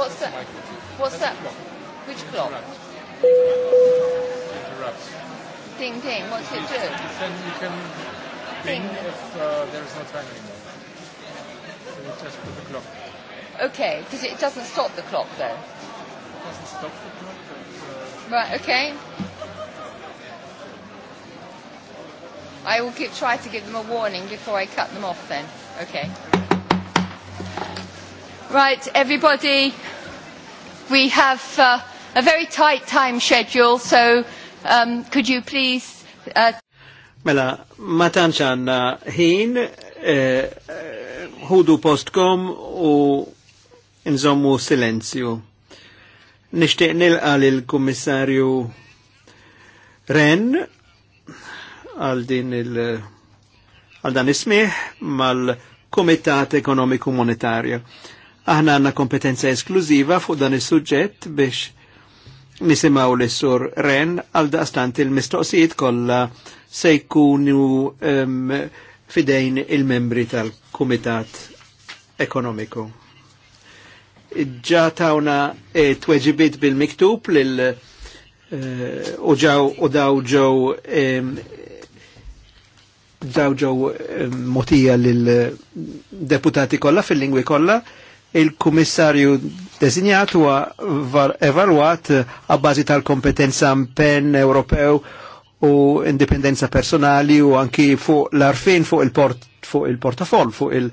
What's that? What's that? Which clock? Interrupts. Ding ding. What's it do? Then you can ding if uh, there's no time anymore. So you just put the clock. Okay, because it doesn't stop the clock though. It doesn't stop the clock. But, uh... Right. Okay. I will give, try to give them a warning before I cut them off then. Okay. Right, everybody we have uh, a very tight time schedule, so um, could you please... Uh... Mela, ma tantx ħin, hudu eh, postkom u nżommu silenzju. Nishtiq nilqa l kummissarju Ren għal din il għal dan ismiħ mal-Komitat Ekonomiku Monetarju. Aħna għanna kompetenza esklużiva fuq dan is-suġġett biex nisimaw l sur Ren għal daqstant il-mistoqsijiet kollha se jkunu um, fidejn il-membri tal-Kumitat Ekonomiku. Ġa tawna e, tweġibit bil-miktub lil e, u ġaw u daw ġew daw ġew motija lil deputati kollha fil-lingwi kollha il-kummissarju designat huwa evalwat għabbażi eh, tal-kompetenza pen Ewropew u indipendenza personali u anki fuq l-arfin fuq il-port fuq il-portafol fuq il-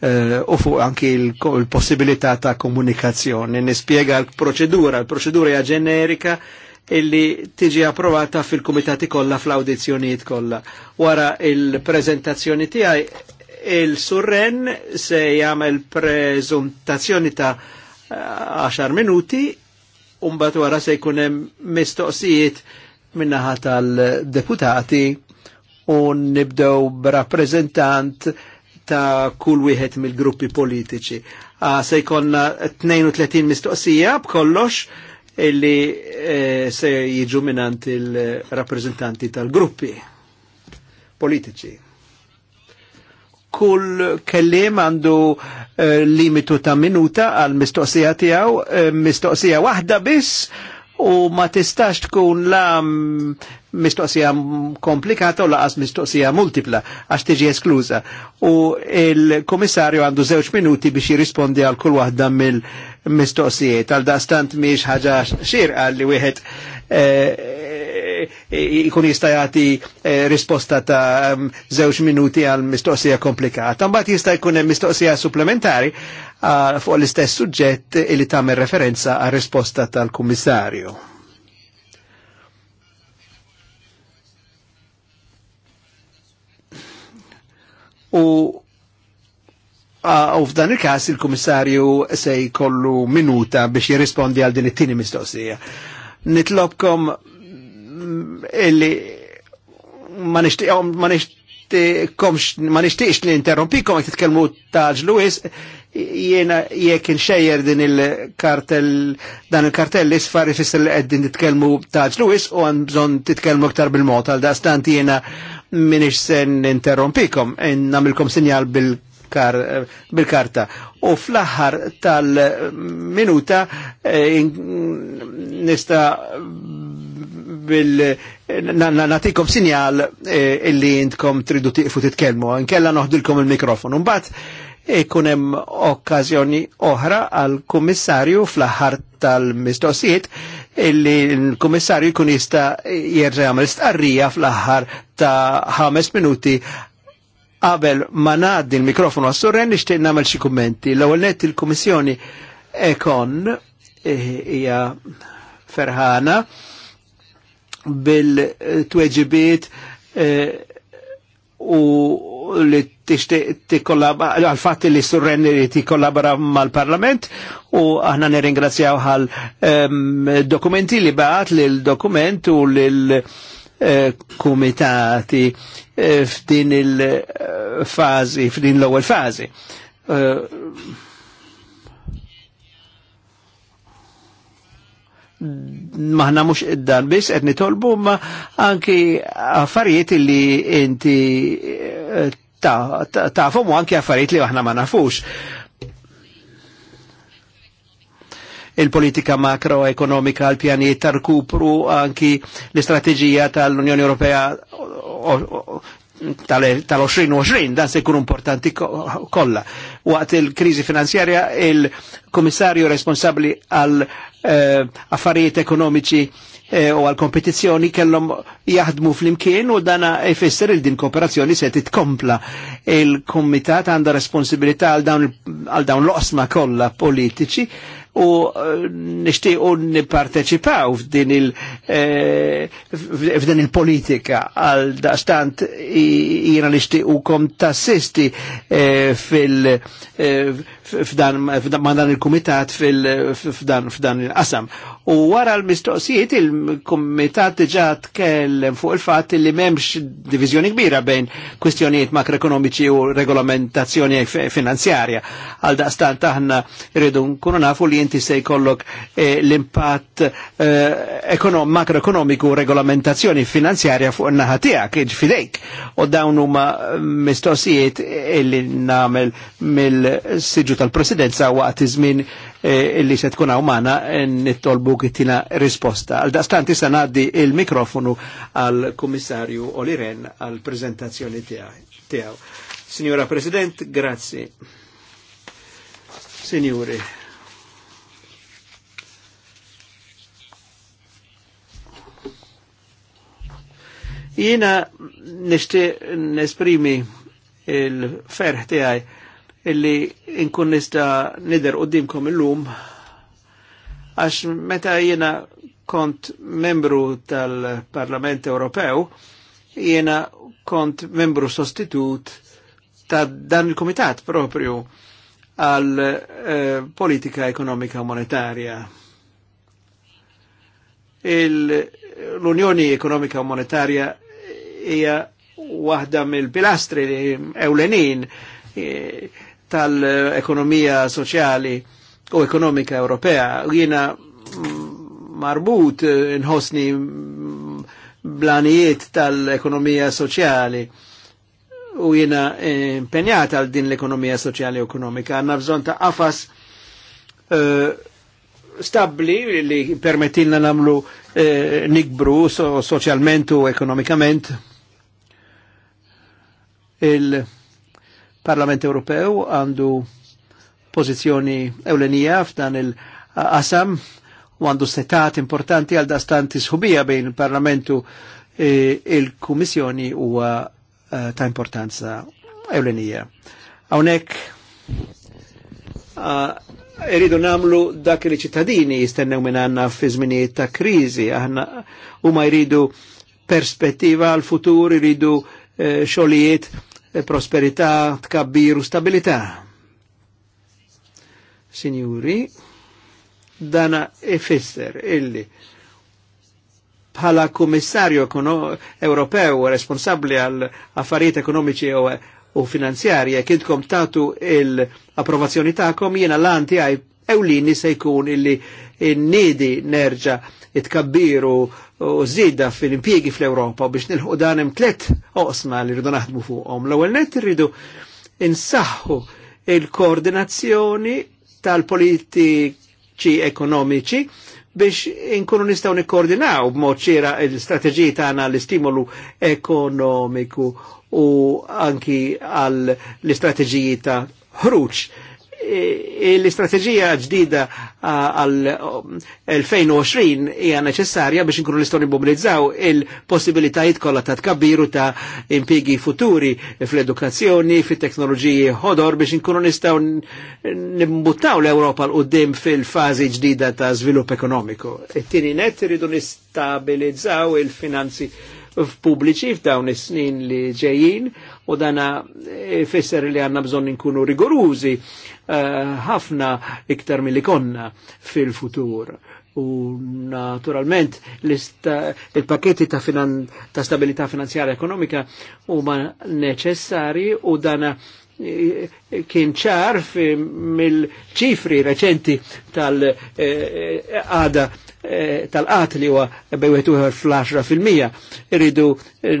eh, u fuq anki il-possibilità ta' komunikazzjoni. Nispjega l-proċedura, l-proċedura hija ġenerika illi tiġi approvata fil komitati kollha fl-awdizzjonijiet kollha. Wara il prezentazzjoni tiegħi Il-surren se jagħmel prezentazzjoni ta' 10 minuti umbat wara se jkun hemm mistoqsijiet minnaħa tal-deputati u nibdew b'rappreżentant ta' kull wieħed mill-gruppi politiċi. Ah, se jkollna 32 mistoqsija b'kollox illi eh, se jiġu minant il-rappreżentanti tal-gruppi politiċi kull kellim għandu eh, limitu ta' minuta għal mistoqsija tiegħu, eh, mistoqsija wahda biss u ma tistax tkun la mistoqsija komplikata u laqas mistoqsija multipla għax tiġi eskluza. U il-komissarju għandu żewġ minuti biex jirrispondi għal kull waħda mill-mistoqsijiet. Għal dastant miex ħaġa xirqa li wieħed eh, Eh, eh, ikun jista' jagħti eh, risposta ta' żewġ minuti għal mistoqsija komplikata. Mbagħad jista' jkun hemm mistoqsija supplementari ah, fuq l-istess suġġett li tagħmel referenza għal risposta tal-Kummissarju. U ah, u f'dan il-kas il-komissarju se jkollu minuta biex jirrispondi għal din it-tieni mistoqsija. Nitlobkom illi ma nishtiqom ma nishtiqomx ma nishtiqx li interrompikom għek titkelmu taġ Lewis jiena jekk inxejjer din il-kartell dan il-kartell isfar ifisser li qegħdin titkellmu taġ Lewis u għan bżonn titkellmu aktar bil-mod għal dastant jiena minix sen interrompikom, namilkom sinjal bil bil-karta. U fl-aħħar tal-minuta eh, nista bil natikom sinjal eh, illi intkom tridu tiqfu titkelmu, nkella noħdilkom il-mikrofon. Mbagħad eh, ikun hemm okkażjoni oħra għal kummissarju fl-aħħar tal-mistoqsijiet illi l-kummissarju jkun jista' jerġa' għamil stqarrija fl-aħħar ta' ħames minuti Qabel ma ngħaddi l-mikrofonu għas-surren nixtieq nagħmel xi kummenti. L-ewwel il-Kummissjoni Ekon eh, hija ferħana bil-tweġibiet eh, u li għal fatt li surren li ti mal-parlament u aħna nirringrazzjaw għal ehm, dokumenti li baħat li l-dokument u li l Eh, kumitati eh, f'din il-fazi, f'din l-ewwel fazi. Eh, maħna mux id-dan biss etni tolbu, ma anki affarijiet li inti tafum, ta, ta, ta anki affarijiet li maħna ma nafux il-politika makroekonomika, l pjani tar-kupru, anki l-istrateġija tal-Unjoni Ewropea tal-2020 dan se jkun importanti kollha. Waqt il-kriżi finanzjarja il komissarju responsabbli għal eh, affarijiet ekonomiċi eh, u għal kompetizjoni kellhom jaħdmu fl-imkien u dana jfisser il din kooperazzjoni se titkompla. Il-Kumitat għandha responsabilità għal dawn l-osma kollha politiċi u eh, nishtiqu niparteċipaw f'din il-f'din eh, il-politika għal daqstant jina u kom tassisti eh, f'dan dan il komitat f'dan il-qasam U wara l-mistoqsijiet il-komitat diġa tkellem fuq il fat li memx divizjoni kbira bejn kwistjonijiet makroekonomiċi u regolamentazzjoni finanzjarja. Għal daqstant aħna rridu nkunu nafu li inti se jkollok eh, l-impatt eh, makroekonomiku u regolamentazzjoni finanzjarja fuq naħa tiegħek iġfidejk. U dawn ma eh, mistoqsijiet il-li namel mill-siġu tal-presidenza waqt iż Eh, illi se tkun għawmana eh, nittolbu kittina risposta. Għal daqstan tista naddi il-mikrofonu għal komissarju Oliren għal prezentazzjoni tiegħu. Signora President, grazie Signori. nishti nesprimi il-ferħ tijaj illi inkun nista nider qoddimkom il-lum, għax meta jena kont membru tal-Parlament Ewropew, jena kont membru sostitut ta' dan il-komitat propju għal eh, politika ekonomika monetarja. L-Unjoni Ekonomika Monetarja hija waħda mill-pilastri ewlenin eh, tal-ekonomija soċjali u ekonomika Ewropea. Jiena mm, marbut eh, nħosni mm, blanijiet tal-ekonomija soċjali u jiena eh, impenjat għal din l-ekonomija soċjali u ekonomika. Għanna bżon ta' qafas uh, stabli li permettilna namlu nikbru soċjalment u ekonomikament il- Parlament Ewropew għandu pożizzjoni ewlenija f'dan il-qasam u għandu setat importanti għal dastanti sħubija bejn il-Parlamentu e, il-Kummissjoni huwa e, ta' importanza ewlenija. Hawnhekk Eridu namlu dak li ċittadini jistennew minn għanna fi żminijiet ta' kriżi, aħna huma jridu perspettiva għal futur, jridu xolijiet. xogħlijiet prosperità, tkabbir u stabilità. Signori, dana Efester illi bħala kummissarju Ewropew responsabli għal affarijiet ekonomiċi u finanzjarji jekk tatu l-approvazzjoni tagħkom jiena l-anti għaj ewlini se jkun illi n-nidi nerġa' it u zida fil-impiegi fl-Europa biex nilħu dan hemm tliet oqsma li rridu naħdmu fuqhom. L-ewwel net irridu insaħħu il-koordinazzjoni tal-politiċi ekonomiċi biex inkunu nistaw nikkoordinaw b'mod ċira l-istrateġiji tagħna l-istimolu ekonomiku u anki għall istrateġiji ta' ħruġ E, e l-istrateġija ġdida għal 2020 hija neċessarja biex inkunu nistgħu nimmobilizzaw il-possibilitajiet kollha ta' tkabbiru ta' impjegi futuri fl-edukazzjoni, fit-teknoloġiji ħodor biex inkunu nistgħu nimbuttaw l-Ewropa l qudiem fil-fażi ġdida ta' żvilupp ekonomiku. It-tieni e net iridu nistabilizzaw il-finanzi f'pubbliċi f'dawn is-snin li ġejjin u dana eh, fisser li għanna bżon inkunu rigorużi eh, ħafna uh, iktar mill konna fil-futur. U naturalment il-paketi ta', finan ta stabilità finanzjarja ekonomika huma neċessari u dana kien ċar mill-ċifri reċenti tal-għada eh, eh, tal-qat li huwa bejwet uħar fl-10 fil-mija. Irridu eh,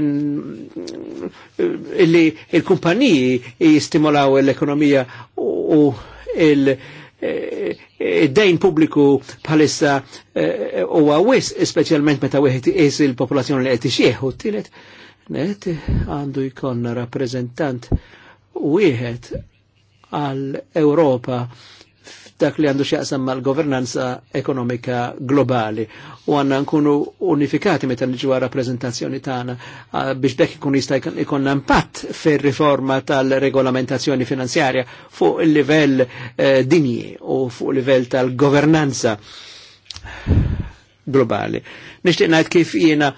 li il-kumpaniji jistimolaw l-ekonomija u id-dejn pubbliku bħalissa u għawis, specialment meta wieħed is il-popolazzjoni li qed ixieħu. Tielet, għandu jkonna rappresentant wieħed għal Europa f'dak li għandu ma' mal governanza ekonomika globali u għanna nkunu unifikati meta nġu għara prezentazzjoni tagħna biex dak ikun jista' ikun impatt fir-riforma tal-regolamentazzjoni finanzjarja fuq il-livell eh, dinji u fuq il-livell tal-governanza globali. Nixtieq ngħid kif jiena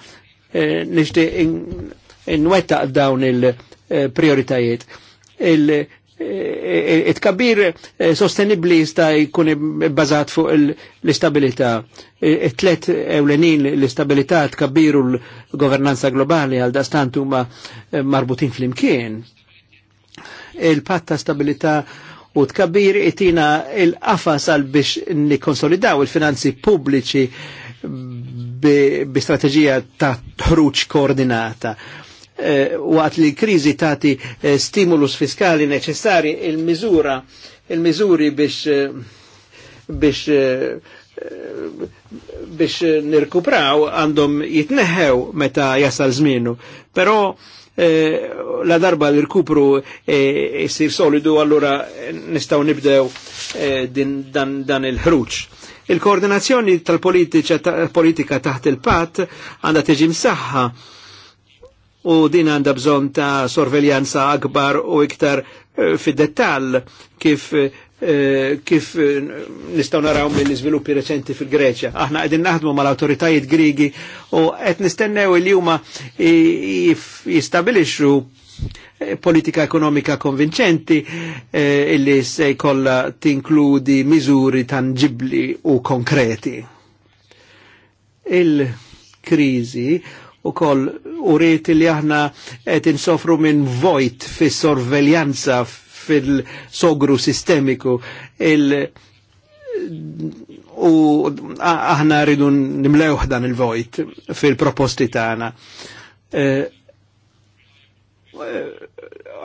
eh, nixtieq in, in dawn il-prioritajiet. Eh, it-kabir eh, sostenibli jista' jkun bbażat fuq l-istabilità. It-tlet ewlenin l-istabilità tkabiru l-governanza globali għal dastant huma eh, marbutin fl-imkien. Il-patta stabilità u tkabir itina il-qafas għal biex nikonsolidaw il-finanzi pubbliċi bi strategija ta' ħruċ koordinata Eh, waqt li krizi kriżi tagħti eh, stimulus fiskali neċessari il-miżura il-miżuri biex eh, biex biex nirkupraw għandhom jitneħew meta jasal żmienu. Però la darba li rkupru jisir solidu allura nistaw nibdew din, dan, il-ħruċ. Il-koordinazzjoni tal-politika taħt il-pat għanda teġim msaħħa u din għanda bżon ta' sorveljanza akbar u iktar eh, fid-dettall kif eh, kif eh, nistaw naraw minn iżviluppi reċenti fil-Greċja. Aħna qegħdin naħdmu mal-awtoritajiet Grigi u qed nistennew li huma jistabilixu politika ekonomika konvinċenti illi se kolla tinkludi miżuri tangibbli u konkreti. il krizi u koll u rrit li aħna qed insofru minn vojt fi sorveljanza fil-sogru sistemiku il- u aħna rridu nimlewħ dan il-vojt fil-proposti tagħna. Eh,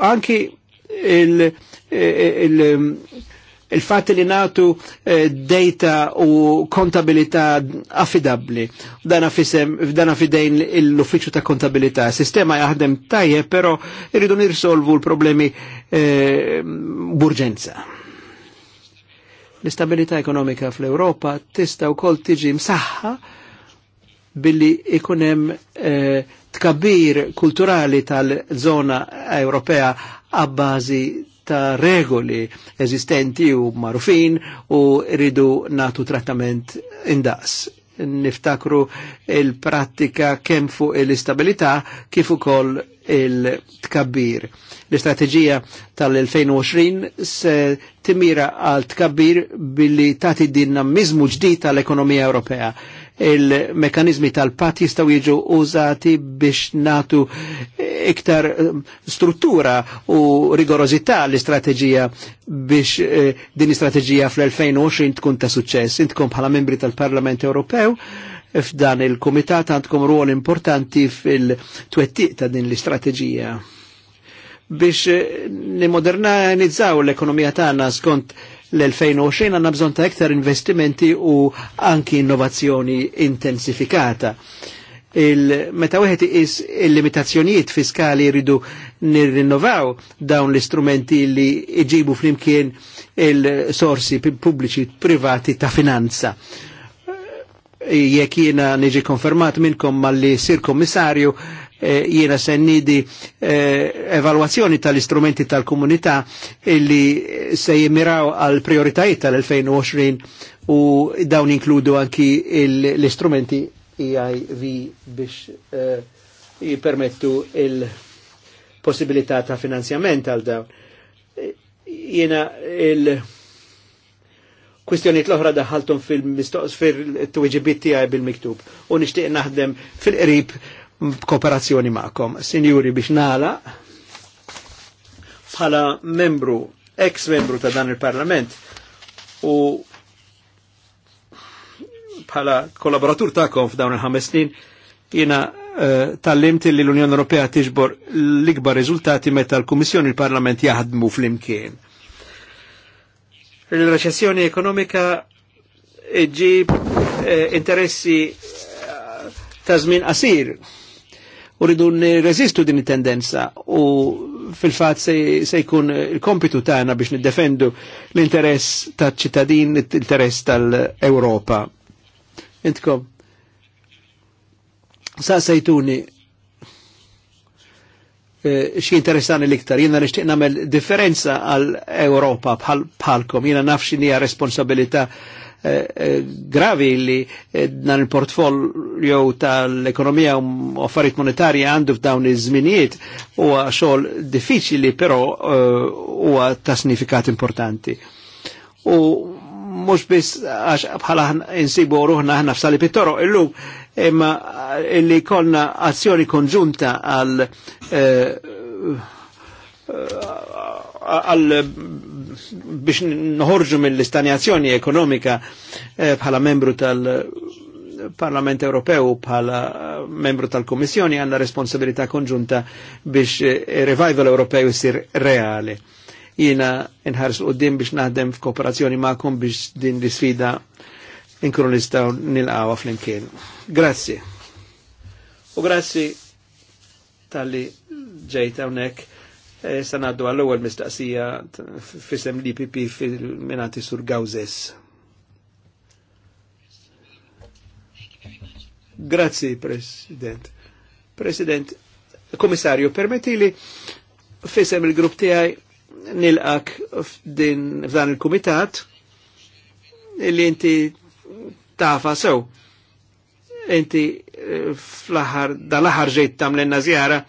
anki il-, e, e, il, il il-fat li natu eh, data u kontabilità affidabli. Dana fidejn l-uffiċu ta' kontabilità. Sistema jaħdem tajje, pero irridu nirsolvu l-problemi eh, burġenza. L-istabilità ekonomika fl-Europa tista' wkoll tiġi msaħħa billi ikunem eh, tkabbir kulturali tal-zona Ewropea għabbażi ta' regoli eżistenti u marufin u rridu natu trattament indas. Niftakru il-prattika kemm fuq l-istabilità kif ukoll il-tkabbir. L-istrateġija tal-2020 se timira għal tkabbir billi tagħti dinamizmu ġdid tal-ekonomija Ewropea il-mekanizmi tal-pat jistaw jiġu użati biex natu iktar eh, struttura u rigorozità l-istrateġija biex eh, din istrateġija fl-2020 tkun ta' suċċess. Intkom bħala membri tal-Parlament Ewropew f'dan il-komitat għandkom ruol importanti fil-twettiq ta' din l-istrateġija biex eh, nimodernizzaw l-ekonomija tagħna skont l-2020 għanna bżon ta' iktar investimenti u anki innovazzjoni intensifikata. Il meta wieħed is il-limitazzjonijiet fiskali jridu nirrinnovaw dawn l-istrumenti li iġibu flimkien il-sorsi pubbliċi privati ta' finanza jekk jiena niġi konfermat minnkom mal-li sir kommissarju, Eh, jiena sennidi eh, evalwazzjoni tal-istrumenti tal-komunità illi se jimmiraw għal prioritajiet tal-2020 u dawn inkludu anki l-istrumenti EIV biex eh, jipermettu il-possibilità ta' finanzjament għal dawn. Jiena il- kwistjoniet l-oħra daħħaltum fil-mistoqs fil-tweġibit bil-miktub u nixtieq naħdem fil-qrib kooperazzjoni ma'kom. Sinjuri biex nala, bħala membru, ex membru ta' dan il-parlament u bħala kollaboratur ta'kom f'dawn il-ħames snin, jina uh, eh, tal limti li l unjon Ewropea tiġbor l-ikbar rizultati meta l-Kummissjoni il-Parlament jaħdmu fl-imkien. Il-reċessjoni ekonomika ġib eh, interessi eh, ta' żmien qasir u rridu nirreżistu din it-tendenza u fil-fat se jkun il-kompitu tagħna biex niddefendu l-interess tal-ċittadin, l-interess tal-Ewropa. Intkom, sa sejtuni eh, xie interessani liktar, jina nishtiq namel differenza għal-Europa bħalkom, nafxin hija responsabilita' Eh, eh, gravi li eh, dan il-portfolio tal-ekonomija u affarijiet monetarji għandu f'dawn iż-żminijiet huwa xogħol diffiċli però huwa ta' sinifikat importanti. U mhux biss għax bħala insibu ruħna aħna f'sali pittoro illum imma illi konna azzjoni konġunta għal għal biex nħorġu mill-istanjazzjoni ekonomika eh, bħala membru tal-Parlament Ewropew bħala membru tal-Komissjoni għanna responsabilità konġunta biex eh, revival Ewropew jisir reali. Jina nħares u din biex naħdem f'kooperazzjoni ma'kom biex din li sfida inkunu nistaw nil-għawa fl-imkien. Grazie. U grazie tal-li ġejta unek E, Sanaddu għallu għal mistaqsija fissem li pipi fil-minati sur Gawzes. Grazzi, President. President, Komissarju, permettili fissem il-grupp tijaj nil-ak f'dan il komitat li inti tafa sew. Inti eh, fl ħar dal ħar ġejt tamlenna zjara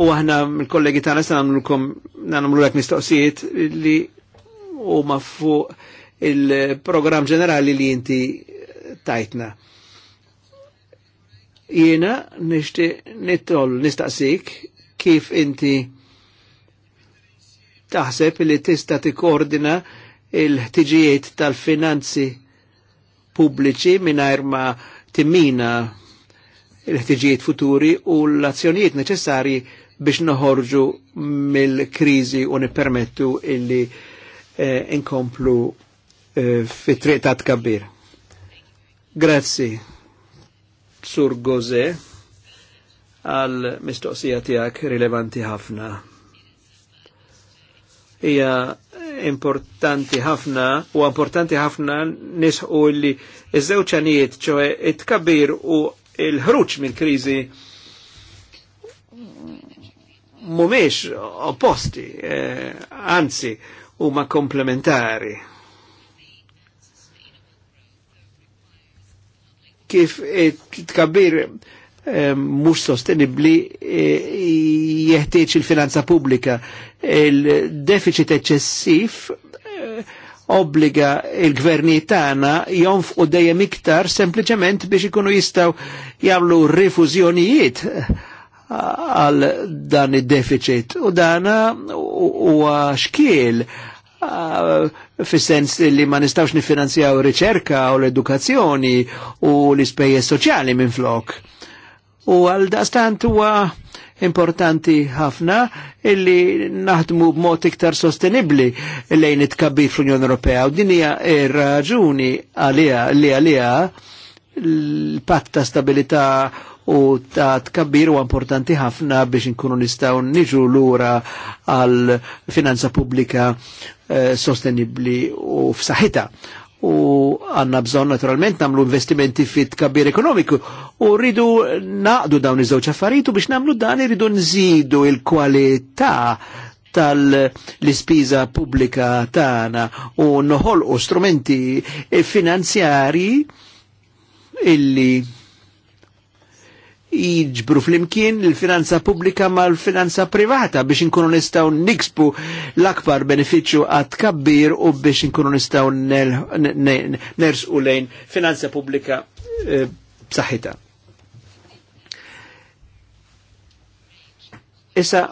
u aħna mill-kollegi tagħna se nagħmlukom nagħmlu mistoqsijiet li huma fuq il-programm ġenerali li inti tajtna. Jiena nixti nittol nistaqsik kif inti taħseb li tista' tikkordina il-ħtiġijiet tal-finanzi pubbliċi mingħajr ma timmina il-ħtiġijiet futuri u l-azzjonijiet neċessarji biex noħorġu mill-krizi u nipermettu illi eh, inkomplu eh, fi triq ta' tkabbir. Grazzi, Sur Gose, għal mistoqsija tijak rilevanti ħafna. Ija importanti ħafna u importanti ħafna nisħu illi iż-żewċanijiet ċoħe it-kabir u il-ħruċ mill-krizi mumiex opposti, eh, anzi huma komplementari. Kif it eh, tkabbir eh, mux sostenibli eh, jeħtieġ il-finanza pubblika. Il-deficit eh, obbliga il-gvernijiet tagħna jonfqu dejjem iktar sempliciment biex ikunu jistaw jamlu rifużjonijiet Eh, għal dan id-deficit u dana huwa xkiel uh, fis-sens li ma nistawx nifinanzjaw riċerka u l-edukazzjoni u l-ispejjeż soċjali minn flok. U għal dastant huwa importanti ħafna illi naħdmu b'mod iktar sostenibbli lejn it-kabbi fl-Unjoni Ewropea u din hija raġuni għalija li għalija l-patt ta' stabilità u ta' tkabbir u importanti ħafna biex nkunu nistaw niġu lura għal finanza pubblika eh, sostenibli u f'saħħitha u għanna bżon naturalment namlu investimenti fit kabbir ekonomiku u rridu naqdu dawn iż-żewġ affarijiet u biex namlu dan irridu nżidu il-kwalità tal-ispiża pubblika tagħna u noħolqu strumenti finanzjari illi jiġbru fl-imkien l finanza pubblika mal-finanza privata biex inkunu nistaw nikspu l-akbar beneficju għat kabbir u biex inkunu nistaw nersqu lejn finanza pubblika e, b'saħħitha. Issa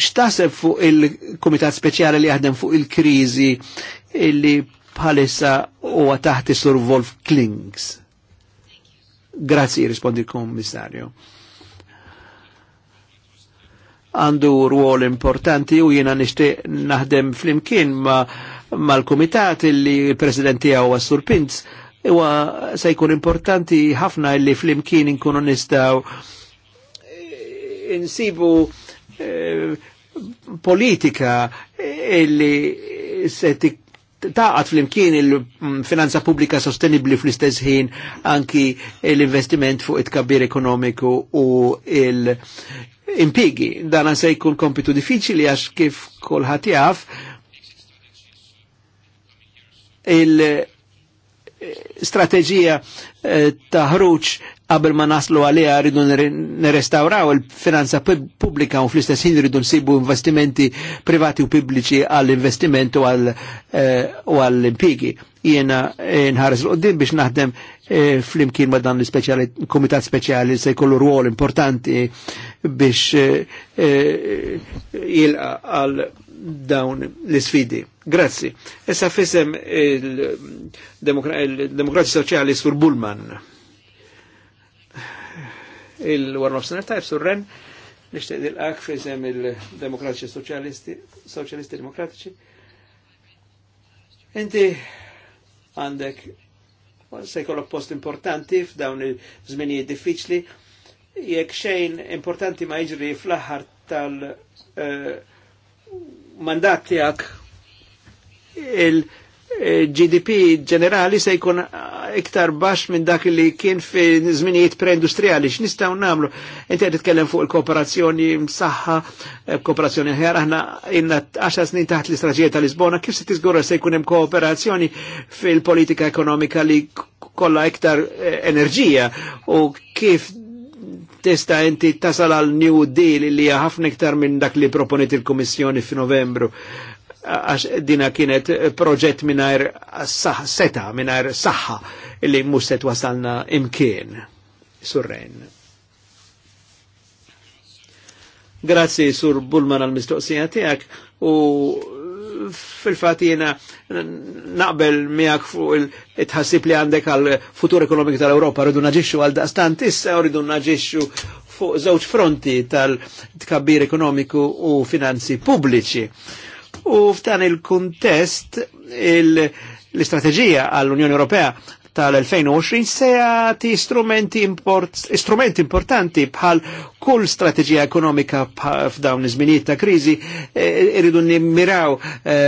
xtaseb fuq il-Kumitat Speċjali li jaħdem fuq il-kriżi illi bħalissa huwa taħti sur Wolf Klings? Grazzi, rispondi il-Kommissarju. Għandu ruol importanti u jiena nishti naħdem flimkien ma mal-komitat il li presidenti għaw għassur Pinz Iwa se importanti ħafna illi fl-imkien inkunu nistaw eh, insibu eh, politika il-li se taqat fl-imkien il-finanza mm, pubblika sostenibli fl-istess ħin anki l-investiment fuq it kabir ekonomiku u il- impigi. Dan se jkun kompitu diffiċili għax kif kolħat jaf il-strategija eh, eh, ta' ħruġ qabel ma naslu għalija rridu nirrestawraw il-finanza pubblika u fl-istess ħin rridu nsibu investimenti privati u pubbliċi għall-investiment u eh, għall-impigi. Jena eh, nħares l-qoddim biex naħdem eh, fl-imkien ma dan l-komitat speċjali se jkollu ruol importanti biex jilqa għal dawn l-sfidi. Grazzi. Issa fissem il-Demokrati Soċjali sur Bullman il-Warnof Senata surren nishtiq dil ak fizem il-Demokratiċi Soċjalisti, Soċjalisti Demokratiċi. Inti għandek se post importanti f'dawn il-żminijiet diffiċli, jekk xejn importanti ma jiġri fl-aħħar tal-mandat eh, uh, tiegħek il- Eh, GDP ġenerali se jkun eh, iktar baxx minn dak li kien fi żminijiet preindustrijali x'nistgħu nagħmlu. Inti qed titkellem fuq il-kooperazzjoni msaħħa, eh, kooperazzjoni ħjar aħna inna 10 snin taħt l-istraġija tal-Lisbona, kif se tiżgura se jkun hemm kooperazzjoni fil-politika ekonomika li kollha iktar enerġija u kif testa inti tasal għal New Deal li hija ħafna iktar minn dak li proponiet il-Kummissjoni f'Novembru għax dina kienet proġett minnajr seta, minnajr saħħa illi musset wasalna imkien. Surren. Grazzi sur Bulman għal-mistoqsija tijak u fil-fat jena naqbel miegħek fuq il-tħassib li għandek għal futur ekonomik tal-Europa rridu naġiċu għal daqstan tissa, rridu naġiċu fuq żewġ fronti tal-tkabbir ekonomiku u finanzi publiċi. U f'dan il-kuntest l-istrateġija għall-Unjoni Ewropea tal-2020 seati strumenti, import, strumenti importanti bħal kull strategija ekonomika f'dawn iż-żminijiet ta' kriżi e, irridu nimmiraw e,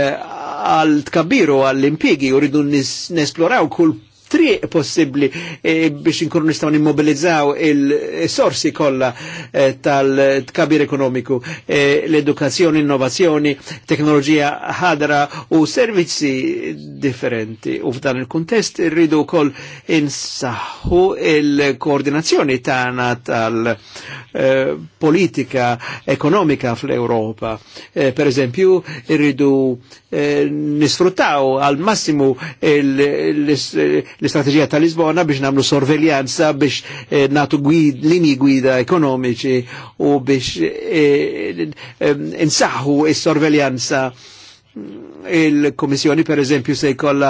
għal tkabbiru għall impigi u rridu nesploraw kull triq possibli e, biex inkunu nistgħu nimmobilizzaw il-sorsi kollha e, tal-kabir ekonomiku, e, l-edukazzjoni, innovazzjoni, teknoloġija ħadra u servizzi differenti. U f'dan il-kuntest irridu wkoll insaħħu il-koordinazzjoni tagħna tal-politika ekonomika fl-Ewropa. Per eżempju, irridu nisfruttaw għal massimu l-istrateġija tal-Lisbona biex namlu sorveljanza biex eh, natu gwid, linji gwida ekonomiċi u biex eh, eh insaħħu is-sorveljanza il-Komissjoni per eżempju se jkollha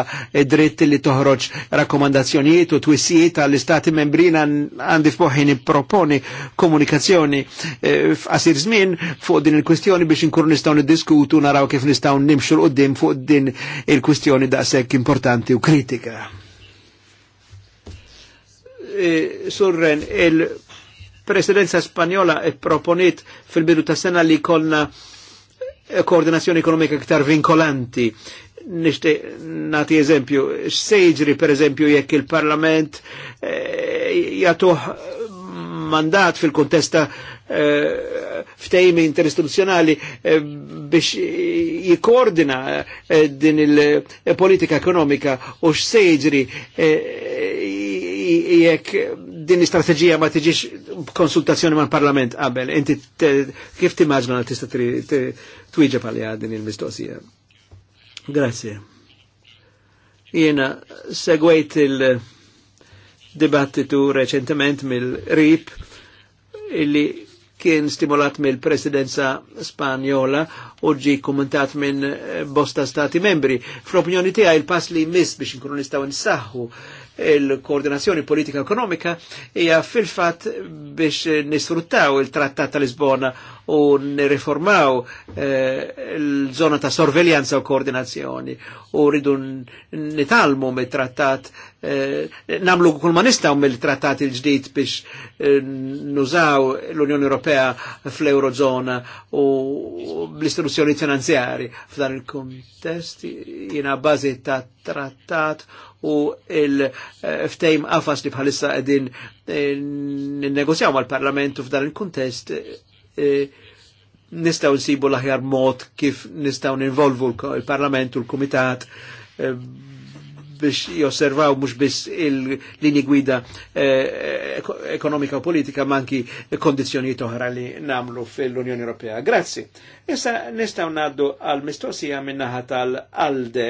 dritt li toħroġ rakkomandazzjonijiet u twissijiet għall-Istati Membri għandi f'moħħin proponi komunikazzjoni eh, f'qasir żmien fuq din il kwistjoni biex inkunu nistgħu niddiskutu naraw kif nistgħu nimxu l fuq din il-kwestjoni daqshekk importanti u kritika surren il-presidenza spanjola e proponit fil-bidu ta' sena li kolna koordinazzjoni eh, ekonomika iktar vinkolanti. Nishti nati eżempju, sejġri per eżempju jekk il-parlament e, eh, jatuħ mandat fil-kontesta eh, ftejmi interistituzjonali biex jikordina din il-politika ekonomika u x-sejġri jekk din l-istrateġija ma tiġix konsultazzjoni mal parlament qabel, inti kif timmaġna li tista' twieġeb għalija din il-mistoqsija. Grazie. Jena segwejt il-dibattitu reċentement mill-RIP illi kien stimolat mill-presidenza spanjola u ġi kommentat minn bosta stati membri. Fl-opinjoni tija il-pass li jmiss biex nkunu nistaw nsaħħu il-koordinazzjoni politika ekonomika hija fil-fatt biex nisfruttaw il-Trattat ta' Lisbona u nirriformaw eh, l-zona ta' sorveljanza u koordinazzjoni u rridu nitalmu mit-trattat eh, namlu kull ma nistaw mill-trattat il-ġdid biex nuzaw eh, nużaw l-Unjoni Ewropea fl-Eurozona u bl-istituzzjoni finanzjari f'dan il-kontest jina bazi ta' trattat u il-ftejm qafas li bħalissa qegħdin ninnegozjaw eh, mal parlamentu f'dan il-kuntest eh, nistgħu nsibu l-aħjar mod kif nistgħu ninvolvu il-Parlament u l-Kumitat eh, biex josservaw mux biss il-lini gwida ekonomika u politika manki kondizjoni oħra li namlu fil-Unjoni Ewropea. Grazzi. Issa nistaw naddu għal-mistoqsija minnaħat tal-ALDE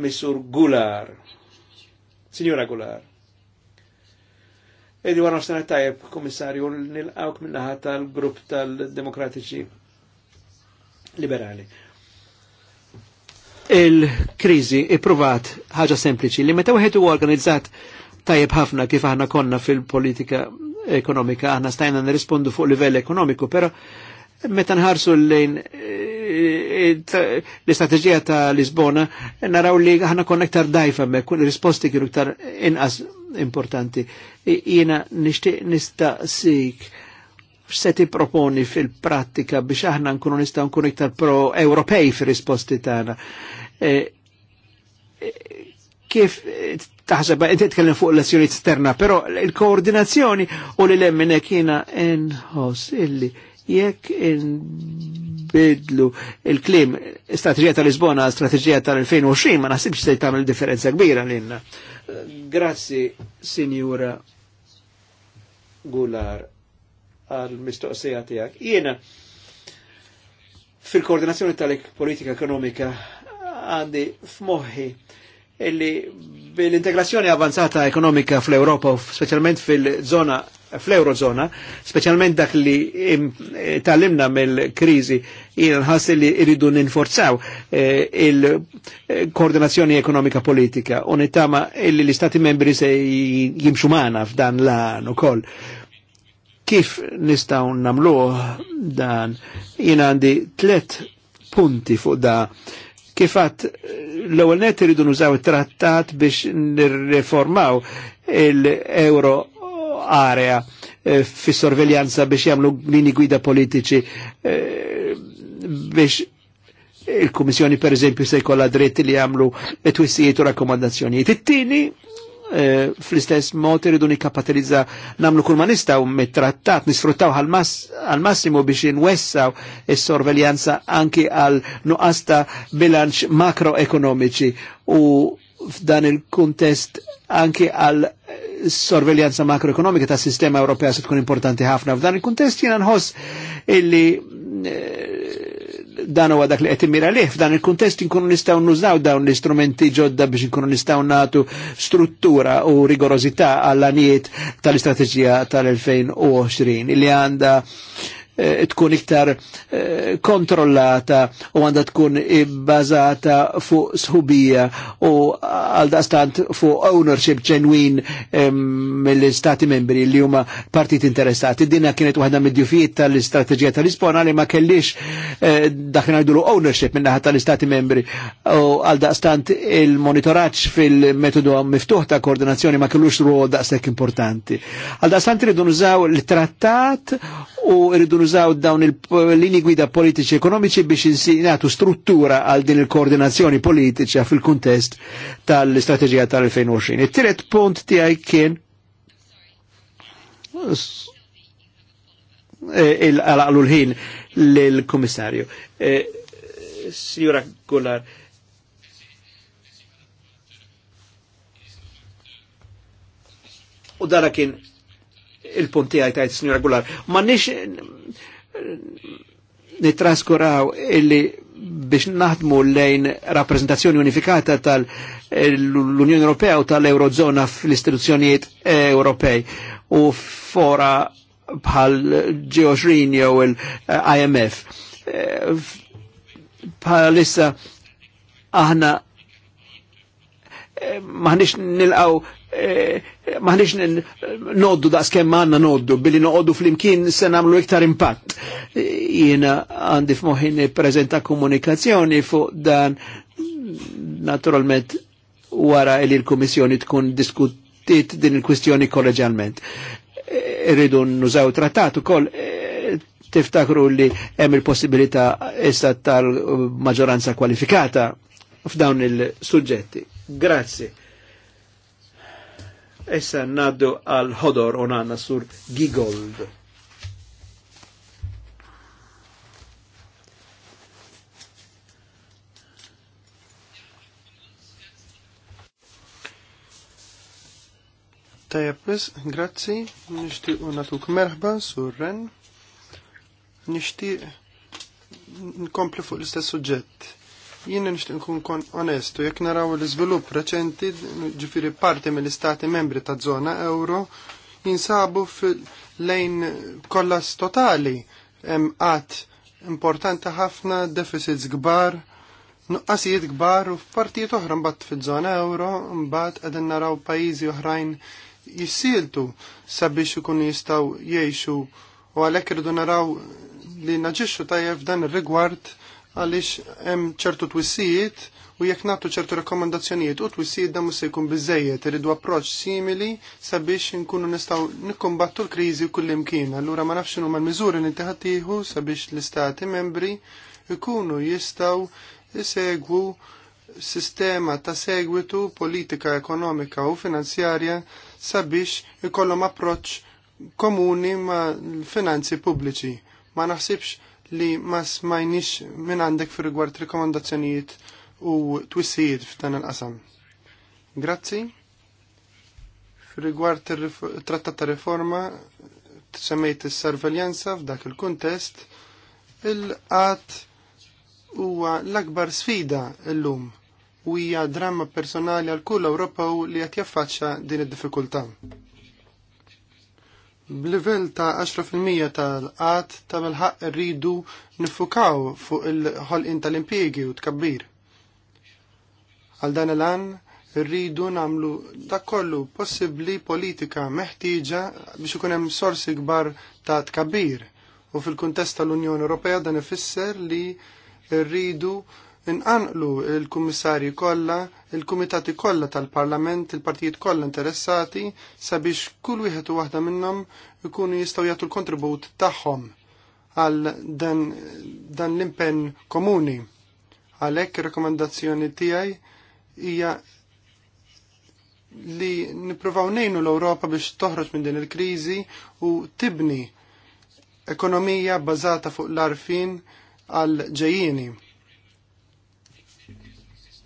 Misur Gular. Signora Gular. Edi għan għafsana tajab, komissarju, nil-għawk minnaħat tal-grupp tal-demokratiċi liberali. Il-krizi i-provat ħaġa sempliċi li meta wieħed u organizzat tajjeb ħafna kif aħna konna fil-politika ekonomika aħna stajna nirrispondu fuq livell ekonomiku, pero meta nħarsu lejn eh, l-istrateġija ta' Lisbona naraw li ħana ktar dajfa me kun risposti kienu ktar inqas importanti. Jena nishtiq nistaqsik se ti proponi fil-prattika biex aħna nkunu nistaw nkunu iktar pro-Ewropej fil-risposti tagħna. E, e, kif taħseb, inti tkellem fuq l-azzjoni esterna, però il-koordinazzjoni u l lemmin kiena nħoss illi jekk bidlu il-klim strategija tal-Lisbona, strategija tal-2020, ma naħsibx se jtamil differenza kbira l-inna. Grazzi, Signora Gular, għal-mistoqsija tijak. Jena, fil-koordinazzjoni tal-politika ekonomika għandi f'moħħi illi bil-integrazzjoni avanzata ekonomika fl-Europa, specialment fil-zona fl-Eurozona, specialment dak li tal-imna mill-krizi jina nħass li irridu ninforzaw eh, il-koordinazzjoni eh, ekonomika politika. Unitama illi l-Istati membri se jimxu maħna f'dan l an u koll. Kif nistaw namlu dan jina għandi tlet punti fuq da kifat l-ewwel net iridu nużaw il trattat biex nirreformaw l-euro area eh, fi sorveljanza biex jagħmlu mini guida politiċi eh, biex il komissjoni per eżempju se jkollha dritt li jagħmlu twissijiet u rakkomandazzjonijiet. It-tieni eh, fl-istess mod iridu nikkapitalizza namlu kull ma nistgħu mit-trattat nisfruttaw għall massimu biex inwessaw is-sorveljanza anki għal nuqqas ta' bilanċ makroekonomiċi u f'dan il-kuntest anki għal sorveljanza makroekonomika ta' sistema Ewropea se tkun importanti ħafna f'dan il-kuntest jiena nħoss illi eh, dan huwa dak li qed immira lih f'dan il-kuntest inkunu nistgħu nużaw dawn l-istrumenti ġodda biex inkunu nistgħu nagħtu struttura u rigorożità għall anijiet tal-istrateġija tal-2020 illi għandha Eh, tkun iktar eh, kontrollata u għanda tkun ibbażata fuq sħubija u għal fuq ownership ġenwin mill-istati membri li huma partit interessati. Dina kienet waħda mid-djufijiet tal-istrateġija tal ispona li ma kellix eh, daħna ngħidulu ownership minnaħa tal-istati membri u għal il-monitoraġġ fil-metodu miftuħ ta' koordinazzjoni ma kellux ruħu daqshekk importanti. Għal daqstant irridu nużaw il-trattat u irridu nużaw dawn il-lini gwida politiċi ekonomiċi biex insinatu struttura għal din il-koordinazzjoni politiċa fil kontest tal-istrateġija tal-2020. Il-tiret punt tiegħi kien eh, għalaqlu l-ħin l-komissarju. Eh, signora Gullar, u dara kien il-punti għaj tajt s-sinjora Gular. Ma nix nitraskuraw illi biex naħdmu lejn rappresentazzjoni unifikata tal-Unjoni Ewropea u tal-Eurozona fl-istituzzjonijiet Ewropej u fora bħal G20 jew l imf Bħalissa aħna eh, maħnix nilqaw eh, maħniġ noddu da' skemm għanna noddu, billi noqoddu fl-imkien se namlu iktar impatt. Jina għandi f'moħin prezenta komunikazzjoni fuq dan naturalment wara li l-Komissjoni tkun diskutit din il-kwistjoni kolleġalment. Irridu nużaw trattat ukoll e, tiftakru li hemm il-possibilità issa tal-maġġoranza kwalifikata f'dawn il-suġġetti. Grazie. Issa naddu għal ħodor u nanna sur Gigold. Tajab bis, grazzi, nishtiq unatuk merħba sur Ren. nishti nkompli fuq l-istess suġġett Jien nixtieq nkun onestu, jekk naraw l-iżvilupp reċenti, ġifieri parti mill-istati membri ta' zona euro, jinsabu fil- lejn kollas totali hemm qatt importanti ħafna deficits kbar, nuqqasijiet kbar u f'partijiet oħra mbatt fiż-żona euro mbagħad qegħdin naraw pajjiżi oħrajn jissiltu sabiex ikun jistgħu jgħixu u għalhekk irridu naraw li naġixxu tajjeb f'dan ir-rigward għaliex hemm ċertu twissijiet u jekk nagħtu ċertu rakkomandazzjonijiet u twissijiet dan se jkun biżejjed iridu approċċ simili sabiex inkunu nistgħu nikkombattu l-kriżi kull imkien. Allura ma nafx huma l-miżuri li sabiex l-istati membri ikunu jistgħu isegwu sistema ta' segwitu politika ekonomika u finanzjarja sabiex ikollhom approċċ komuni ma' l-finanzi pubbliċi. Ma naħsibx li ma smajnix minn għandek fir rigward rekomandazzjonijiet u twissijiet f'dan il-qasam. Grazzi. Fir rigward trattat ta' riforma semmejt is-sorveljanza f'dak il-kuntest, il-qatt huwa l-akbar sfida llum u hija dramma personali għal kull Ewropew li qed jaffaċċja din id-diffikultà b'livell ta' 10% tal-qat ta' mill-ħaq rridu nifukaw fuq il-ħolqin tal-impjegi u tkabbir. Għal dan l-an rridu namlu dak kollu possibbli politika meħtieġa biex ikun hemm sorsi kbar ta' tkabbir. U fil-kuntest tal-Unjoni Ewropea dan ifisser li rridu inqanqlu il-kummissarji kollha, il-kumitati kollha tal-Parlament, il-partijiet kollha interessati sabiex kull wieħed u waħda minnhom ikunu jistgħu jagħtu l-kontribut tagħhom għal dan, dan l-impenn komuni. Għalhekk ir rakkomandazzjoni tiegħi hija li nippruvaw nejnu l-Ewropa biex toħroġ minn din il-kriżi u tibni ekonomija bbażata fuq l-arfin għal ġejjieni.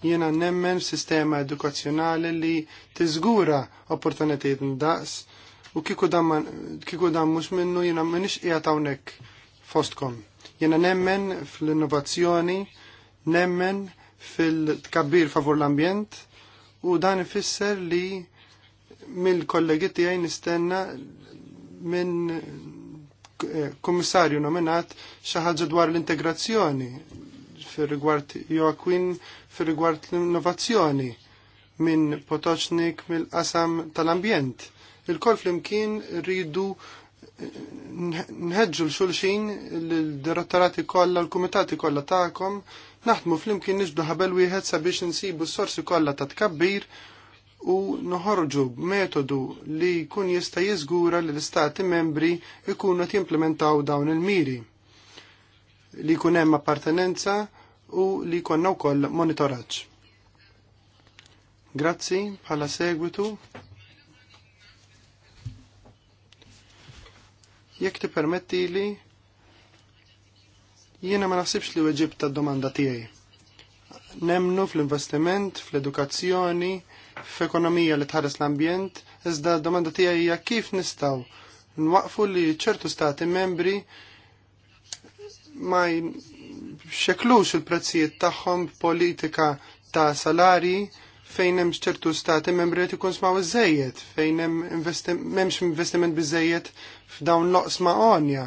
Jiena nemmen sistema edukazzjonali li tiżgura opportunitajiet daqs u kiku dan mhux minnu jiena miniex qiegħed hawnhekk fostkom. Jiena nemmen fl-innovazzjoni, nemmen fil-tkabbir favur l-ambjent u dan ifisser li mill-kollegi tiegħi nistenna minn eh, kummissarju nominat xi ħaġa dwar l-integrazzjoni fil-rigward Joaquin fil-rigward l-innovazzjoni minn Potocznik mill-qasam tal-ambjent. Il-kol flimkien rridu nħedġu l-xulxin l-direttorati kollha, l komitati kollha tagħkom, naħdmu flimkien nġdu ħabel wieħed sabiex insibu s-sorsi kollha ta' tkabbir u noħorġu metodu li jkun jista' jiżgura li l-istati membri jkunu t-implementaw dawn il-miri. Li jkun hemm appartenenza u li konna wkoll monitoraġġ. Grazzi bħala segwitu. Jekk permetti li jiena ma naħsibx li weġib ta' domanda tiegħi. Nemnu fl-investiment, fl-edukazzjoni, f'ekonomija li tħares l-ambjent, iżda domanda tiegħi hija kif nistgħu nwaqfu li ċertu stati membri ma xeklux il-prezzijiet tagħhom politika ta' salari fejn hemm ċertu stati membri qed ikun smaw iżejjed, fejn hemm m'hemmx investiment biżejjed f'dawn loqsma għonja.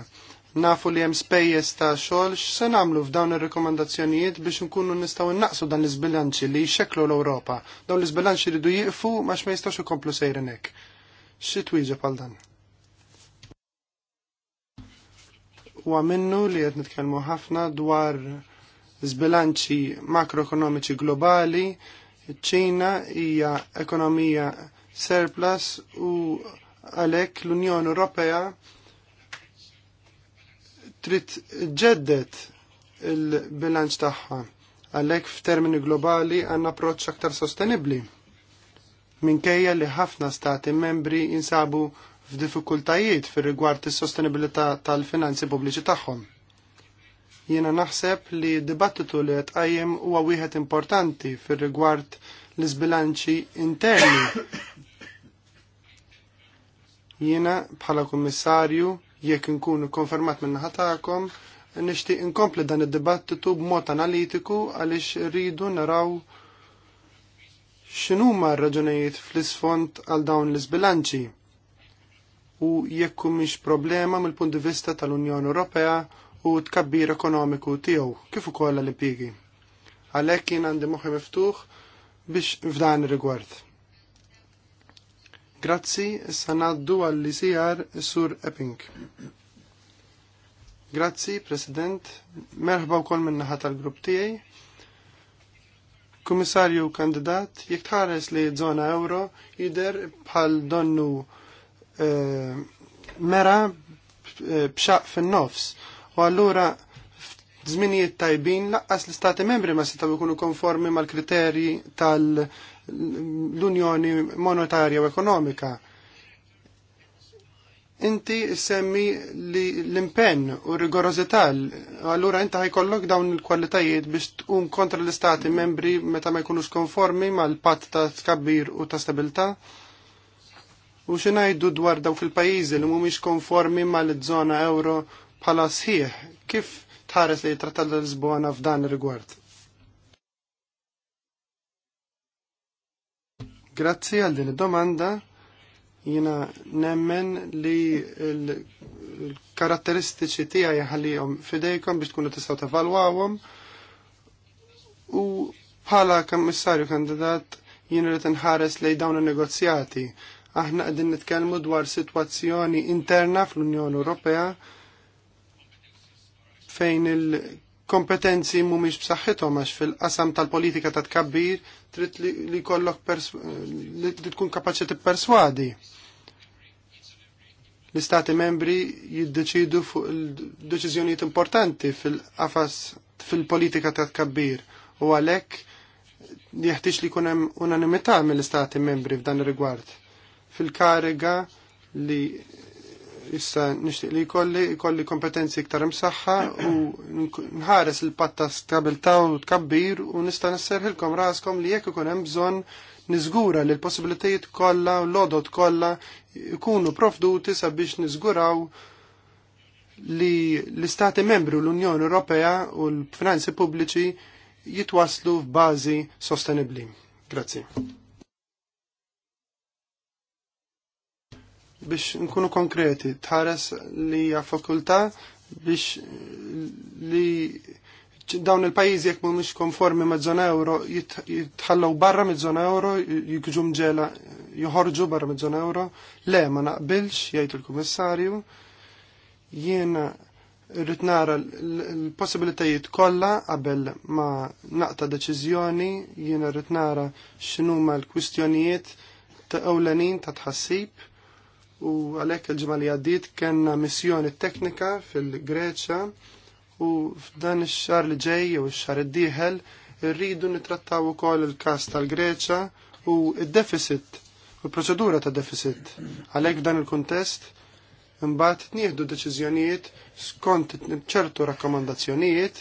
Nafu li hemm spejjeż ta' xogħol x'se nagħmlu f'dawn ir-rekomandazzjonijiet biex nkunu nistgħu innaqsu dan l-iżbilanċi li jxekklu l-Ewropa. Dawn l-iżbilanċi ridu jieqfu ma ma jistgħux ikomplu sejrin hekk. Xi twieġeb għal dan? huwa minnu li qed nitkellmu ħafna dwar żbilanċi makroekonomiċi globali, ċina hija ekonomija surplus u għalhekk l-Unjoni Ewropea trid ġeddet il-bilanċ tagħha għalhekk f'termini globali għandna approċċ aktar sostenibbli minkejja li ħafna stati membri jinsabu f'diffikultajiet fir rigward is-sostenibilità tal-finanzi pubbliċi tagħhom. Jiena naħseb li dibattitu li qed qajjem huwa wieħed importanti fir rigward l-iżbilanċi interni. Jiena bħala kummissarju jekk inkunu konfermat minn ħatakom, nixtieq inkompli dan id-dibattitu b'mod analitiku għaliex rridu naraw x'inhuma r-raġunijiet fl-isfond għal dawn l-isbilanċi u jekk mhix problema mill-punt di vista tal-Unjoni Ewropea u tkabbir ekonomiku tiegħu kif ukoll l-impjiegi. Għalhekk jien għandi moħħi miftuħ biex f'dan rigward. Grazzi, issa ngħaddu għall isijar Sur Epping. Grazzi, President. Merħba wkoll min-naħa tal-grupp tiegħi. Kummissarju kandidat, jekk tħares li żona euro jidher bħal donnu Eh, mera eh, bxaq fin-nofs u allura żminijiet tajbin laqqas l-istati membri ma setgħu ikunu konformi mal-kriterji tal-Unjoni Monetarja u Ekonomika. Inti semmi li l-impenn u rigorozità, allura inti ħajkollok dawn il-kwalitajiet biex tkun kontra l-istati membri meta ma jkunux konformi mal-patt ta' tkabbir u ta' stabilta' U xinajdu dwar dawk il-pajizi li mumiex konformi mal-zona euro bħala sħiħ, kif tħares li trattat l-Lisbona f'dan rigward? Grazzi għal din id-domanda jina nemmen li l-karatteristiċi tiegħi jħallihom fidejkom biex tkunu tistgħu tevalwawhom u bħala kommissarju kandidat jina li inħares lejn dawn in-negozjati aħna qegħdin nitkellmu dwar sitwazzjoni interna fl-Unjoni Ewropea fejn il-kompetenzi mhumiex b'saħħithom għax fil-qasam tal-politika ta' tkabbir trid li jkollok li tkun kapaċi tipperswadi l-istati membri jiddeċidu fuq il-deċiżjonijiet importanti fil-qafas fil-politika ta' tkabbir u għalhekk jeħtieġ li jkun hemm unanimità mill-istati membri f'dan ir-rigward fil-kariga li issa nixtieq li jkolli jkolli kompetenzi iktar imsaħħa u nħares il-patta stabilta u tkabbir u nista' nisserħilkom raskom li jekk ikun hemm bżonn niżgura li l-possibilitajiet kollha u l-odot kollha jkunu profduti sabiex niżguraw li l-Istati membri u l-Unjoni Ewropea u l-finanzi pubbliċi jitwaslu f'bażi sostenibbli. Grazzi. biex nkunu konkreti, tħares li hija fakultà biex li dawn il-pajjiżi jekk mhumiex konformi ma' żona euro jitħallew barra mid-żona euro, jiġu mġela joħorġu barra mid-żona euro. Le, ma naqbilx, jgħid il-Kummissarju. Jiena rrid nara l-possibilitajiet kollha qabel ma naqta deċiżjoni, jiena rrid nara x'inhuma l-kwistjonijiet ta' ewlenin ta' tħassib u għalhekk il-ġimgħa li għaddiet missjoni teknika fil-Greċja u f'dan ix-xahar li ġej jew il xahar id diħel irridu nitrattaw ukoll il-każ tal-Greċja u il deficit u l-proċedura ta' deficit. Għalhekk f'dan il-kuntest imbagħad nieħdu deċiżjonijiet skont ċertu rakkomandazzjonijiet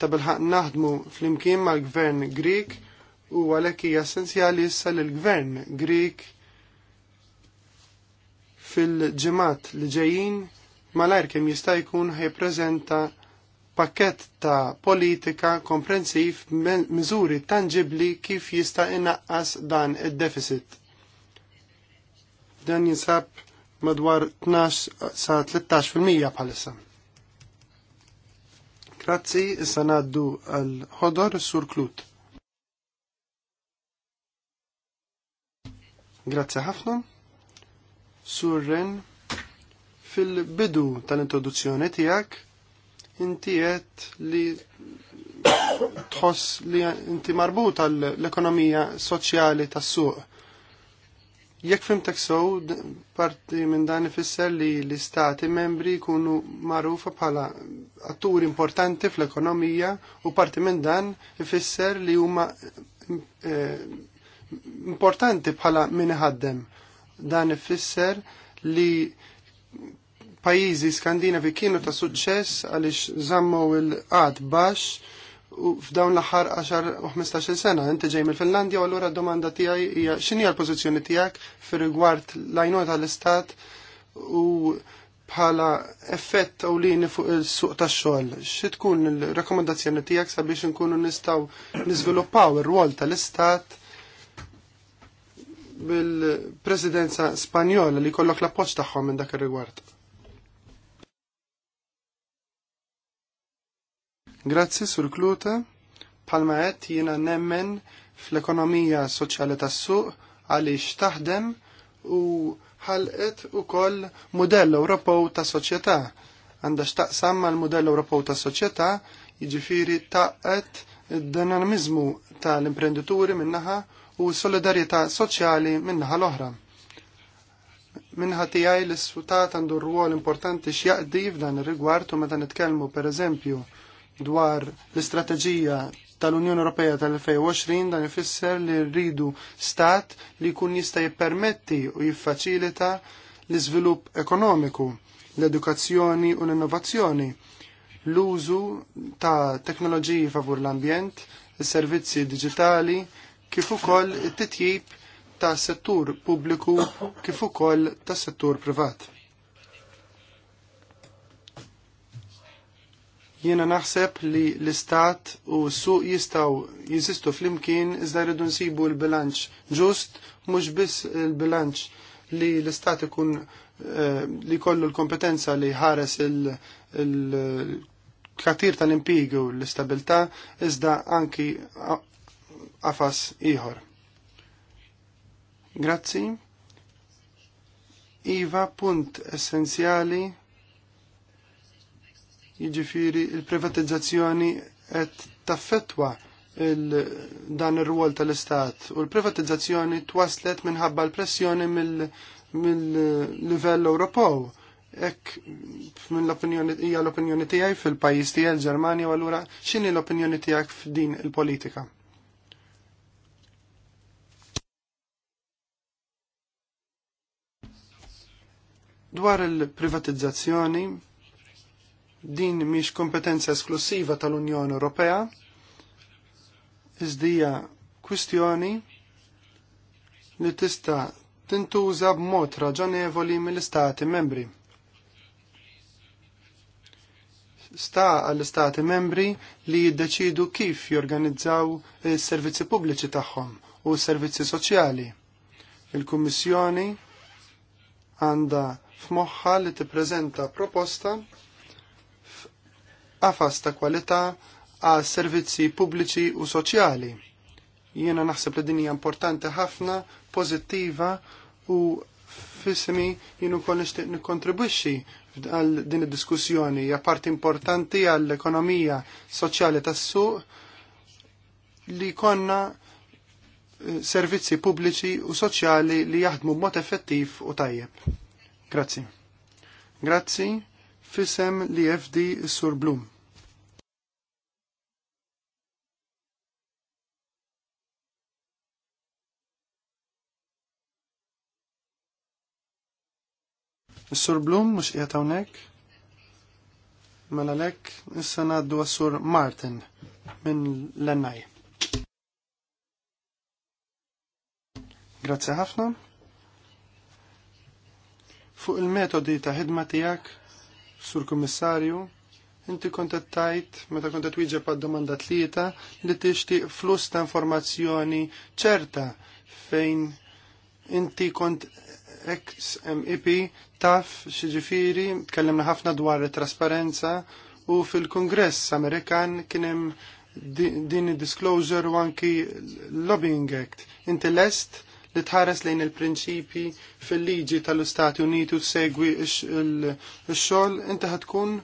ta' bilħaq naħdmu fl-imkien mal-gvern Grik u għalhekk hija essenzjali issa l-gvern Grik fil-ġemat li ġejjin malajr kem jista' jkun ħajpreżenta pakket ta' politika komprensiv miżuri tangibli kif jista' inaqqas dan id-deficit. Dan jinsab madwar 12 sa 13% bħalissa. Grazzi, issa naddu għal-ħodor sur klut. Grazzi ħafna. Surren, fil-bidu tal-introduzzjoni tijak, inti jett li tħoss li inti marbut l-ekonomija soċjali tas-suq. Jekk fimtek sow, parti minn dan ifisser li l-istati membri jkunu magħrufa bħala atturi importanti fl-ekonomija u parti minn dan ifisser li huma eh, importanti bħala min ħaddem Dan ifisser li pajjiżi skandinavi kienu ta' suċċess għaliex żammu il-qad baxx u f'dawn l-aħħar 10 u 15 sena inti ġej mill-Finlandja u allura d-domanda tiegħi hija x'inhi l-pożizzjoni tiegħek fir-rigward l għajnu tal-istat u bħala effett ewlieni fuq il-suq tax-xogħol. Xi tkun il-rakkomandazzjoni tiegħek sabiex inkunu nistgħu niżviluppaw ir-rwol tal-istat bil-presidenza Spanjola li kollok l-appoġġ tagħhom minn dak ir-rigward. Grazzi sur Kluta, palma qed jiena nemmen fl-ekonomija soċjali tas-suq għaliex taħdem u ħalqet ukoll mudell Ewropew ta' soċjetà. Għanda x'taqsam mal modell Ewropew ta' soċjetà, jiġifieri taqqet id-dinamizmu tal-imprenditori minnaħa u solidarjetà soċjali minnaħa l-oħra. Minnaħa tiegħi l sfutat għandu rwol importanti x'jaqdi f'dan ir-rigward u meta nitkellmu pereżempju dwar l-istrateġija tal-Unjoni Ewropea tal-2020 dan ifisser li rridu stat li jkun jista' jippermetti u jiffaċilita l-iżvilupp ekonomiku, l-edukazzjoni u l-innovazzjoni, l-użu ta' teknoloġiji favur l-ambjent, is-servizzi digitali, kif ukoll it-titjib ta' settur pubbliku kif ukoll ta' settur privat. Jiena naħseb li l-istat u s-suq jistaw jizistu fl-imkien iżda jridu nsibu l-bilanċ ġust, mhux biss il-bilanċ li l-istat ikun eh, li kollu l-kompetenza li ħares il-katir tal-impigu l-istabilta, iżda anki qafas ieħor. Grazzi. Iva punt essenzjali jiġifieri il-privatizzazzjoni qed taffettwa dan ir-rwol tal-Istat u l-privatizzazzjoni twaslet minħabba l-pressjoni mill-livell Ewropew. Ek minn l-opinjoni hija l-opinjoni tiegħi fil-pajjiż tiegħi l-Ġermanja u allura x'inhi l-opinjoni tiegħek f'din il-politika? Dwar il-privatizzazzjoni, din miex kompetenza esklusiva tal-Unjoni Ewropea, iżdija kwistjoni li tista' tintuża b'mod raġonevoli mill-Istati membri. Sta għall-Istati membri li jiddeċidu kif jorganizzaw is-servizzi pubbliċi tagħhom u s-servizzi soċjali. Il-Kummissjoni għandha f'moħħa li tippreżenta proposta f'qafas ta' kwalità għal servizzi pubbliċi u soċjali. Jiena naħseb li din hija importanti ħafna, pożittiva u fissimi jienu kol nishtiq nikontribwixxi għal din id-diskussjoni hija parti importanti għall ekonomija soċjali tas-suq li konna eh, servizzi pubbliċi u soċjali li jaħdmu b'mod effettiv u tajjeb. Grazzi. Grazzi, fisem li FD Sur Blum. sur Blum mhux qiegħed hawnhekk. Mela lek, issa naddu sur Martin minn l-Ennaj. Grazie ħafna. Fuq il-metodi ta' ħidma tiegħek, sur kummissarju, inti kontattajt, meta kontat wieġeb għad domanda tlieta, li tixtieq flus ta' informazzjoni ċerta fejn inti kont XMEP mep taf xieġifiri, tkellimna ħafna dwar trasparenza u fil-Kongress Amerikan kienem din disclosure u anki lobbying act. Inti lest li tħares lejn il-prinċipi fil-liġi tal-Istati Uniti u segwi x-xol, inti ħatkun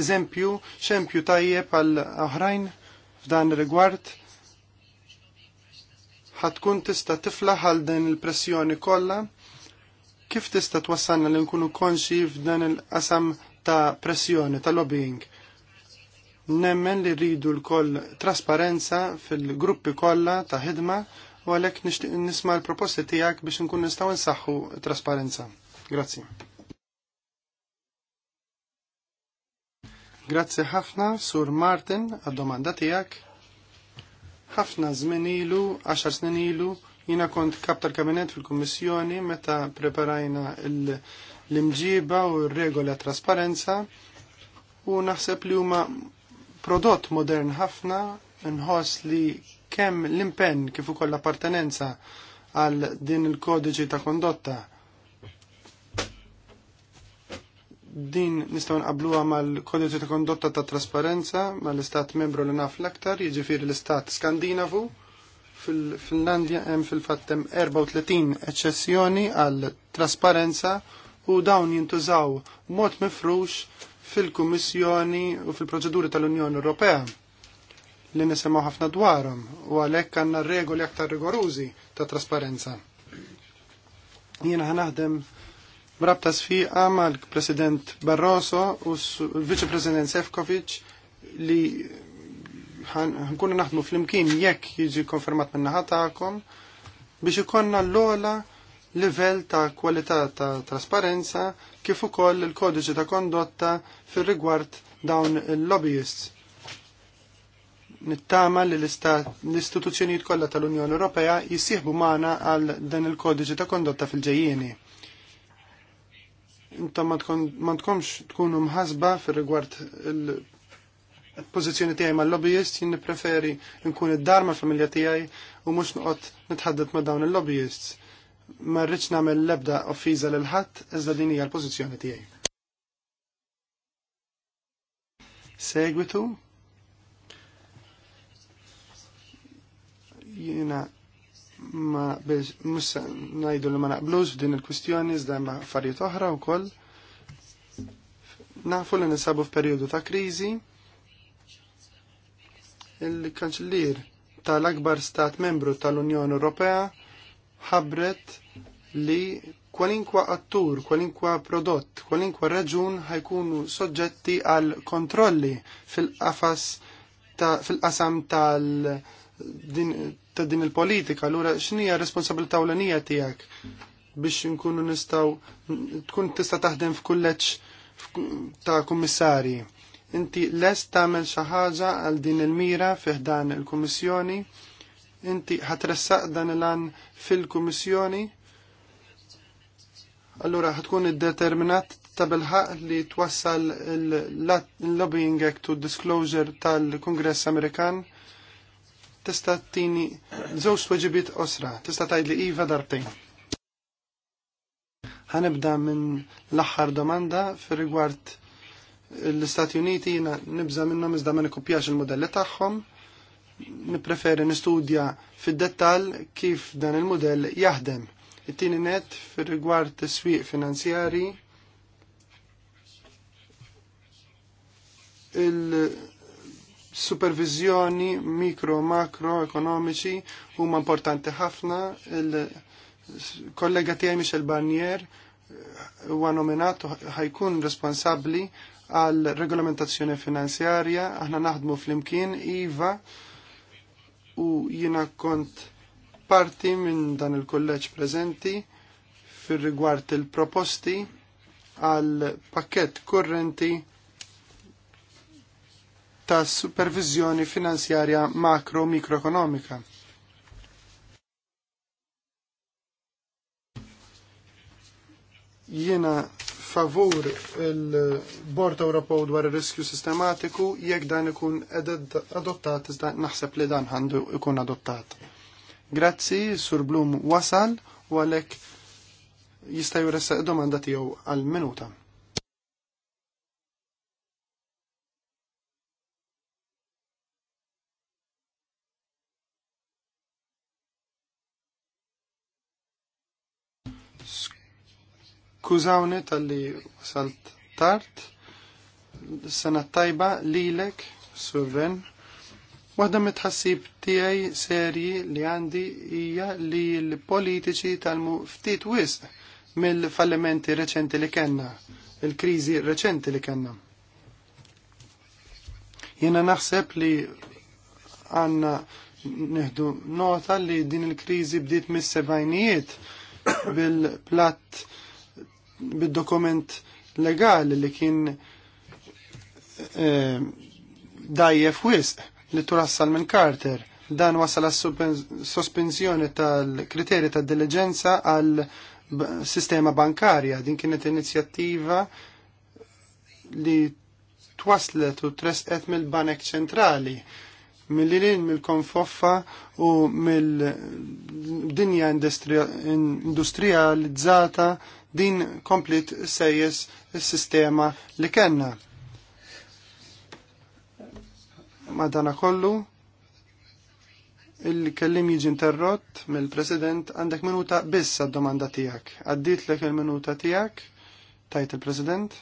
eżempju, xempju tajjeb għal oħrajn f'dan rigward. Ħatkun tista' tifla għal din il-pressjoni kollha. Kif tista' twassalna li nkunu konxi f'dan il-qasam ta' pressjoni, ta' lobbying? Nemmen li rridu l-koll trasparenza fil-gruppi kollha ta' ħidma u għalhekk nixtieq nisma' l-proposti tiegħek biex nkun nistgħu nsaħħu trasparenza. Grazzi. Grazzi ħafna Sur Martin għad-domanda tiegħek. Ħafna żmien ilu, 10 snin ilu, jina kont kap tal-kabinet fil-Kummissjoni meta preparajna l-imġiba u r-regola trasparenza u naħseb li huma prodott modern ħafna nħoss li kemm l-impenn kif ukoll l-appartenenza għal din il-kodiċi ta' kondotta din nistgħu nqabluha mal-kodiċi ta' kondotta ta' trasparenza mal-istat membru li naf l-aktar, jiġifieri l-istat Skandinavu fil-Finlandja hemm fil-fattem 34 eċċessjoni għal trasparenza u dawn jintużaw mod mifrux fil-Kummissjoni u fil-proċeduri tal-Unjoni Ewropea li nisimaw ħafna dwarhom u għalhekk għandna regoli aktar rigorużi ta' trasparenza. Jiena naħdem Rabta sfiqa mal president Barroso u s-Viċe-President Sefkovic li ħankunu naħdmu fl-imkien jekk jiġi konfermat minna ħatakom biex ikonna l-ola livell ta' kwalità ta' trasparenza kif ukoll il-kodiċi ta' kondotta fir rigward dawn il-lobbyists nittama li l-istituzzjonijiet kollha tal-Unjoni Ewropea jissieħbu magħna għal dan il-kodiċi ta' kondotta fil-ġejjieni. Intom ma tkomx tkunu mħasba fir-rigward il-pożizzjoni tiegħi mal-lobbyist, jien nippreferi nkun id-dar mal-familja tiegħi u mhux noqgħod nitħaddet ma' dawn il-lobbyists. Ma rridx nagħmel l-ebda offiża lil ħadd iżda din hija l-pożizzjoni tiegħi. Segwitu jina ma biex musa najdu li ma naqblux din il-kwistjoni iżda ma affarijiet u koll. Nafu li nisabu f'perjodu ta' kriżi. Il-kanċellier tal-akbar stat membru tal-Unjoni Ewropea ħabret li kwalinkwa attur, kwalinkwa prodott, kwalinkwa raġun ħajkunu soġġetti għal kontrolli fil ta, fil-qasam tal din ta' din il-politika, allura x'nija responsabilità ewlenija tiegħek biex nkunu nistaw tkun tista' taħdem f'kulleġġ ta' kummissarji. Inti lest tagħmel xi ħaġa għal din il-mira fih dan il-Kummissjoni, inti ħatressaq dan il-għan fil-Kummissjoni, allura ħatkun id-determinat ta' bilħaq li twassal l-lobbying act to disclosure tal-Kongress Amerikan tista' tini żewġ tweġibiet osra, tista' tgħid li iva darbtejn. Ħanibda minn l-aħħar domanda fir rigward l-Istati Uniti jiena nibża minnhom iżda ma nikkupjax il-modelli tagħhom. Nippreferi nistudja fid-dettall kif dan il-modell jaħdem. It-tieni net fir rigward tiswieq finanzjari il- supervizjoni mikro makro ekonomiċi huma importanti ħafna il-kollega tiegħi Michel Barnier eh, huwa nominat ħajkun responsabbli għal regolamentazzjoni finanzjarja, aħna naħdmu flimkien IVA u jiena kont parti minn dan il-kolleġġ preżenti fir rigward il-proposti għal pakket kurrenti ta' supervizjoni finanzjarja makro mikroekonomika. Jiena favur il-Bord Ewropew dwar ir-riskju sistematiku jekk dan ikun adottat iżda naħseb li dan għandu ikun adottat. Grazzi, Sur Blum wasal u għalhekk jista' id domanda tiegħu għal-minuta. Skużawni tal-li salt tard. Sena tajba lilek, surven. Waħda mitħassib tiegħi serji li għandi hija li l-politiċi tal-mu ftit wisq mill-fallimenti reċenti li kellna, il-kriżi reċenti li kellna. Jiena naħseb li għanna neħdu nota li din il-krizi bdiet mis-sebajnijiet bil-platt bid-dokument legali li kien eh, dajjef wisq li turassal minn Carter. Dan wasal għas-sospensjoni tal-kriteri tad-diligenza għal sistema bankarja. Din kienet inizjattiva li twaslet u tresqet mill-Banek Ċentrali mill-lilin mill-konfoffa u mill-dinja industrializzata din komplit sejjes sistema li kenna. Madana kollu, il-kellim jiġi interrott mill-President għandek minuta biss għad-domanda tijak. Għaddit l il-minuta tijak, tajt il-President.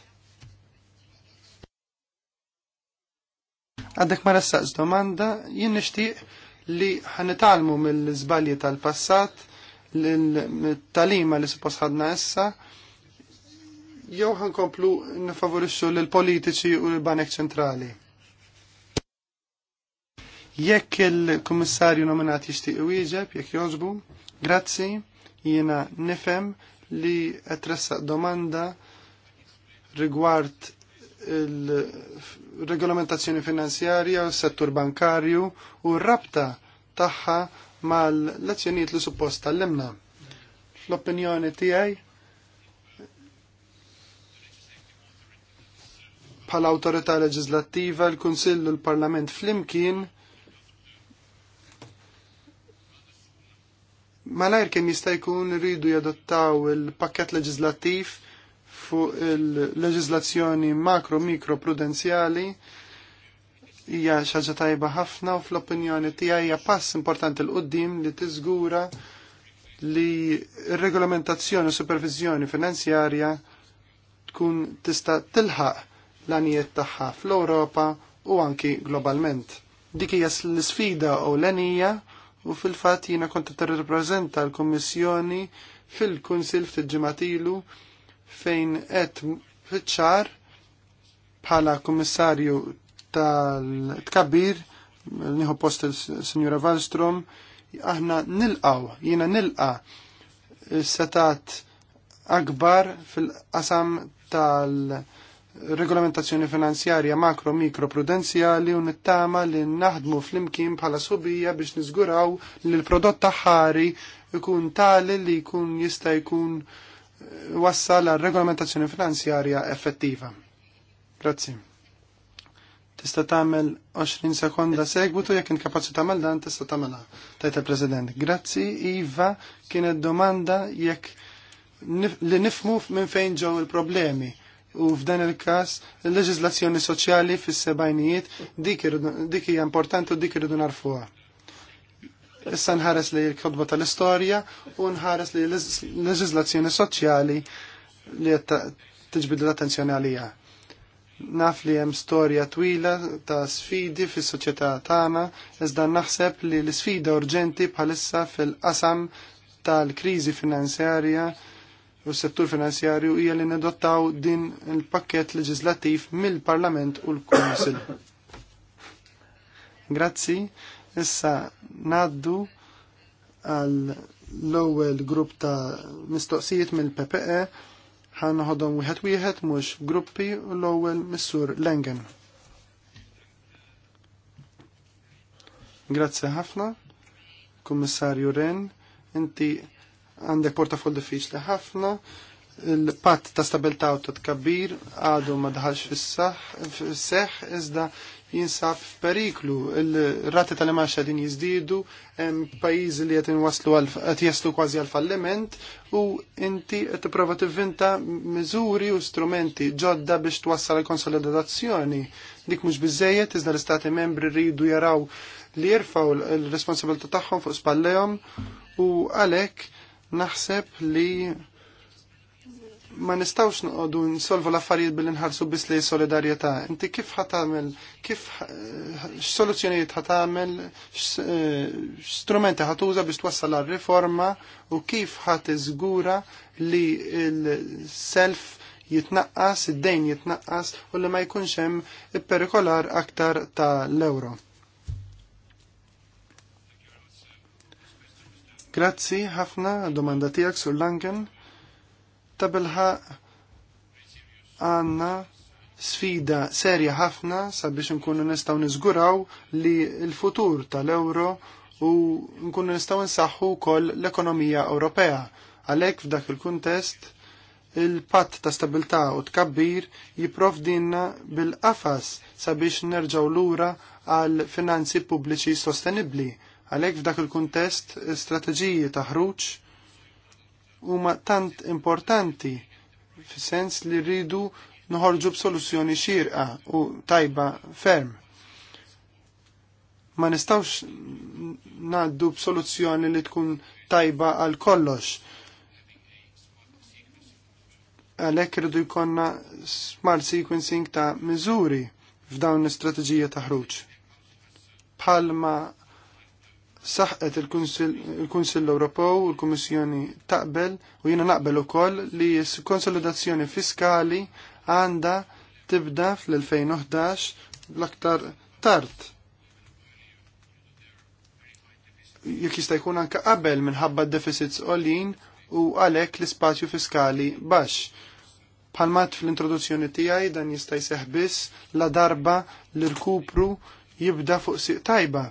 Għaddek ma ressaqs domanda, jien li ħanitalmu mill-zbalji tal-passat l-talima li supposħadna essa jew ħankomplu nifavorixxu l-politiċi u l-Banek Ċentrali. Jekk il-Kummissarju nominat jixtieq wieġeb, jekk jogħġbu, grazzi, jiena nifhem li qed domanda rigward il-regolamentazzjoni finanzjarja, s-settur bankarju u r-rabta tagħha mal-lezzjonijiet li suppost tal-lemna. L-opinjoni tiegħi pal autorità leġislattiva, l-Kunsill u l-Parlament flimkien malajr kemm jista' jkun rridu jadottaw il-pakket leġislattiv fuq il leġizlazzjoni makro mikro prudenzjali hija xaġa tajba ħafna u fl-opinjoni tiegħi hija pass importanti l qudiem li tiżgura li regolamentazzjoni u supervizjoni finanzjarja tkun tista' tilħaq l-anijiet tagħha fl-Ewropa u anki globalment. Dik hija l isfida u l-enija u fil-fatt jiena kont tirrappreżenta l-Kummissjoni fil-Kunsil ftit ġimatilu fejn qed fiċ-ċar bħala Kummissarju tal-tkabbir, nieħu post il-Sinjura Wallstrom, aħna nilqaw, jiena nilqa setat akbar fil-qasam tal-regolamentazzjoni finanzjarja makro mikro prudenzjali u nittama li naħdmu fl-imkien bħala subija biex nizguraw li l-prodott taħħari ikun tali li jkun jista' jkun wassal għal regolamentazzjoni finanzjarja effettiva. Grazie tista' tagħmel 20 sekonda segwitu jekk kapaċi tagħmel dan tista' tagħmelha. Tajt il-President, grazzi Iva kienet domanda jekk li nifmu minn fejn ġew il-problemi. U f'dan il-każ il-leġiżlazzjoni soċjali fis-sebajnijiet dik hija importanti u dik irridu narfuha. Issa nħares li l-kodba tal-istorja u nħares li l-leġiżlazzjoni soċjali li qed tiġbidu l-attenzjoni għalija Naf li hemm storja twila ta' sfidi fis-soċjetà tagħna, iżda naħseb li l-sfida urġenti bħalissa fil-qasam tal-kriżi finanzjarja u s-settur finanzjarju hija li nedottaw din il-pakket leġislattiv mill-Parlament u l-Kunsil. Grazzi, issa naddu għal l-ewwel grupp ta' mistoqsijiet mill-PPE ħanħodhom wieħed wieħed mhux gruppi u l-ewwel Missur Lengen. Grazzi ħafna, Kummissarju Ren, inti għandek portafol diffiċli ħafna, il-patt ta' stabilta' u ta' tkabbir għadu ma daħalx fis-seħ, iżda jinsab f'periklu. Il-rati tal-imaxa din jizdidu, pajizi li jatin waslu għat jaslu kważi għal-falliment u inti t-prova t-vinta mizuri u strumenti ġodda biex twassal l-konsolidazzjoni. Dik mux bizzejiet, iżda l-istati membri rridu jaraw li jirfaw l-responsabilta tagħhom fuq spallejom u għalek naħseb li ma nistawx noqogħdu nsolvu l-affarijiet billi nħarsu biss li solidarjetà. Inti kif ħatamel, kif eh, x'soluzzjonijiet ħatamel, eh, x'strumenti ħatuża biex twassal għar-riforma u kif ħat iżgura li l-self jitnaqqas, id-dejn jitnaqqas u li ma jkunx hemm perikolar aktar ta' l-euro. Grazzi ħafna domanda tiegħek sur Lanken ta' bilħaq għanna sfida serja ħafna sabiex nkunu nistaw niżguraw li l-futur tal-euro u nkunu nistaw nsaħħu kol l-ekonomija Ewropea. Għalek f'dak il-kuntest il-patt ta' stabilta u tkabbir dinna bil-qafas sabiex nerġaw lura għal finanzi pubbliċi sostenibli. Għalek f'dak il-kuntest strateġiji ta' ħruċ huma tant importanti fis-sens li rridu noħorġu b'soluzzjoni xirqa u tajba ferm. Ma nistawx naddu b'soluzzjoni li tkun tajba għal kollox. Għalhekk irridu jkollna smart sequencing ta' miżuri f'dawn l-istrateġija ta' ħruġ. Palma saħqet il-Kunsill Ewropew u l-Kummissjoni taqbel u jiena naqbel ukoll li s-konsolidazzjoni fiskali għandha tibda fl-2011 l-aktar tard. Jekk jista' jkun anke qabel minħabba deficits għolin u għalhekk l-ispazju fiskali baxx. Palmat fl-introduzzjoni tiegħi dan jista' jseħħ biss la darba l-irkupru jibda fuq siq tajba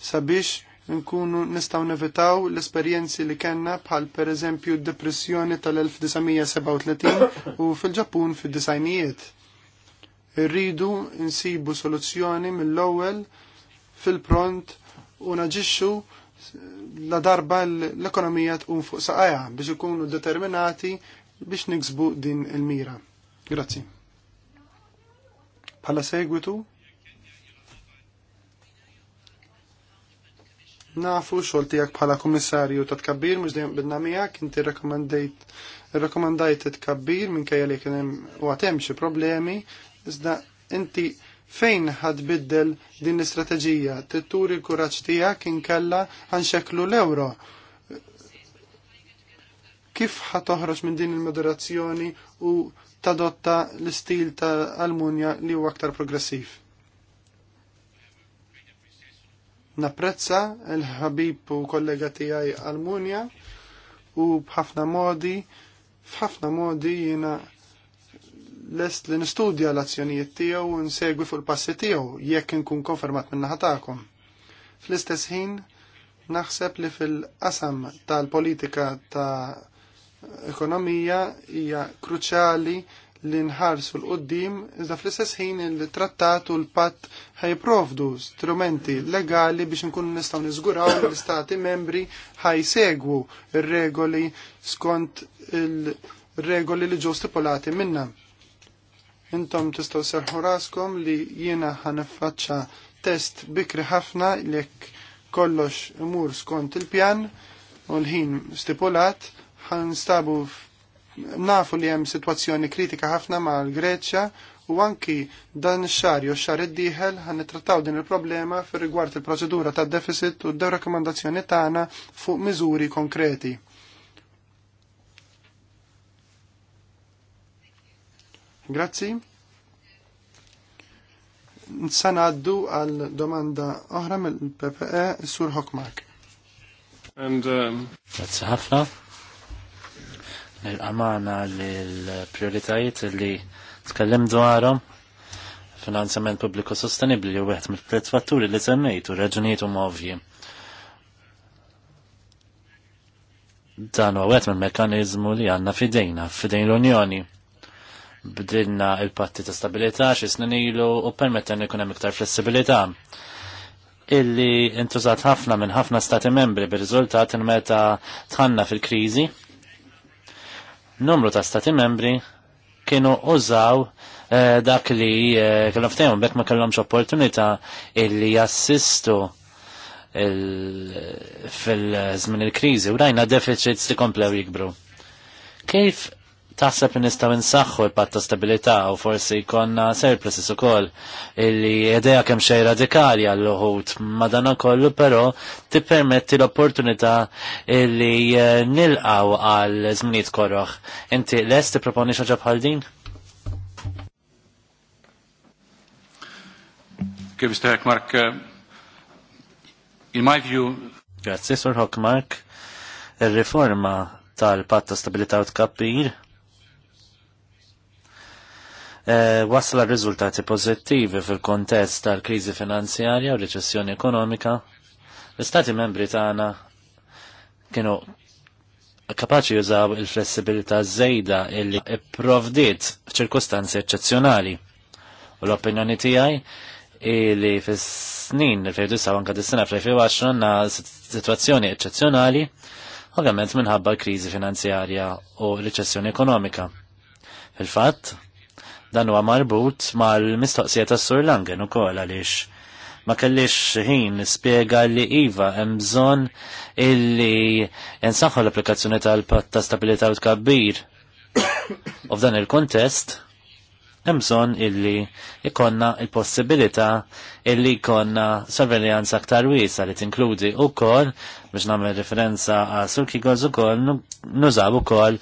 sabiex nkunu nistaw nevitaw l-esperjenzi li kenna bħal per eżempju d-depressjoni tal-1937 u fil-Ġappun fid-disajnijiet. Irridu nsibu soluzzjoni mill-ewwel fil-pront u naġixxu la darba l-ekonomija tqum fuq saqajja biex ikunu determinati biex niksbu din il-mira. Grazzi. Pala segwitu nafu xol tijak bħala komissarju ta' tkabbir, mux dejjem bidna miegħek, inti rekomendajt tkabbir minn kaj li kienem u għatem xie problemi, iżda inti fejn ħad biddel din l-istrateġija, turi l-kuraċ tijak inkella xeklu l-euro. Kif ħat toħroġ minn din il-moderazzjoni u tadotta l-istil ta' Almunja li huwa aktar progressiv? Napprezza il-ħabib u kollega tiegħi Almunja u bħafna modi, f'ħafna modi jiena lest li nistudja l-azzjonijiet tiegħu u nsegwi fuq il-passi tiegħu jekk nkun konfermat minna ħatakom. Fl-istess ħin naħseb li fil-qasam tal-politika ta' ekonomija hija kruċjali li nħarsu l-qoddim, iżda fl-istess ħin il-trattat u l-patt ħajprovdu strumenti legali biex nkun nistgħu niżguraw li l-istati membri ħajsegwu il regoli skont il-regoli li ġew stipulati minna. Intom tistgħu serħu raskom li jiena ħanifaċċa test bikri ħafna jekk kollox imur skont il-pjan u l-ħin stipulat ħanstabu Nafu li hemm sitwazzjoni kritika ħafna mal-Greċja u anki dan xar jew xar id-dieħel ħan nittrattaw din il-problema firigward rigward il-proċedura tad deficit u d rakkomandazzjoni tagħna fuq miżuri konkreti. Grazzi. Nsanaddu għaddu għal domanda oħra mill-PPE Sur Hokmark. And um il-amana l-prioritajiet li tkellem dwarhom finanzjament pubbliku sostenibli u wieħed mill fatturi li semmejt u raġunijiet u Movji. Dan huwa wieħed mill-mekkaniżmu li għandna fidejna, fidejn l-Unjoni. Bdilna il-patti ta' stabilita xi snin ilu u permettenni jkun hemm iktar flessibilità illi intużat ħafna minn ħafna stati membri bir-riżultat meta tħanna fil-kriżi numru ta' stati membri kienu użaw eh, dak li kellu eh, kellhom ftehom bekk ma kellhomx opportunità illi jassistu fil-żmien il-kriżi u rajna deficits li komplew jikbru. Kif Taħseb li nistgħu insaħħu l patta ta' stabilità u forsi jkollna surpluses ukoll illi idea kemm xejn radikali għall uħud madanakollu però tippermetti l-opportunità illi eh, nilqaw għal żminijiet korroħ. Inti lest tipproponi xi ħaġa bħal din? Kif Mark, eh, in my view... Grazie, Sir Hockmark. Il-riforma tal-patta stabilità u tkabbir Eh, wasla riżultati pożittivi fil-kontest tal-kriżi finanzjarja u riċessjoni ekonomika. L-Istati membri tagħna kienu kapaċi jużaw il-flessibilità żejda illi ipprovdiet f'ċirkustanzi eċċezzjonali. U l-opinjoni tiegħi li fis-snin li fejdu saw anke dis-sena fl-2010 għandna sitwazzjoni eċċezzjonali ovvjament minħabba l-kriżi finanzjarja u l-riċessjoni ekonomika. Fil-fatt, Dan huwa marbut mal-mistoqsija tas Sur Langen ukoll għaliex ma kellix ħin nispjega li iva hemm bżonn illi jinsaħħu l-applikazzjoni tal-patt ta' stabilità u tkabbir. U f'dan il-kontest, Emżon illi ikonna il-possibilita illi ikonna sorveljanza aktar wisa li tinkludi u kol, biex namel referenza għal surki goz u kol, nużaw u kol,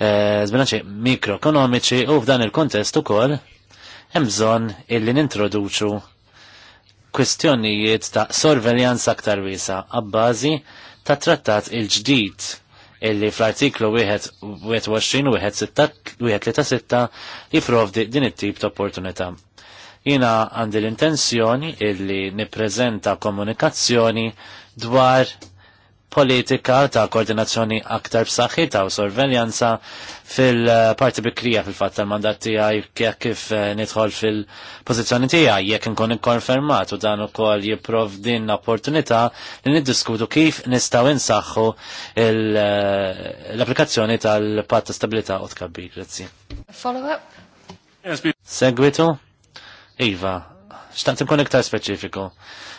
eh, zbilanċi mikroekonomiċi u f'dan il-kontest u kol, emżon illi nintroduċu kwestjonijiet ta' sorveljanza aktar wisa għabbażi ta' trattat il-ġdid illi fl-artiklu 21 16 136 jiprovdi din it-tip ta' opportunità. Jina għandi l-intenzjoni illi niprezenta komunikazzjoni dwar politika ta' koordinazzjoni aktar b'saħħi u sorveljanza fil-parti bikrija fil-fatt tal-mandat tiegħi kif eh, nidħol fil-pożizzjoni tiegħi jekk inkun ikkonfermat u dan ukoll jipprov l opportunità li niddiskutu kif nistgħu insaħħu eh, l-applikazzjoni tal-patt ta' stabilità u tkabbir. Grazzi. Follow-up? Segwitu? Iva, xtaqt nkun iktar speċifiku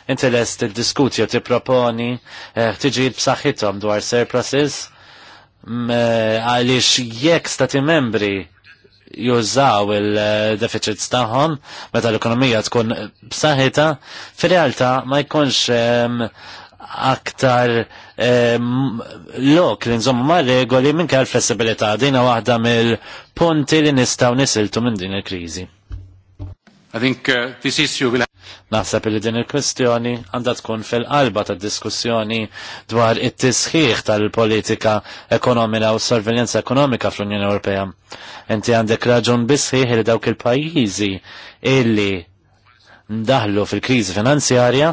inti lest tiddiskuti u tipproponi eh, ħtiġijiet b'saħħithom dwar surpluses eh, għaliex jekk stati membri jużaw il-deficits tagħhom meta l-ekonomija tkun b'saħħitha, fir-realtà ma jkunx aktar lok li nżommu ma regoli minn kell flessibilità dina waħda mill-punti li nistgħu nisiltu minn din il-kriżi. I think uh, this issue will Naħseb li din il-kwestjoni għandha tkun fil-qalba ta' diskussjoni dwar it-tisħiħ tal-politika ekonomika u sorveljanza ekonomika fl-Unjoni Ewropea. Inti għandek raġun bisħiħ li dawk il-pajjiżi illi ndaħlu fil-kriżi finanzjarja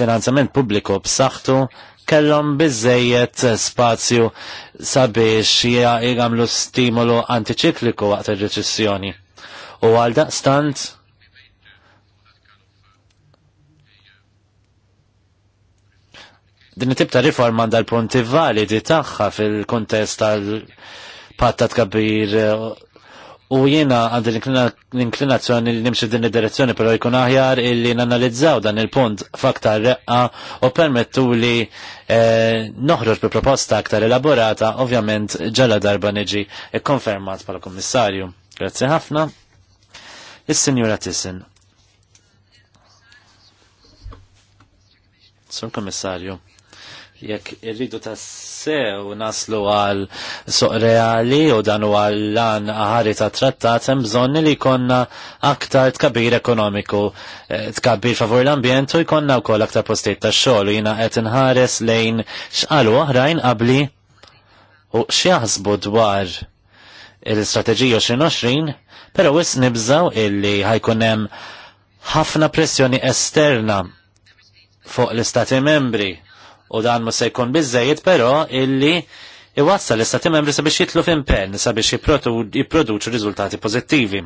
finanzament pubbliku b'saħħtu kellhom biżejjed spazju sabiex jgħamlu stimolu antiċikliku waqt ir-reċessjoni. U għal daqstant Din it-tip ta' riforma għandha l-punti validi tagħha fil-kontest tal-patta tkabbir eh, u jiena għandi l-inklinazzjoni li nimxi din id-direzzjoni però jkun aħjar illi nanalizzaw dan il-punt f'aktar reqqa u permettu li eh, noħroġ bi proposta aktar elaborata ovvjament ġala darba niġi ikkonfermat bħala kummissarju. Grazzi ħafna. Is-Sinjura Tisin. Sur Kommissarju, jekk irridu tassew naslu għal soq reali u dan u għal lan ħari ta' trattat hemm bżonn li jkollna aktar tkabir ekonomiku, eh, tkabir favur l-ambjent u jkollna wkoll aktar postijiet ta' xogħol jiena qed inħares lejn x'qalu oħrajn qabli u x'jaħsbu dwar il-strateġija 2020, però wis nibżaw illi ħajkun hemm ħafna pressjoni esterna fuq l-istati membri u dan ma se jkun biżejjed però illi iwassal l-istati membri sabiex jitlu f'impenn sabiex jipproduċu riżultati pożittivi.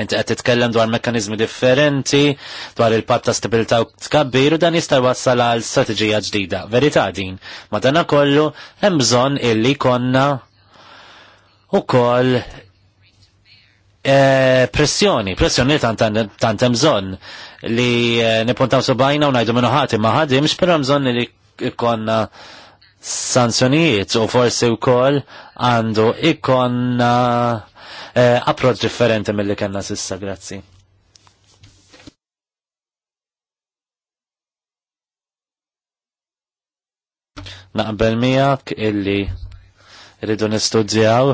Inti qed titkellem dwar mekkaniżmi differenti, dwar il-patt ta' stabilità u tkabbir u dan jista' jwassal għal strateġija ġdida. Verità din, ma dana kollu hemm bżonn illi konna ukoll e, pressjoni, pressjoni tant hemm bżonn li eh, nipuntaw subajna u najdu minu ħati maħadi, ħadimx, pero mżon li ikonna sanzjonijiet u forsi u kol għandu ikonna eh, approċ differenti mill-li kanna sissa, grazzi. Naqbel miegħek illi rridu nistudjaw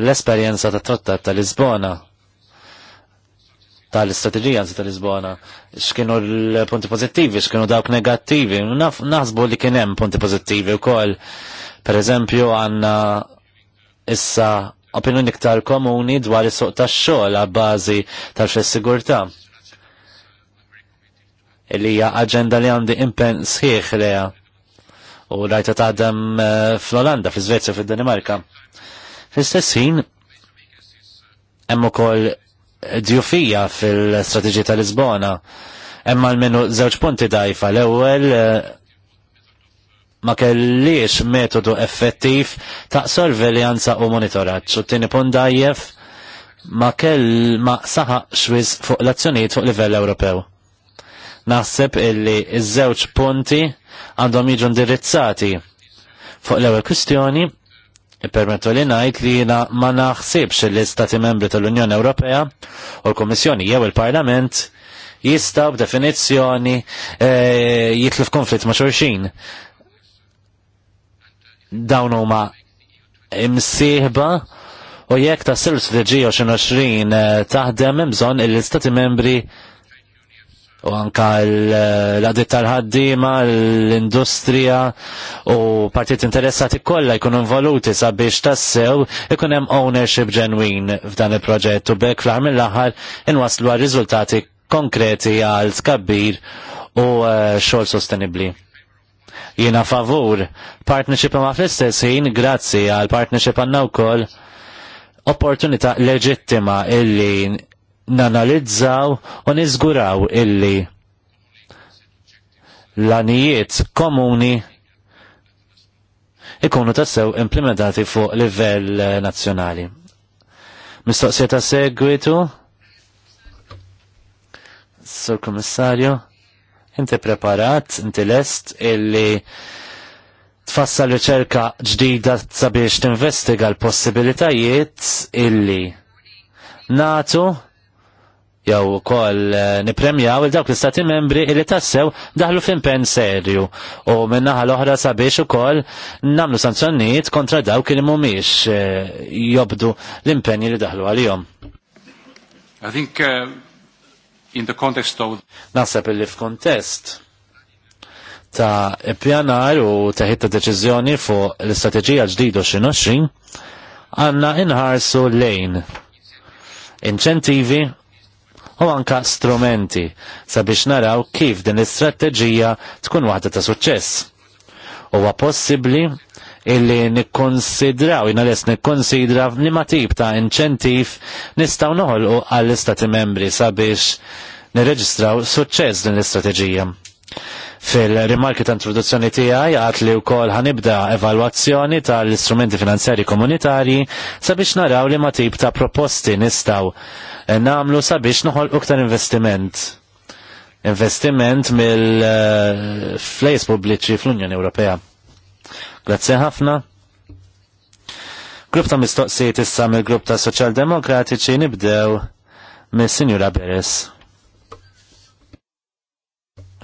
l-esperjenza ta' trattat ta' Lisbona tal-istrateġija tal-Lisbona. X'kienu l-punti pożittivi, x'kienu dawk negattivi. Naħsbu li kien hemm punti pożittivi wkoll. Per eżempju għandna issa opinjoni iktar komuni dwar is-suq tax-xogħol bażi tal-fis-sigurtà. Illi hija aġenda li għandi impen sħiħ leha u rajta taħdem eh, fl-Olanda, fl-Svezja, fil-Danimarka. Fl-istess ħin, hemm ukoll djufija fil strategi tal-Lisbona. Emma l menu zewċ punti dajfa. L-ewel ma kellix metodu effettiv ta' sorveljanza u monitoraċ. U t-tini punt dajjef ma kell ma saħa xwiz fuq l-azzjoniet fuq livell Ewropew. Naħseb illi iż-żewġ punti għandhom jiġu ndirizzati fuq l-ewwel kwistjoni Permettu li najt li jina ma naħsibx l istati membri tal-Unjoni Ewropea u l-Komissjoni jew il-Parlament jistaw b'definizzjoni e, jitlu f'konflitt ma' xorxin. Dawn huma imsieħba u jekk ta' sil strategija 2020 taħdem bżonn l-Istati membri u anka l-għadit tal-ħaddima, l-industrija u partit interessati kollha jkunu involuti sabiex tassew ikun hemm ownership ġenwin f'dan il-proġett u bekk fl mill-aħħar inwaslu għal riżultati konkreti għal tkabbir u eh, xogħol sostenibbli jiena favur partnership ma fl-istess ħin grazzi għal partnership għandna wkoll opportunità leġittima illi nanalizzaw u niżguraw illi l-anijiet komuni ikunu tassew implementati fuq livell nazzjonali. Mistoqsija ta' segwitu? Sur Kommissarju, inti preparat, inti lest illi tfassal riċerka ġdida sabiex tinvestiga l-possibilitajiet illi natu jew ukoll eh, nipremjaw il dawk l-istati membri li tassew daħlu f'impenn serju u minnaħa l-oħra sabiex ukoll namlu sanzjonijiet kontra dawk li mhumiex eh, jobdu l-impenni li daħlu għalihom. I think uh, in the context of naħseb li f'kontest ta' pjanar u teħid ta' deċiżjoni fuq l-istrateġija ġdidu xinu xin għanna inħarsu lejn inċentivi u anka strumenti sabiex naraw kif din l-istrateġija tkun waħda ta' suċċess. Huwa possibbli illi nikkonsidraw, jina les nikkonsidra f'nima tip ta' inċentif nistaw noħolqu għall-istati membri sabiex nirreġistraw suċċess din l-istrateġija fil-rimarki ta' introduzzjoni tiegħi għat li wkoll ħanibda evalwazzjoni tal-istrumenti finanzjari komunitarji sabiex naraw li ma tip ta' proposti nistaw nagħmlu sabiex noħol uktar investiment. Investiment mill-flejs pubbliċi fl-Unjoni Ewropea. Grazzi ħafna. Grupp ta' mistoqsijiet issa mill-grupp ta' Soċjaldemokratiċi nibdew mis-Sinjura Beres.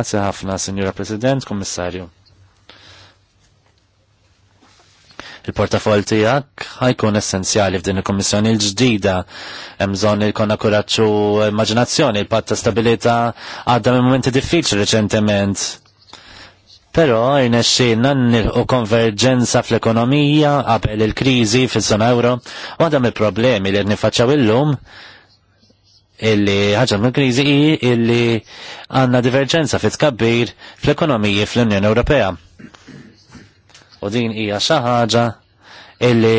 Grazie ħafna, Signora President, Kommissarju. il-portafol tijak ħajkun essenzjali f'din il-Kommissjoni l-ġdida. Mżon il-konna kuraċċu immaġinazzjoni, il-patta stabilita għadda minn momenti diffiċli reċentement. Pero jnexxilna nilħu konverġenza fl-ekonomija qabel il-kriżi fiż-żona euro u għadha mill-problemi li qed nifaċċaw illum illi ħaġa minn kriżi hi illi għandna diverġenza fit tkabbir fl-ekonomiji fl-Unjoni Ewropea. U din hija xi ħaġa illi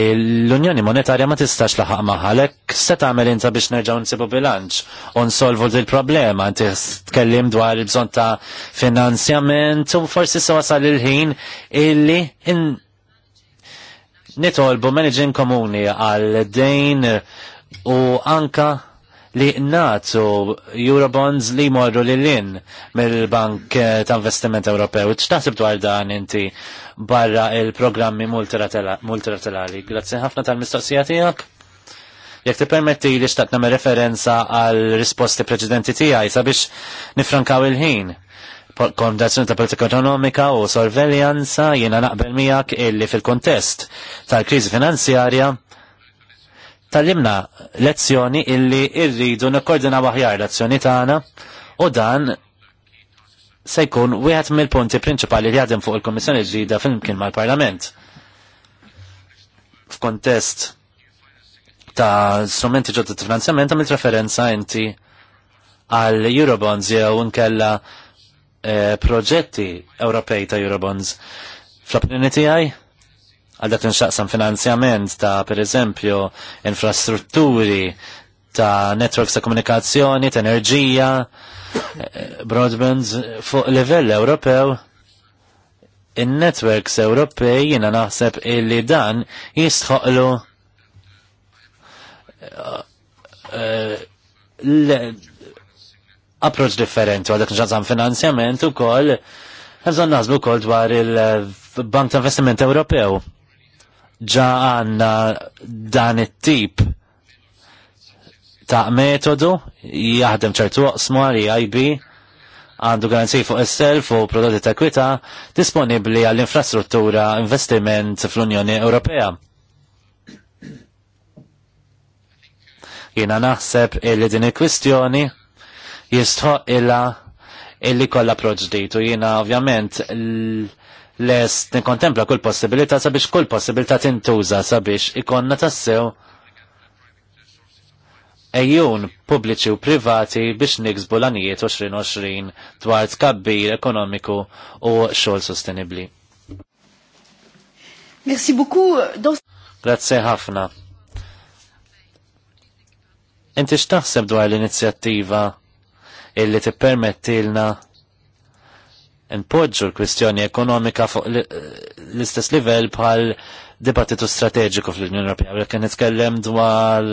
l-Unjoni Monetarja ma tistax laħaq maħalek se tagħmel inta biex nerġgħu nsibu bilanċ u nsolvu din problema tkellim dwar il-bżonn ta' finanzjament u forsi se wasal il-ħin illi nitolbu managing komuni għal dejn u anka li natu Eurobonds li morru li l-in mill-Bank eh, ta' Investiment Ewropew. ċtaħseb dwar dan inti barra il-programmi multilaterali? Grazzi ħafna tal-mistoqsija tijak. Jek ti permetti li xtaqt namme referenza għal risposti preċedenti tijaj sabiex nifrankaw il-ħin kondazzjoni ta' politika ekonomika u sorveljanza jiena naqbel miegħek illi fil-kontest tal-kriżi finanzjarja Tallimna lezzjoni illi irridu nikkoordina waħjar l-azzjoni tagħna u dan se jkun wieħed mill-punti prinċipali li għadim fuq il komissjoni ġdida fil-mkien mal-Parlament. F'kontest ta' strumenti ġodda ta' finanzjament għamilt referenza inti għal Eurobonds jew nkella eh, proġetti Ewropej ta' Eurobonds. Fl-opinjoni tiegħi għal dak inxaqsam finanzjament ta' per eżempju infrastrutturi ta' networks ta' komunikazzjoni, ta' enerġija, eh, broadband fuq livell Ewropew in-networks Ewropej jiena naħseb illi dan jistħoqlu eh, eh, approach differenti għal dak nġazam finanzjament u koll, għazan nazbu koll dwar il-Bank ta' Investiment Ewropew ġa għanna dan it-tip ta' metodu jaħdem ċertu għasmu li e IB għandu garanzij fuq is-self u prodotti ta' kwita disponibbli għall-infrastruttura investiment fl-Unjoni Ewropea. Jiena naħseb illi din il-kwistjoni jistħoq illa illi kolla proġditu. Jiena ovvjament l- lest nikontempla kull possibilità sabiex kull possibilità tintuża sabiex ikonna tassew ejjun pubbliċi u privati biex niksbu l-anijiet 2020 dwar tkabbir ekonomiku u xogħol sostenibli. Merci beaucoup. Dans... Grazie ħafna. Inti x'taħseb dwar l-inizjattiva illi tippermettilna npoġġu l-kwistjoni ekonomika fuq l-istess livell bħal dibattitu strateġiku fl-Unjoni Ewropea. Għalhekk nitkellem dwar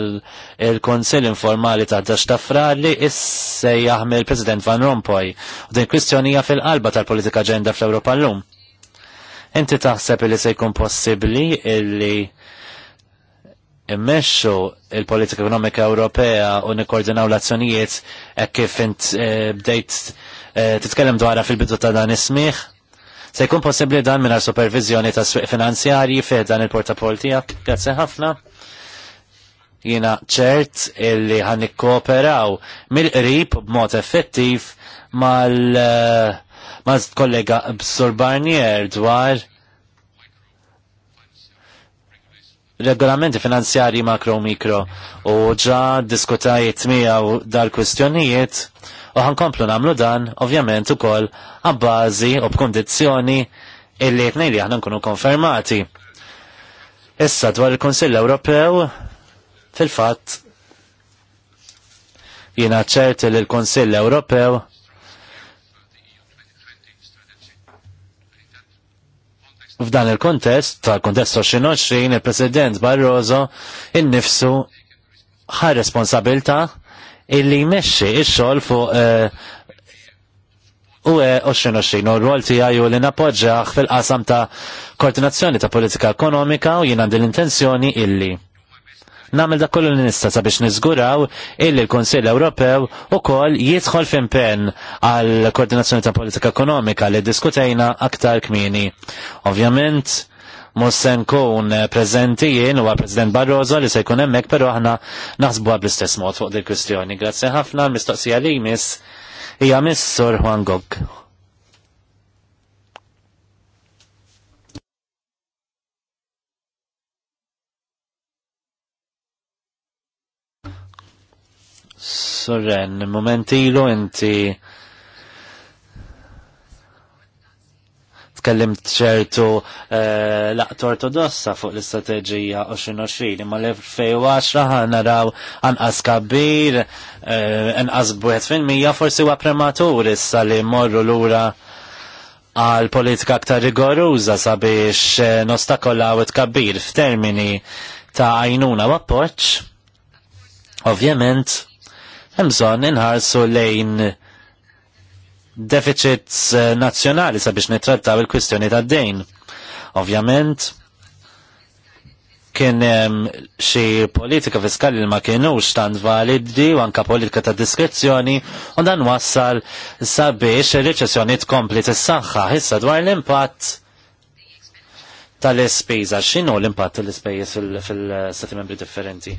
il-Kunsill informali ta' dax ta' li isse jaħmel President Van Rompuy. U din kwistjoni hija fil-qalba tal-politika ġenda fl-Ewropa llum. Inti taħseb li se jkun possibbli illi immexxu il-politika ekonomika Ewropea u nikkoordinaw l-azzjonijiet hekk kif int eh, bdejt Eh, titkellem dwarha fil-bidu ta' dan ismiħ. Se jkun possibbli dan mingħajr supervizjoni ta' swieq finanzjarji fi dan il-portapol tiegħek. Grazzi ħafna. Jiena ċert illi ħan nikkooperaw mill-qrib b'mod effettiv mal- eh, kollega Bsur Barnier dwar regolamenti finanzjari makro u mikro u ġa diskutajiet miegħu dar kwistjonijiet u ħankomplu namlu dan ovvjament ukoll għabbażi u b'kundizzjoni illi jtnej li aħna nkunu konfermati. Issa dwar il-Kunsill Ewropew fil-fatt jiena ċert li l-Kunsill Ewropew F'dan il-kontest, tal-kontest 2020, il-President Barroso innifsu ħar responsabilta illi jmexxi x xogħol fuq eh, u 2020 u r-rol tiegħi u li napoġġaħ fil-qasam ta' koordinazzjoni ta' politika ekonomika u jien għandi l-intenzjoni illi Namel da kollu nista sabiex nizguraw illi l-Konsil Ewropew u koll jidħol fimpen għal koordinazzjoni ta' politika ekonomika li diskutejna aktar kmini. Ovvjament, mussen kun jien u għal-President Barroso li se jkun hemmhekk però aħna naħsbu bl-istess mod fuq dil-kwistjoni. Grazzi ħafna mistoqsija li jmiss jgħamiss Miss Sur Juan Gog. Surren, momentilu inti tkellimt ċertu eh, laqt ortodossa fuq l-istrateġija 2020 ma' l-2010 naraw anqas kabir eh, anqas eh, mija forsi huwa prematur issa li morru lura għal politika aktar rigoruża sabiex eh, nostakolaw it-kabbir f'termini ta' għajnuna u Ovvjament, Imżon inħarsu lejn deficits eh, nazzjonali sabiex nittrattaw il-kwistjoni ta' dejn. Ovvjament, kien xi politika fiskali li ma kienux tant validi u anka politika ta' diskrezzjoni u dan wassal sabiex ir-reċessjoni tkompli tissaħħa issa dwar l-impatt tal-ispiża. X'inhu l-impatt tal-ispejjeż fil settimembri membri differenti?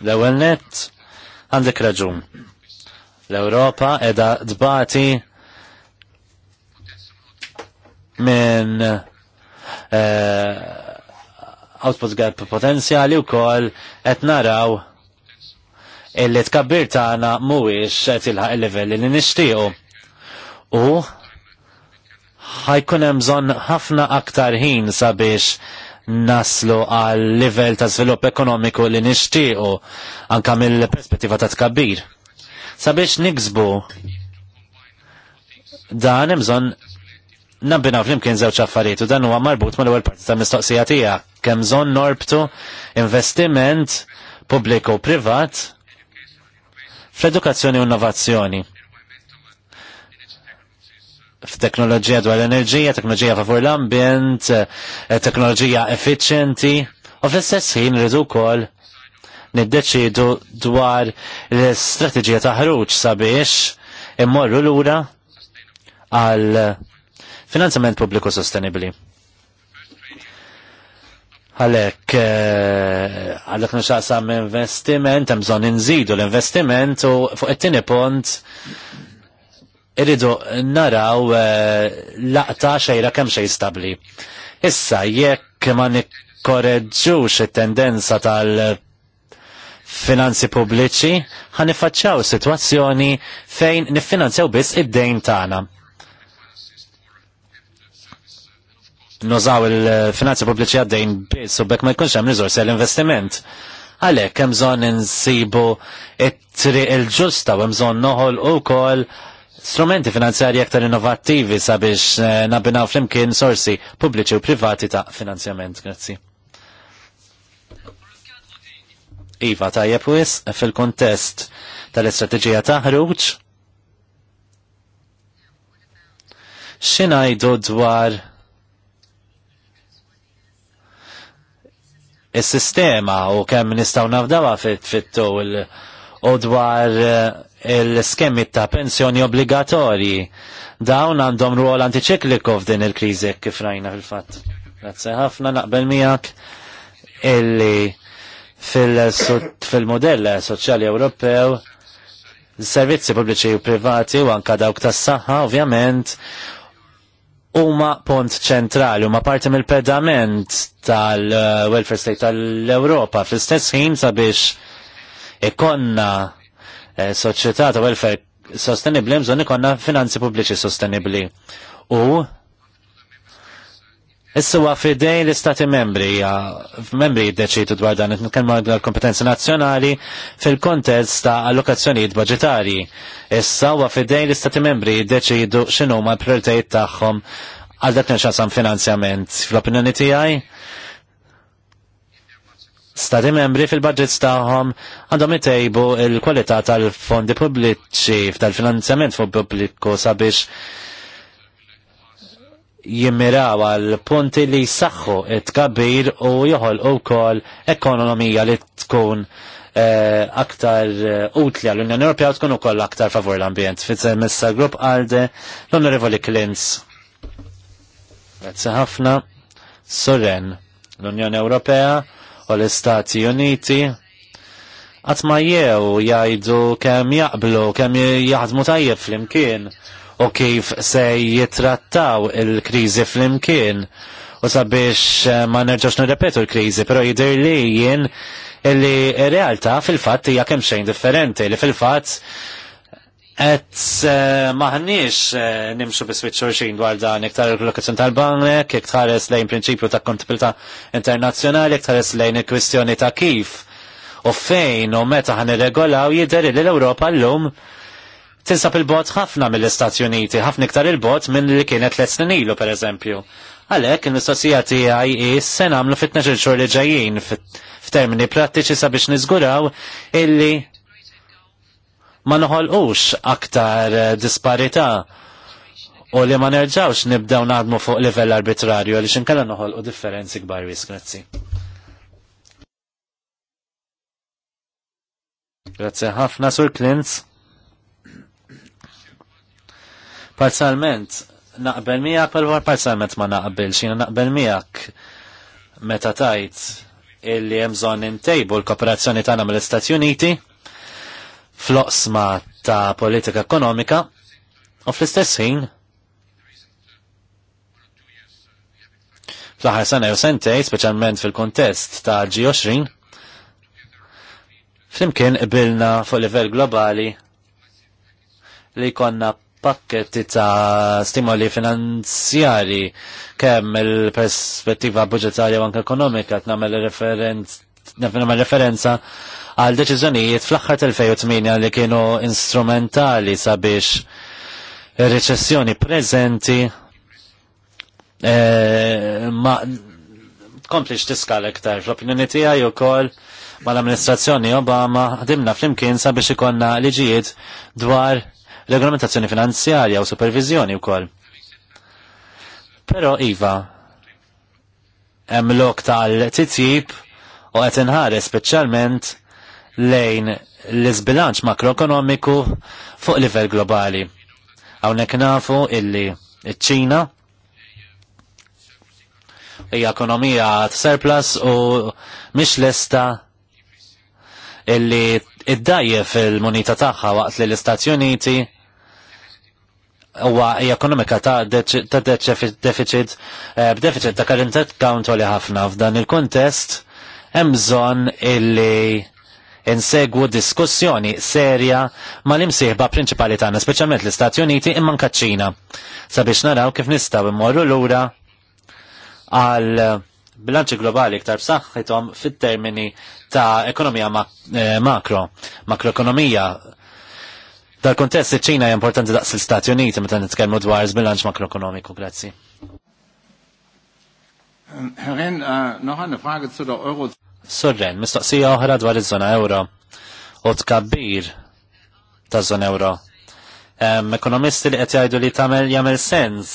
L-ewwel nett Għandek raġun. L-Europa edha dbati minn eh, output gap potenzjali u kol et naraw illi tkabbir tagħna mhuwiex qed ilħaq il-livelli li nixtiequ. U ħajkunem zon bżonn ħafna aktar ħin sabiex naslu għal livell ta' svilupp ekonomiku li nixtiequ anka mill-perspettiva ta' tkabbir. Sabiex niksbu dan imżon nabbinaw flimkien żewġ affarijiet u dan huwa marbut mal-ewwel parti ta' mistoqsija tiegħek kemm bżonn norbtu investiment pubbliku privat fl-edukazzjoni u innovazzjoni f'teknoloġija dwar l-enerġija, teknoloġija favur l-ambjent, eh, teknoloġija effiċjenti, u fl-istess ħin rridu wkoll niddeċidu dwar l-istrateġija ta' ħruġ sabiex immorru lura għal finanzament pubbliku sostenibli. Għalek, eh, għalek nuxaqsam investiment, għamżon nżidu l-investiment u fuq it-tini pont irridu naraw eh, laqta xejra kemm xej stabli. Issa jekk ma nikkoreġġux it-tendenza tal- finanzi pubbliċi ħanifaċċaw situazzjoni fejn niffinanzjaw biss id-dejn tagħna. nużaw il-finanzi pubbliċi għaddejn biss u bekk ma jkunx hemm riżorsi għall-investiment. Għalhekk hemm bżonn insibu it-triq il-ġusta u hemm bżonn noħol ukoll strumenti finanzjari aktar innovattivi sabiex eh, nabinaw flimkien sorsi pubbliċi u privati ta' finanzjament. Grazzi. Iva tajjeb wis fil-kontest tal-istrateġija ta' ħruġ. Xinajdu dwar is-sistema u kemm nistgħu nafdawha fit fittu u dwar eh, l-skemmi ta' pensjoni obbligatorji. Dawn għandhom ruol antiċikliku f'din il-kriżi kif rajna fil-fatt. Grazzi ħafna naqbel miegħek illi fil-modell soċjali Ewropew servizzi pubbliċi u privati u anka dawk tas-saħħa ovvjament huma pont ċentrali, huma parti mill-pedament tal-welfare state tal-Ewropa fl-istess ħin sabiex ikonna Eh, soċjetà ta' welfare sostenibli mżon ikonna finanzi pubbliċi sostenibli. U Issa huwa fidej l-istati membri, membri jiddeċidu dwar dan, nitkellmu dwar kompetenzi nazzjonali fil-kontest ta' allokazzjonijiet budġetarji. Issa huwa fidej l-istati membri jiddeċidu x'inhuma l-prioritajiet tagħhom għal dak nixasam finanzjament. Fl-opinjoni tiegħi, stati membri fil-budgets tagħhom għandhom itejbu il-kwalità tal-fondi pubbliċi tal-finanzjament fuq pubbliku sabiex jimmiraw għal punti li saħħu it-kabir u joħol u kol ekonomija li tkun eh, aktar eh, utli għall unjoni Ewropea u tkun ukoll aktar favor l-ambjent. Fitzer messa grupp għalde l-Onorevoli Klins. Grazie ħafna. Soren, l-Unjoni Ewropea u l-Istati Uniti għatma jew jajdu kem jaqblu, kem jaħdmu tajjeb fl-imkien u kif se jitrattaw il-krizi fl-imkien u sabiex eh, ma nerġax nirrepetu l-krizi, pero jidir li jien illi realtà fil-fatt hija kemm xejn differenti li fil-fatt Et eh, maħniex eh, nimxu bis switch xorxin dwar dan iktar il-lokazzjon tal-banek, iktar lejn prinċipju ta' kontabilta internazzjonali, iktar lejn il-kwistjoni ta' kif u fejn u meta ħan regolaw l li l-Ewropa llum tinsab il-bot ħafna mill-Istati Uniti, ħafna iktar il-bot minn li kienet l snin ilu pereżempju. Għalhekk il-mistoqsija tiegħi hi se nagħmlu fit-tnax il li ġejjin f'termini prattiċi sabiex niżguraw illi ma noħolqux aktar eh, disparità u li ma nerġawx nibdew naħdmu fuq livell arbitrarju għaliex inkella noħolqu differenzi kbar wis, grazzi. Grazzi ħafna sur Klintz. Parzialment, naqbel miegħek pal parzialment ma naqbilx, jiena naqbel miegħek meta tajt illi hemm bżonn intejbu l-kooperazzjoni tagħna mill-Istati Uniti fl-oqsma ta' politika ekonomika u fl-istess ħin fl-aħħar sena jew sentej, speċjalment fil-kontest ta' G20, flimkien qbilna fuq livell globali li konna pakketti ta' stimoli finanzjari kemm il-perspettiva budgetarja u anke ekonomika tnamel referenza għal deċiżjonijiet fl-aħħar 2008 li kienu instrumentali sabiex reċessjoni prezenti e, eh, ma komplix tiskal iktar fl-opinjoni tiegħi wkoll mal-amministrazzjoni Obama ħdimna fl-imkien sabiex ikonna liġijiet dwar regolamentazzjoni finanzjarja u supervizjoni wkoll. Però iva, hemm lok tal-titjib u qed inħares speċjalment lejn l-izbilanċ makroekonomiku fuq livell globali. Hawnhekk nafu illi ċ-Ċina hija ekonomija surplus u mhix lesta illi id-dajje fil-munita tagħha waqt li l-Istati Uniti huwa hija ekonomika ta' deficit eh, b'deficit ta' current account li ħafna f'dan il-kuntest hemm bżonn illi insegwu diskussjoni serja ma l-imsieħba prinċipali tagħna, speċjalment l-Istati Uniti imman kaċċina, sabiex naraw kif nistgħu immorru lura għal bilanċi globali iktar b'saħħithom fit-termini ta' ekonomija eh, makro, makroekonomija. Dal-kontest iċ-Ċina hija importanti daqs l-Istati Uniti meta nitkellmu dwar bilanċ makroekonomiku, grazzi. Ehm, Herr uh, eh, noch eine Frage zu der Euro. Surren, mistoqsija oħra dwar iż-żona euro u tkabbir ta' żona euro. ekonomisti li qed jgħidu li tagħmel jagħmel sens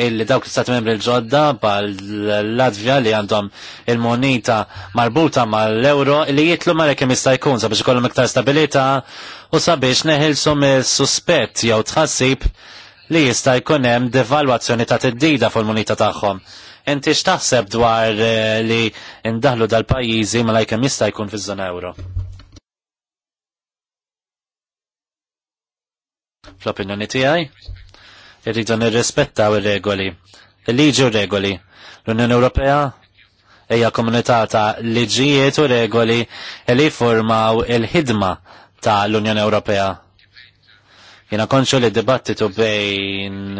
illi dawk l-istat membri l-ġodda bħal Latvja li għandhom il-monita marbuta mal-euro li jitlu ma kemm jista' jkun sabiex ikollhom iktar stabilita u sabiex neħilsu mis-suspett jew tħassib li jista' jkun hemm devalwazzjoni ta' tiddida fil-munita tagħhom. Inti x'taħseb dwar eh, li ndaħlu dal-pajjiżi mela jkemm jista' jkun fiż-żona euro? Fl-opinjoni tiegħi, irridu nirrispettaw ir-regoli. Il-liġi u regoli. L-Unjoni Ewropea hija komunità ta' liġijiet u regoli li formaw il-ħidma ta' l-Unjoni Ewropea Jina konxu li dibattitu bejn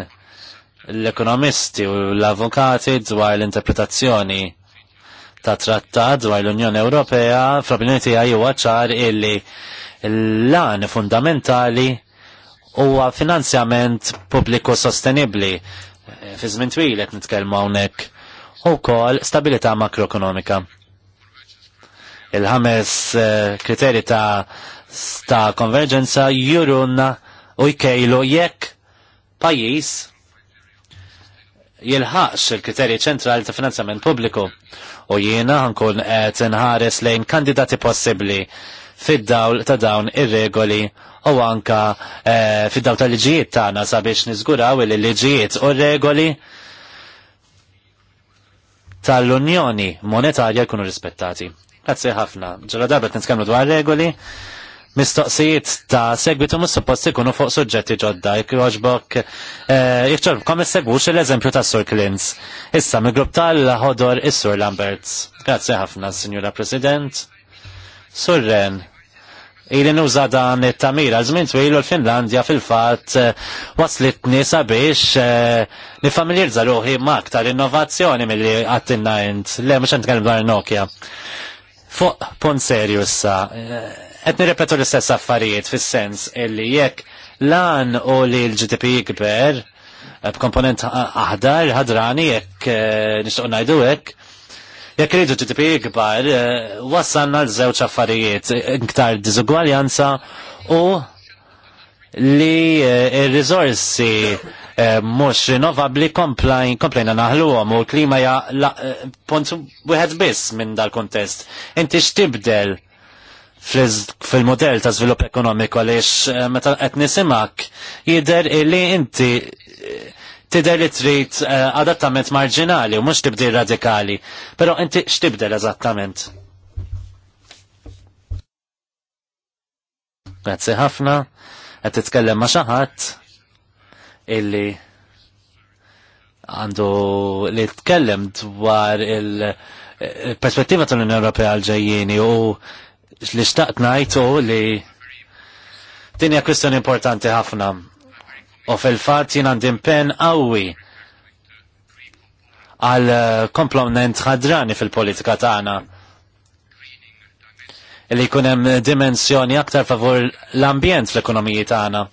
l-ekonomisti u l-avukati dwar l-interpretazzjoni ta' trattat dwar l-Unjoni Ewropea, fl-opinjoni tiegħi huwa ċar illi l-lan fundamentali huwa finanzjament pubbliku sostenibbli fi żmien twil qed nitkellmu hawnhekk u wkoll stabilità makroekonomika. Il-ħames eh, kriterji ta' ta' konverġenza jurunna u jkejlu jekk pajis jilħaqx il-kriterji ċentrali ta' finanzjament pubbliku u jiena ħankun qed inħares lejn kandidati possibbli fid-dawl ta' dawn ir-regoli u anka e, fid-dawl ta' liġijiet tagħna sabiex niżguraw li liġijiet u regoli tal-Unjoni Monetarja jkunu rispettati. Grazzi ħafna. Ġala darbet nitkellmu dwar regoli mistoqsijiet ta' segwitu mus suppost ikunu fuq suġġetti ġodda, jogħġbok joġbok, eh, is segwux l-eżempju ta' Sur Klins. Issa, mi grupp tal-ħodor is-Sur Lamberts. Grazie ħafna, Signora President. Surren, ili nuża dan it-tamira, żmien twilu l-Finlandja fil-fatt eh, waslitni sabiex eh, nifamiljerza ruħi ma' aktar innovazzjoni milli li għattinna int, le mux għant dwar Nokia. Fuq punt serju issa, qed nirrepetu l-istess affarijiet fis-sens illi jekk lan u li l-GDP jikber eh, b'komponent aħdar ħadrani jekk eh, nixtieq ngħidu hekk. Jekk rridu GDP jikbar, eh, wassalna l-żewġ affarijiet iktar diżugwaljanza u li il-rizorsi mhux mux rinnovabli komplajn komplajna naħluhom u l-klima ja punt wieħed biss minn dal-kontest. Inti x'tibdel fil model ta' svilupp ekonomiku għaliex eh, meta qed nisimak jidher li inti eh, tidher li trid eh, adattament marġinali u mhux tibdil radikali. Però inti x'tibdel eżattament? Grazzi ħafna, qed titkellem ma' xi ħadd illi għandu li tkellem dwar il-perspettiva tal-Unjoni Ewropea għal ġejjieni u li xtaqt najtu li dinja kwistjoni importanti ħafna. U fil-fat jien għandi impenn qawwi għal eh, komplement ħadrani fil-politika tagħna li jkun hemm dimensjoni aktar favur l-ambjent fl-ekonomiji tagħna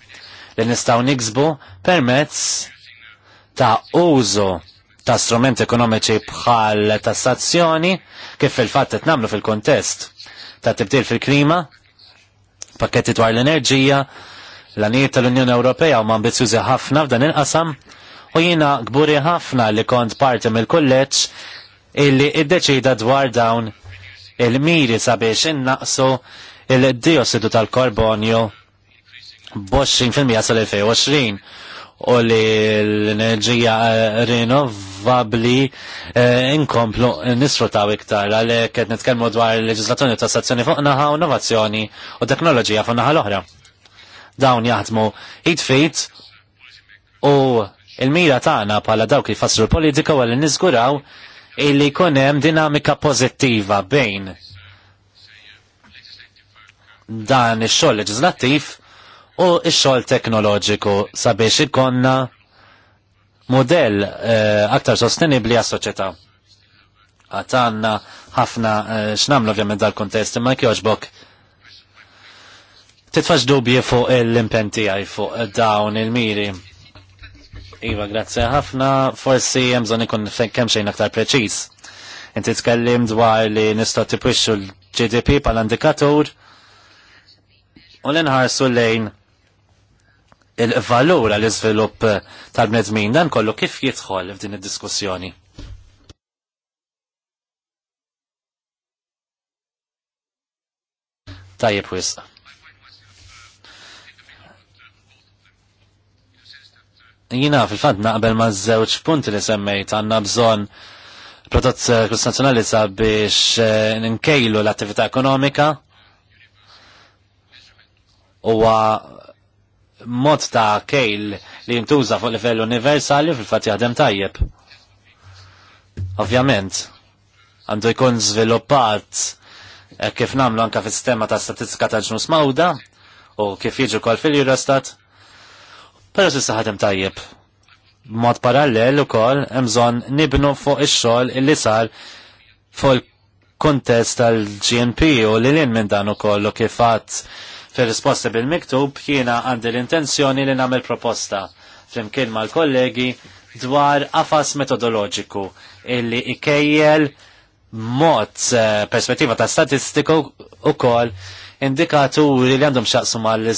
li nistgħu niksbu permezz ta' użu ta' strumenti ekonomiċi bħal tassazzjoni kif fil-fatt qed nagħmlu fil-kuntest ta' tibdil fil-klima, pakketti dwar l-enerġija, l għanijiet tal-Unjoni Ewropea huma ambizjużi ħafna f'dan il-qasam u jiena gburi ħafna li kont parti mill-kulleġġ illi iddeċida dwar dawn il-miri sabiex innaqsu il-diossidu tal-karbonju b'20% sal-2020 u li l-enerġija eh, rinnovabli eh, inkomplu nisfrutaw iktar għal kħed nitkellmu dwar leġislazzjoni u tassazzjoni fuq naħa u innovazzjoni u teknoloġija fuq naħa l-oħra. Dawn jaħdmu id-fit u il-mira tagħna bħala dawk li fassru politika u li niżguraw illi jkun hemm dinamika pożittiva bejn dan ix-xogħol leġislattiv u x-xogħol teknoloġiku sabiex ikonna model uh, eh, aktar sostenibli għas-soċjetà. Għatanna ħafna uh, x'namlu ovvjament dal-kontest imma kjoġbok titfax dubji fuq l-impen tiegħi fuq dawn il-miri. Iva, grazzi ħafna, forsi jemżon ikun kemm xejn aktar preċiż. Inti tkellim dwar li nistgħu tipwixxu l-GDP pal indikatur u l-inħarsu lejn il-valur għal iżvilupp tal-bnedmin dan kollu kif jidħol f'din id-diskussjoni. Tajjeb wis. Jina fil-fatt naqbel ma' żewġ punti li semmejt għandna bżonn prodott eh, kostituzzjonali biex eh, nkejlu l-attività ekonomika huwa mod ta' kejl li jintuża fuq livell universali fil-fatt jaħdem tajjeb. Ovvjament, għandu jkun żviluppat eh, kif namlu anka fis-sistema ta' statistika ta' ġnus mawda u kif jiġu kol fil-Eurostat. Però s'issa ħadem tajjeb. Mod parallel ukoll hemm bżonn nibnu fuq ix-xogħol li sar fuq il-kontest tal-GNP u li lin minn dan ukoll u kif għadd fil-risposta bil-miktub jiena għandi l-intenzjoni li nagħmel proposta flimkien mal-kollegi dwar afas metodoloġiku illi ikejjel mod eh, perspettiva ta' statistiku u kol indikaturi li għandhom xaqsu mal l eh,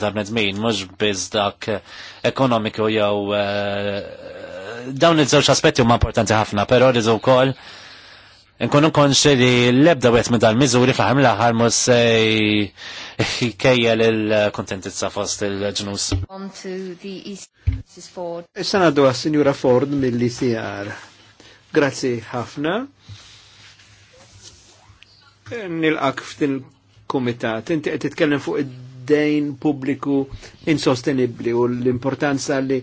ta' bnedmin, mux biz dak eh, ekonomiku jew dawn iż-żewġ aspetti huma importanti ħafna, però rridu wkoll Nkunu konxi li l-ebda wet me dal mizuri fl-ħar mill-aħħar mhux eh, se jkejjel kontentizza fost il-ġnus. Issa ngħaddu għas-Sinjura Ford mill-ICR. Grazzi ħafna. Nilqak f'din il-kumitat. Inti qed titkellem fuq id-dejn pubbliku insostenibbli u l-importanza li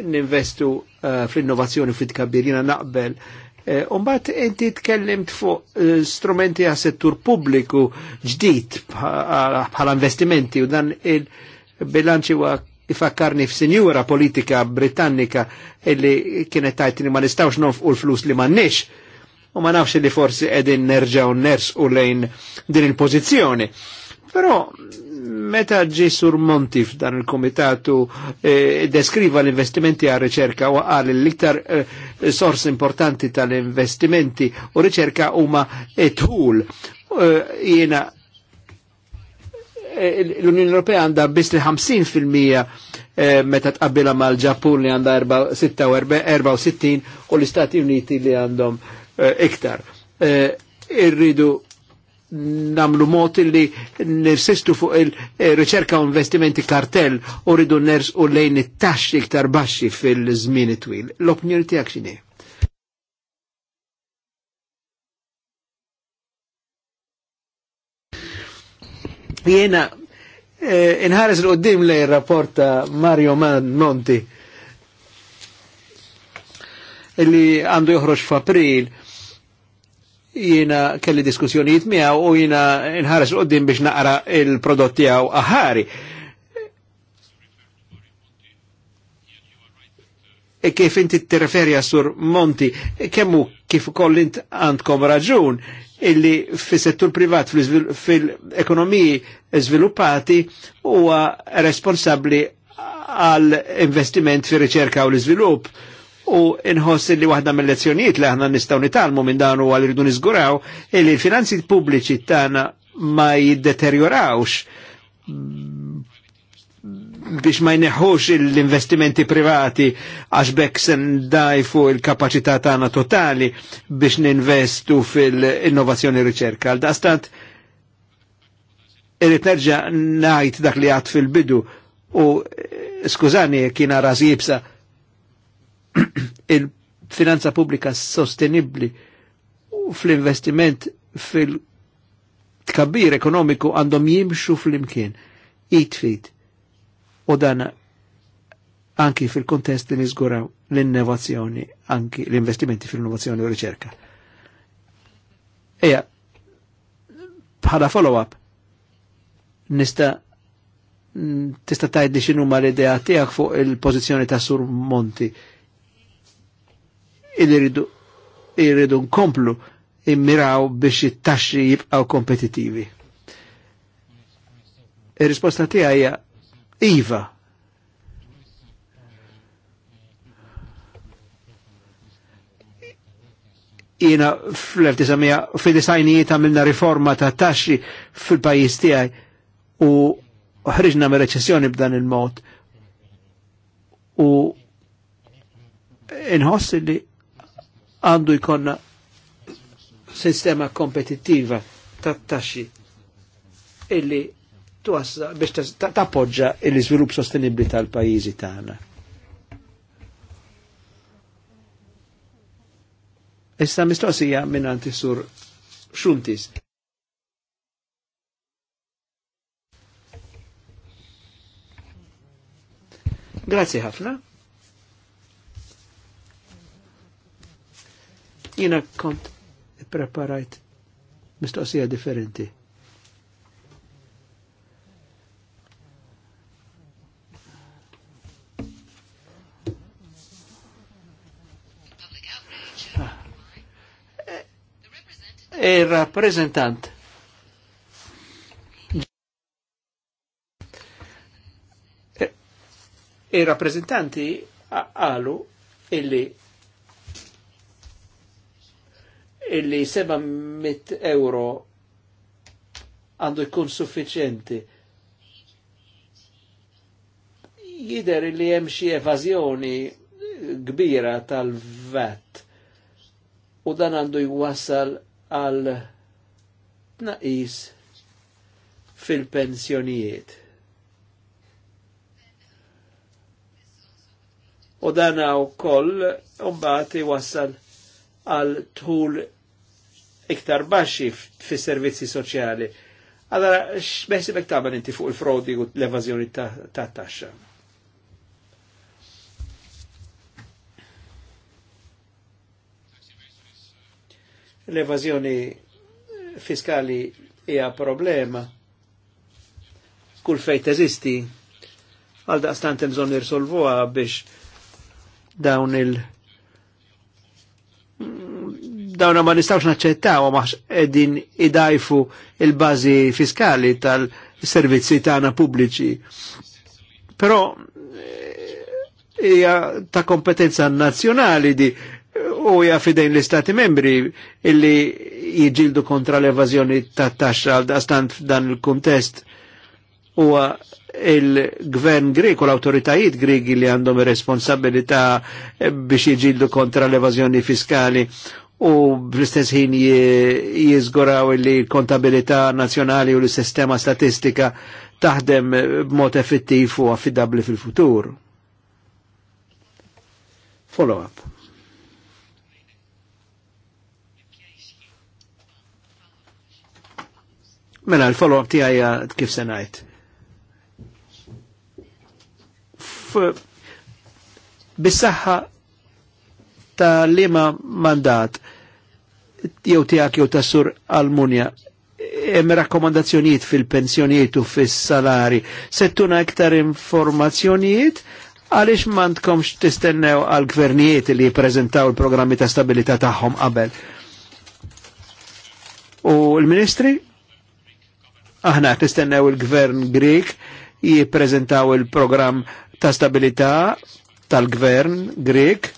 ninvestu eh, fl-innovazzjoni fit-kabbir. naqbel Eh, Umbat inti tkellimt fuq eh, strumenti għas settur publiku ġdijt bħal investimenti u dan il-bilanċi huwa ifakkarni f-senjura politika britannika illi kienet tajt ma nistawx u l-flus li m'għandniex u ma nafx li forsi edin nerġa u ners u lejn din il pozizjoni Pero meta ġi sur Monti f'dan il-komitatu eh, deskriva l-investimenti għal riċerka u għal l-iktar eh, sors importanti tal-investimenti u riċerka huma etħul. Eh, Jena eh, l-Unjoni Ewropea għandha biss li 50% eh, meta tqabbilha mal-Ġappun li għandha 64 u l-Istati Uniti li għandhom eh, iktar. Irridu namlu mot li nirsistu fuq il-riċerka eh, u investimenti kartell u ridu ners u lejn it-taxxi iktar baxxi fil-żmien twil. L-opinjoni tiegħek x'inhi? Jena eh, inħares l-qoddim lejn rapport ta' Mario Man Monti li għandu joħroġ f'April jina kelli diskussjonijiet miegħu u jina nħares l-qoddim biex naqra il-prodotti għaw aħari. E kif inti t-referi sur Monti, e kemmu kif koll int għandkom raġun illi fis settur privat fil-ekonomiji sviluppati huwa responsabbli għal investiment fi riċerka u l-iżvilupp u inħoss li waħda mill-lezzjonijiet li aħna nistgħu nitalmu minn dan huwa li rridu niżguraw li l-finanzi pubbliċi tagħna ma jiddeterjorawx biex ma jneħħux l-investimenti privati għax bekk sen dajfu il-kapacità tagħna totali biex ninvestu fil-innovazzjoni riċerka. Għal daqstant irrid nerġa' ngħid dak li għad fil-bidu u eh, skużani kien ara jibsa il-finanza pubblika sostenibli fl-investiment fil-tkabbir ekonomiku għandhom jimxu fl-imkien, jitfit, u dan anki fil-kontest li nizguraw l-innovazzjoni, anki l-investimenti fil-innovazzjoni u riċerka. Eja, bħala follow-up, nista tista tajdi xinu ma l-idea tijak fuq il-pozizjoni ta' Sur Monti irridu nkomplu immiraw biex it-taxxi jibqaw kompetitivi. Ir-risposta tiegħi hija iva. Jiena fl-1900 fil-disajnijiet għamilna riforma ta' taxxi fil-pajjiż tiegħi u ħriġna me reċessjoni b'dan il-mod. U inħoss li għandu jkonna sistema kompetittiva ta' taxxi illi tuassa biex ta' poġġa l-iżvilupp sostenibli tal pajizi tagħna. Issa mistoqsija minn għanti sur xuntis. Grazie ħafna. Jina kont preparajt mistoqsija differenti. il-rappresentant ah. e il-rappresentanti e, e għalu illi illi 700 euro għandu jkun suffiċenti. Jider illi hemm xi evażjoni kbira tal-vat u dan għandu jwassal għal naqis fil-pensjonijiet. U dan u koll umbat jwassal għal tul iktar baxi fi servizzi soċjali. Allora, x'beħsibek tagħmel inti fuq il-frodi u l evazjoni ta' taxxa? l evazjoni fiskali hija problema kull fejt eżisti, għal daqstant hemm bżonn nirsolvuha biex dawn il- dawna ma nistawx naċċettaw maħx edin idajfu il-bazi fiskali tal-servizzi tagħna pubbliċi. Però eh, hija ta' kompetenza nazzjonali di u hija fidejn l-Istati membri illi jiġildu kontra l-evażjoni ta' taxxa għal stant f'dan il-kuntest huwa il-gvern grek u l-autoritajiet gregi li għandhom responsabilità biex jiġildu kontra l-evazjoni fiskali u bl-istess ħin jizguraw li kontabilità nazjonali u l-sistema statistika taħdem b'mod effettiv u affidabli fil-futur. Follow-up. Mela, l-follow-up ti għajja kif senajt. Bissaħħa ta' lima mandat jew tiegħek jew ta' sur Almunja hemm rakkomandazzjonijiet fil-pensjonijiet u fis-salari. Settuna iktar informazzjonijiet għaliex m'għandkomx tistennew għal gvernijiet li jippreżentaw il-programmi ta' stabilità tagħhom qabel. U l-ministri? Aħna tistennew il-gvern Grek jippreżentaw il-programm ta' stabilità tal-gvern Grek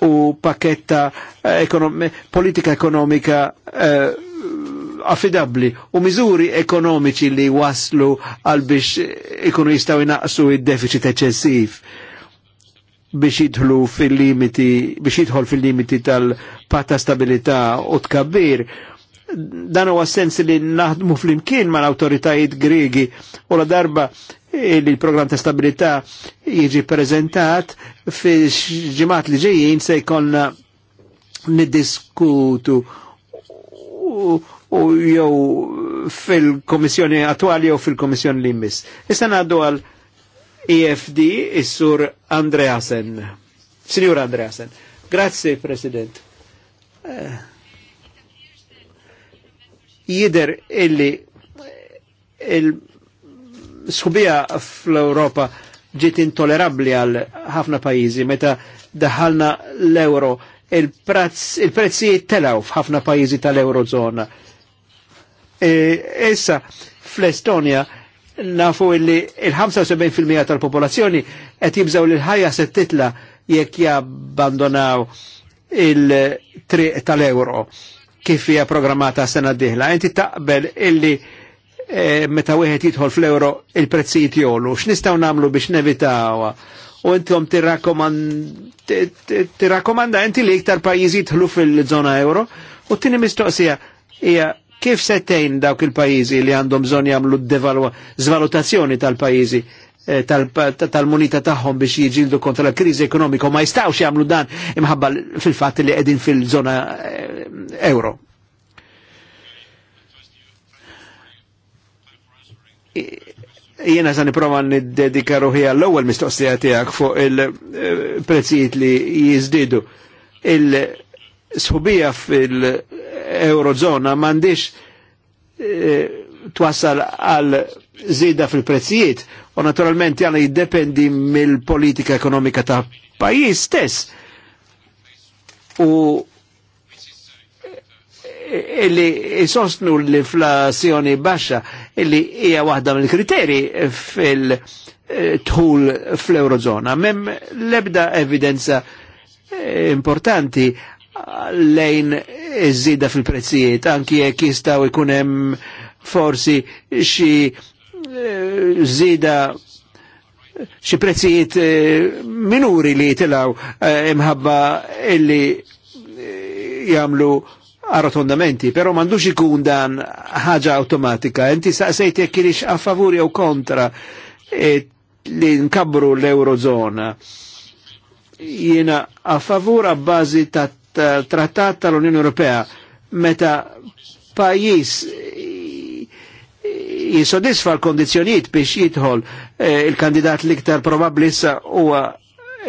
u paketta eh, politika ekonomika eh, affidabli u miżuri ekonomiċi li waslu għal biex ikunu jistaw jnaqsu id-deficit eċessiv biex jidħlu fil-limiti, biex jidħol fil-limiti tal-patta stabilità u tkabbir Dan huwa sens li naħdmu fl-imkien ma l-autoritajiet gregi u la darba eh, li l-programm ta' stabilità jiġi prezentat fi ġimat li ġejjin se jkun niddiskutu u jew fil-komissjoni attuali jew fil-komissjoni li jmiss. Issa ngħaddu għal EFD is-sur Andreasen. Signor Andreasen. Grazie President. Uh, jider illi il-sħubija fl-Europa ġiet intolerabbli għal ħafna pajjiżi meta daħalna l-euro il-prezzijiet telaw f'ħafna pajjiżi tal-eurozona. E, issa fl-Estonja nafu illi il-75% tal-popolazzjoni qed jibżaw lil ħajja se titla jekk jabbandonaw il-triq tal-euro kif hija programmata sena d Inti taqbel illi eh, meta wieħed jidħol fl-euro il-prezzijiet jolu, x'nistgħu nagħmlu biex nevitaw u intom tirrakkomanda inti li iktar pajjiżi jidħlu fil-żona euro u tini mistoqsija hija kif settejn dawk il-pajjiżi li għandhom bżonn jagħmlu żvalutazzjoni tal-pajjiżi Eh, tal-munita tagħhom biex jiġildu kontra l-kriżi ekonomiku ma jistgħux jagħmlu dan imħabba fil-fatt li qegħdin fil-żona eh, euro. Jiena sa niprova niddedika ruħi għall-ewwel mistoqsija tiegħek fuq il-prezzijiet eh, li jiżdiedu. Il-sħubija fil-eurozona m'għandix twassal għal zida fil-prezzijiet U naturalment jana jiddependi mill-politika ekonomika ta' pajis stess. U illi jisostnu l-inflazzjoni baxa illi hija waħda mill-kriteri fil-tħul fl-Eurozona. Mem lebda evidenza eh, importanti lejn iż-żida fil-prezzijiet, anki jekk jistgħu jkun hemm forsi xi Eh, zida xi prezzijiet eh, minuri li tilaw eh, imħabba illi jagħmlu arrotondamenti, pero mandux ikun dan ħaġa automatika. Inti saqsejt jekk kienx a favuri jew kontra li nkabru l-Eurozona. Jiena a favur a bażi ta' trattat tal-Unjoni Ewropea meta pajjiż jisodisfa l-kondizjoniet biex jidħol eh, il-kandidat liktar probabli sa huwa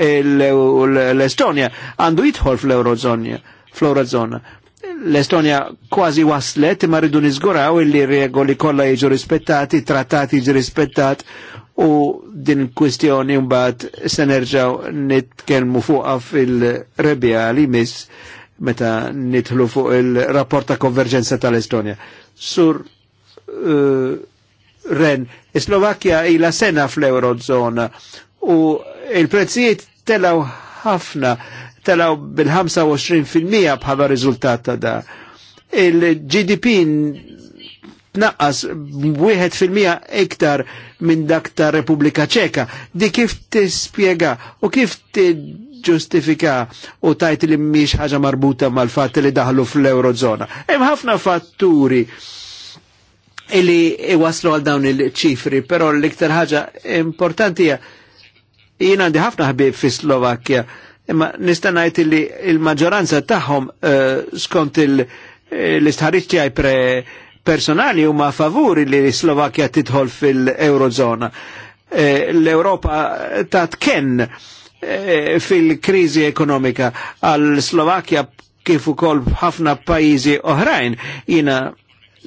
l-Estonja għandu jitħol fl-Eurozonja fl-Eurozona. L-Estonja kważi waslet imma rridu niżguraw illi regoli kollha jiġu rispettati, trattati jiġu rispettat u din kwistjoni mbagħad se nerġgħu nitkellmu fuqha fil-rebja li miss meta nitħlu fuq il-rapport ta' konverġenza tal-Estonja. Sur uh, ren. Slovakia ila sena fl-Eurozona u il-prezzijiet telaw ħafna, telaw bil-25% bħala rizultat ta' da. Il-GDP naqas 1% iktar minn dak ta' Repubblika Ċeka. Di kif tispjega u kif tiġustifika u tajt li miex ħaġa marbuta mal-fat li daħlu fl-Eurozona. Hemm ħafna fatturi illi iwaslu għal dawn il-ċifri, pero l-iktar ħaġa importanti hija jien għandi ħafna ħbib fi Slovakkja, imma nistanajt illi il-maġġoranza tagħhom eh, skont l-istħarriġ tiegħi pre personali huma favuri li Slovakkja titħol fil-Eurozona. Eh, L-Europa tat ken eh, fil krizi ekonomika għal Slovakkja kif ukoll ħafna pajjiżi oħrajn jiena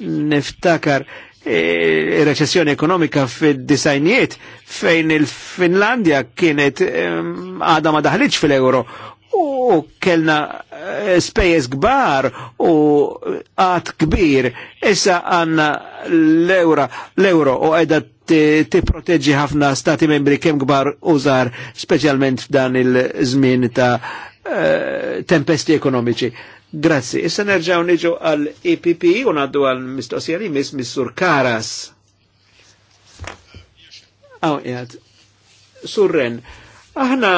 niftakar il-reċessjoni e, ekonomika fil-disajnijiet fejn il Finlandia kienet għada ma daħliċ fil-euro u kellna e, spejjeż kbar u għat kbir issa għanna l-euro l-euro u għedha tipproteġġi ħafna stati membri kemm kbar użar specialment f'dan il-żmien ta' e, tempesti ekonomiċi Grazzi. Issa nerġaw niġu għal EPP u naddu għal mistoqsijani mis Missur Karas. Aw, jgħad. Surren. Aħna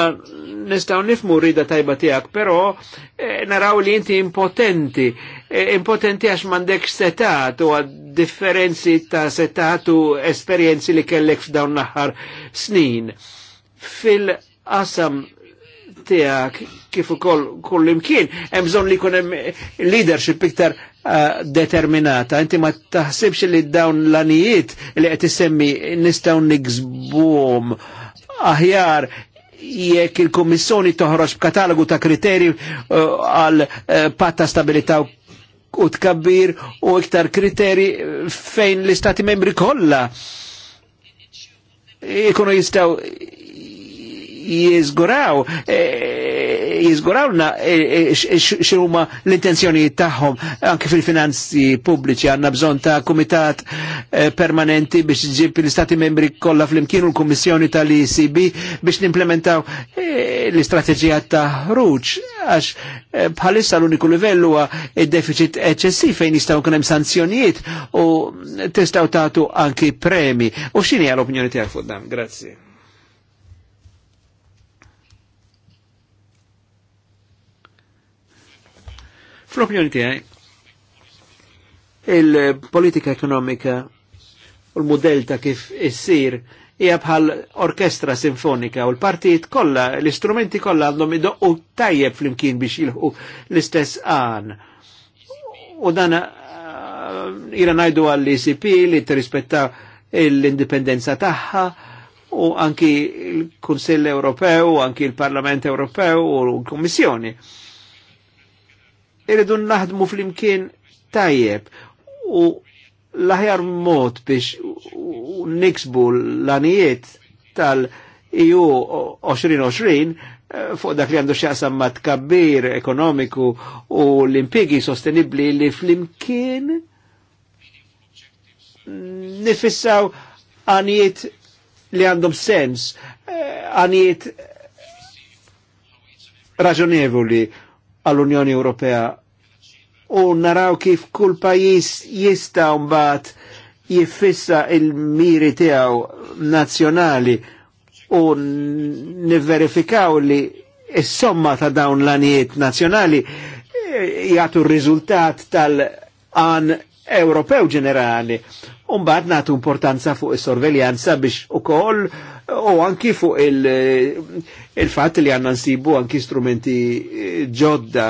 nistaw nifmu rida tajba tijak, pero eh, naraw li inti impotenti. Eh, impotenti għax mandek setat u għad differenzi ta' setat u esperienzi li kellek f'dawn naħar snin. Fil-qasam tijak kif ukoll kull imkien hemm bżonn li jkun hemm leadership iktar uh, determinata. Inti ma taħsibx li dawn l-anijiet li qed issemmi nistgħu niksbuhom aħjar jekk il-Kommissjoni toħroġ b'katalogu ta' kriteri eh, għal uh, uh, eh, patta stabilità u tkabbir u iktar kriteri fejn l-istati membri kollha ikunu jistaw jizguraw e, na e, e, xiruma l-intenzjonijiet tagħhom anke fil-finanzi pubbliċi għandna bżonn ta' Komitat permanenti biex ġib l-Istati membri kollha fl imkienu l-Kummissjoni tal-ECB biex nimplementaw l-istrateġija ta' ħruġ għax bħalissa l-uniku livell huwa il deficit eċessiv fejn jistgħu kien hemm sanzjonijiet u tistgħu tagħtu anki premi. U x'inhi l-opinjoni tiegħek fuq dan? Grazzi. Fl-opinjoni tijaj, il-politika ekonomika u l-modell ta' kif issir hija bħal orkestra sinfonika u l-partijiet kollha, l-istrumenti kollha għandhom idoqqu tajjeb flimkien biex jilħu l-istess għan. U dan eh, jira najdu għall-ICP li t-rispetta l-indipendenza tagħha u anki l-Kunsill Ewropew, anki l-Parlament Ewropew u l-Kummissjoni irridu naħdmu fl-imkien tajjeb u l-aħjar mod biex niksbu l-anijiet tal-EU 2020 eh, fuq dak li għandu xaqsam ma tkabbir ekonomiku u l-impiegi sostenibli li fl-imkien nifissaw għanijiet li għandhom sens, għanijiet eh, raġonevoli għall-Unjoni Ewropea u naraw kif kull pajis jista mbagħad jiffissa il-miri tiegħu nazzjonali u niverifikaw li s-somma ta' dawn l-anijiet nazzjonali eh, jgħatu r-riżultat tal an Ewropew ġenerali Umbad natu importanza fuq il-sorveljanza biex u koll u anki fuq il-fat il li għanna nsibu anki strumenti eh, ġodda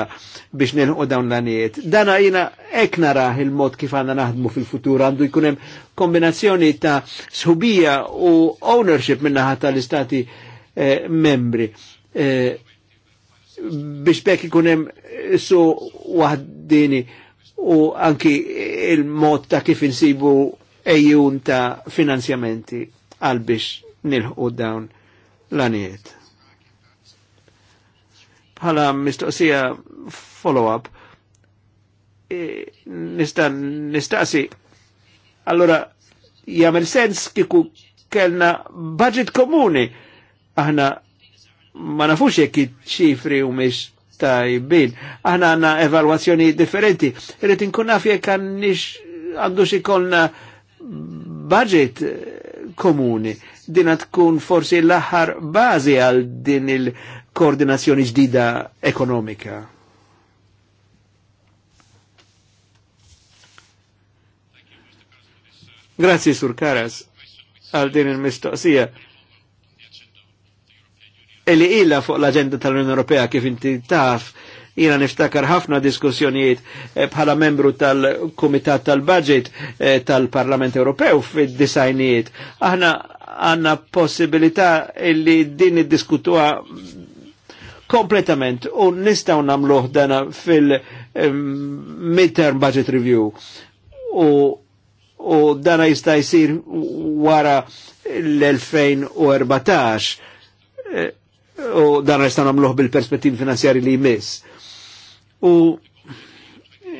biex nilħu dawn l-anijiet. Dana jina ek naraħ il-mod kif għanna naħdmu fil-futur għandu jkunem kombinazzjoni ta' sħubija u ownership minnaħat tal-istati eh, membri. Eh, biex bekk ikunem su wahdini u anki il-mod ta' kif insibu ejjun ta' finanzjamenti għal biex nilħu dawn l għaniet Bħala mistoqsija follow-up, e, nista' nistaqsi, allora jagħmel sens kiku kellna budget komuni. Aħna ma nafux jekk ċifri u mhix tajbin. Aħna għandna evalwazzjoni differenti. Irrid inkun naf jekk għandix għandux ikolna budget komuni. Dina tkun forsi l-aħħar bazi għal din il-koordinazzjoni ġdida ekonomika. Grazzi, Sur Karas, għal din il-mistoqsija. Eli illa fuq l-agenda tal-Unjoni Ewropea kif inti taf Jina niftakar ħafna diskussjonijiet eh, bħala membru tal-Kumitat tal-Budget eh, tal-Parlament Ewropew fid-disajnijiet. Aħna għanna possibilità illi din id-diskutua kompletament u nistaw namluħ dana fil-midterm budget review u, u dana jista jisir wara l-2014 eh, u dana jista' namluħ bil-perspettivi finanzjari li jmiss U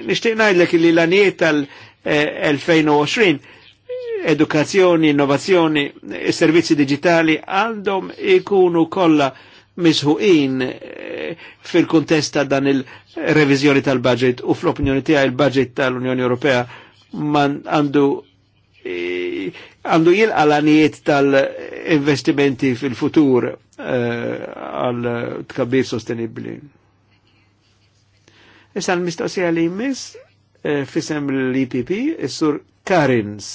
nishtiq ngħidlek li l-għanijiet tal-2020 edukazzjoni, innovazzjoni, servizzi digitali għandhom ikunu kollha misħuqin eh, fil-kontesta dan il-revizjoni tal-budget u fl-opinjoni tiegħi il-budget tal-Unjoni Ewropea man għandu eh, għandu jilqa l tal-investimenti fil-futur eh, għal tkabbir sostenibli. Issa l-mistoqsija li jmiss eh, fisem l-IPP, sur Karins.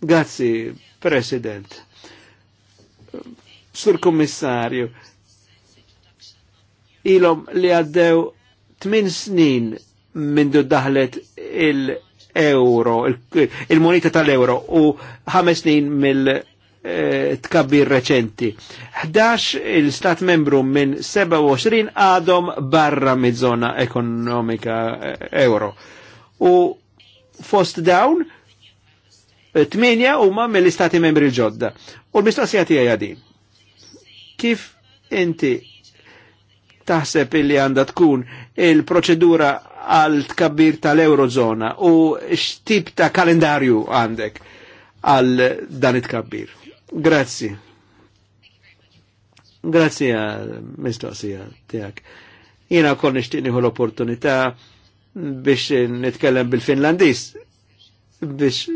Grazzi, President. Sur Kommissarju, ilom li għaddew 8 snin mindu daħlet il- euro, il-moneta il moneta tal euro u ħames snin mill Eh, tkabbir reċenti. 11 il-stat membru minn 27 għadhom barra mid-zona ekonomika eh, euro. U fost dawn, 8 eh, huma mill-istati membri ġodda. U l-mistoqsija tiegħi Kif inti taħseb illi għandha tkun il-proċedura għal tkabbir tal-Eurozona u x'tip ta' kalendarju għandek għal dan it-kabbir? Grazzi. Grazzi għal eh, mistoqsija tijak. Jena kol nishtiqni l-opportunità biex nitkellem bil-Finlandis biex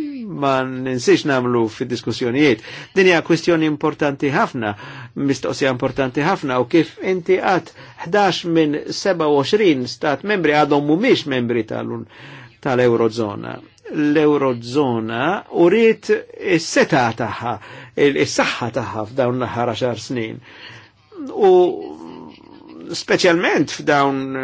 ma ninsiex namlu fi diskussjonijiet. Din hija kwistjoni importanti ħafna, mistoqsija importanti ħafna u kif inti għat 11 minn 27 stat membri għadhom mhumiex membri tal-Eurozona. Tal l-Eurozona u rrit is-seta taħħa, is-saħħa taħħa f'dawn l-aħħar għaxar snin. U specialment f'dawn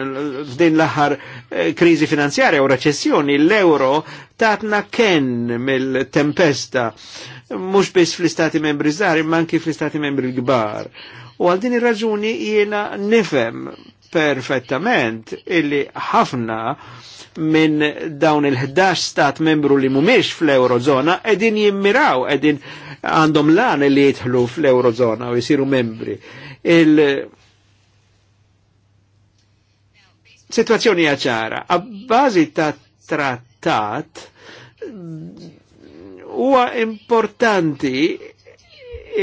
f'din l-aħħar eh, kriżi finanzjarja u reċessjoni l-euro tatna ken mill-tempesta mhux biss fl-istati membri żgħar manki fl-istati membri l-kbar. U għal din ir-raġuni jiena nifhem perfettament illi ħafna minn dawn il-11 stat membru li mumiex fl-Eurozona edin jimmiraw, edin għandhom lan li jitħlu fl-Eurozona u jisiru membri. Il Situazzjoni ċara, a bazi ta' trattat huwa importanti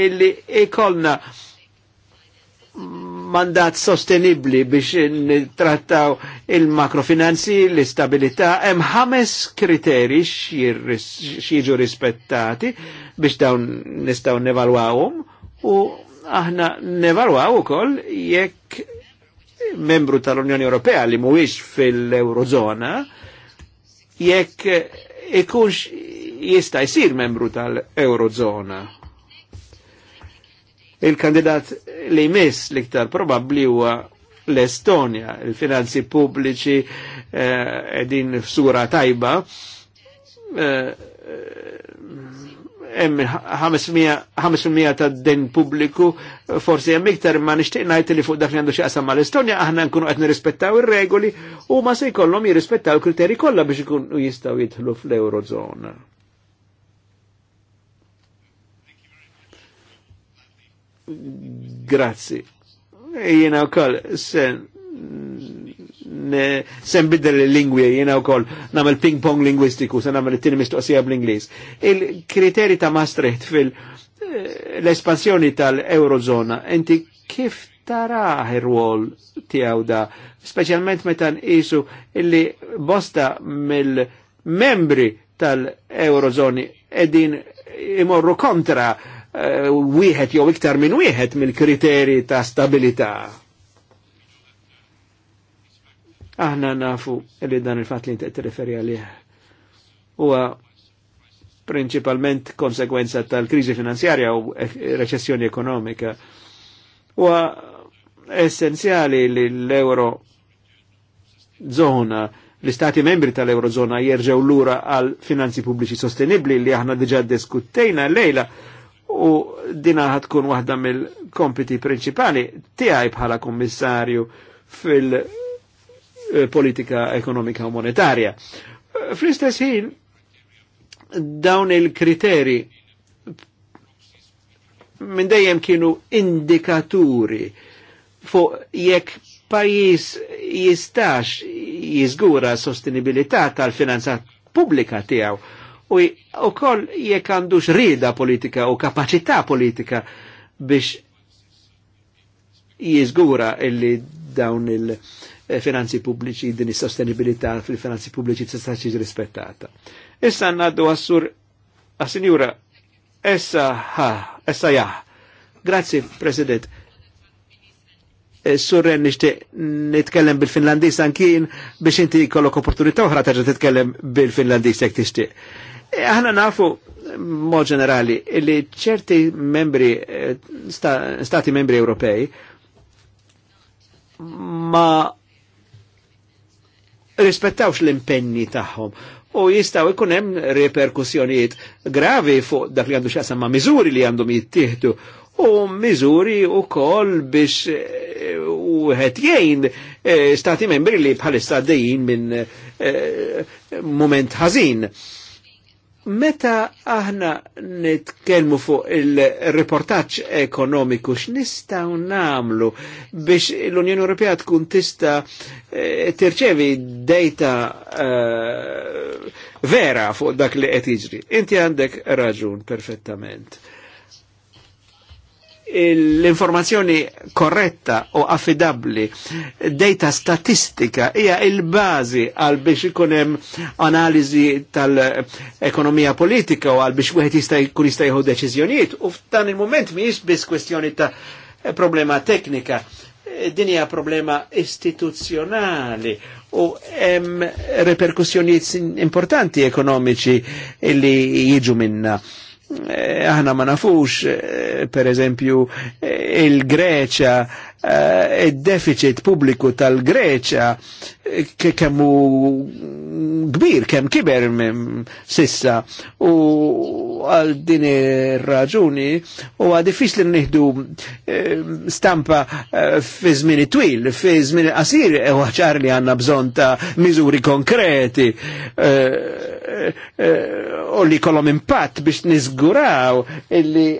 illi ikolna mandat sostenibli biex nittrattaw il-makrofinanzi, l-istabilità, hemm ħames kriteri xieġu rispettati biex dawn nistgħu nevalwawhom u aħna nevalwaw ukoll jekk membru tal-Unjoni Ewropea li mhuwiex fil-Eurozona jekk ikunx jista' jsir membru tal-Eurozona Il-kandidat li jmiss liktar probabli huwa l-Estonja, il-finanzi pubbliċi eh, din sura tajba, eh, hemm eh, 500 ta' den pubbliku forsi hemm iktar ma nixtieq ngħid li fuq dak li għandu xi qasam mal-Estonja aħna nkunu qed nirrispettaw ir-regoli u ma se jkollhom jirrispettaw kriterji kollha biex ikunu jistgħu jidħlu fl-Eurozona. Grazzi. Jena u koll, sen, sen bidder l-lingwi, jena u koll, namel ping-pong lingwistiku, sen namel it-tini mistoqsija bl-Inglis. Il-kriteri ta' Maastricht fil- l-espansjoni tal-Eurozona, enti kif taraħ ir-rwol tiegħu da, speċjalment meta isu illi bosta mill-membri tal-Eurozoni edin imorru kontra uh, Eh, wieħed jew iktar minn wieħed mill-kriteri ta' stabilità. Aħna nafu li dan il fatt li inti referi għalih huwa principalment konsekwenza tal-kriżi finanzjarja u e- recessjoni ekonomika. Huwa essenzjali li l-euro zona l-istati membri tal-Eurozona jerġew lura għal finanzi pubbliċi sostenibli li aħna diġa diskuttejna lejla u dina tkun waħda mill-kompiti principali tiegħi bħala kummissarju fil-politika ekonomika u monetarja. Fl-istess ħin, dawn il-kriteri minn dejjem kienu indikaturi fuq jekk pajis jistax jizgura sostenibilità tal-finanza pubblika tiegħu u koll jekk għandux rida politika u kapacita politika biex jiżgura illi dawn il-finanzi eh, pubbliċi din is-sostenibilità fil-finanzi pubbliċi tista' sastaxi rispettata. Issa għandu għassur għassinjura, essa ha, essa jah. Grazie, President. Eh, Surren nishti nitkellem bil-Finlandis ankin biex inti kollok opportunità oħra terġa' titkellem bil-Finlandis jekk tixtieq. Eh, aħna nafu mod ġenerali li ċerti membri, eh, sta, stati membri Ewropej ma rispettawx l-impenni tagħhom u jistaw ikun hemm reperkussjonijiet gravi fuq dak li għandu xi ma' miżuri li għandhom jittieħdu u miżuri u koll biex u eh, jgħin stati membri li bħalissa dejjin minn moment ħażin. Meta aħna nitkelmu fuq il-reportaċ ekonomiku, x'nistgħu namlu biex l-Unjoni Ewropea tkun tista eh, tirċevi data eh, vera fuq dak li qed jiġri. Inti għandek raġun perfettament l-informazzjoni korretta u affidabli, data statistika hija il bazi għal biex ikun hemm analiżi tal-ekonomija politika u għal biex wieħed jista' jkun jista' jieħu deċiżjonijiet u f'dan il-mument mhijiex biss kwestjoni ta' problema teknika, din hija problema istituzzjonali u hemm reperkussjonijiet importanti ekonomiċi li jiġu minna Eh, aħna ma nafux, eh, per eżempju, eh, il-Greċa Eh, il-deficit pubbliku tal-Greċa eh, kemmu kbir, kemm kiber sissa u għal din raġuni u għadifis li nihdu eh, stampa fi zmini twil, fi zmini qasir u ċar li għanna bżon ta' mizuri konkreti u li kolom impatt biex nizguraw illi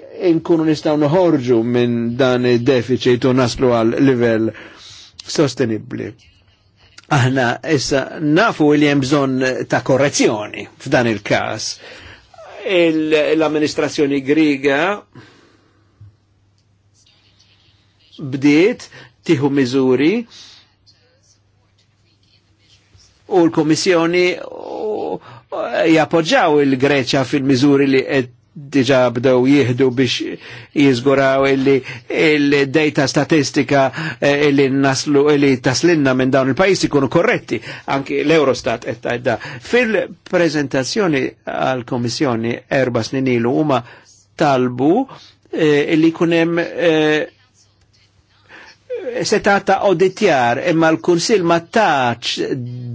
nkunu nistaw nħorġu minn dan il-deficit u naslu naslu għal livell sostenibli. Aħna issa nafu li hemm bżonn ta' korrezzjoni f'dan il-każ. L-amministrazzjoni il griga bdiet tiħu miżuri u l-Komissjoni jappoġġaw il-Greċja fil-miżuri li qed diġa bdaw jihdu biex jizguraw illi il-data statistika eh, illi naslu illi taslinna minn dawn il-pajis ikunu korretti anki l-Eurostat etta Fil-prezentazzjoni għal-Komissjoni erba snin ilu huma talbu eh, illi kunem eh, setata ta' auditjar imma l-Kunsil ma taċ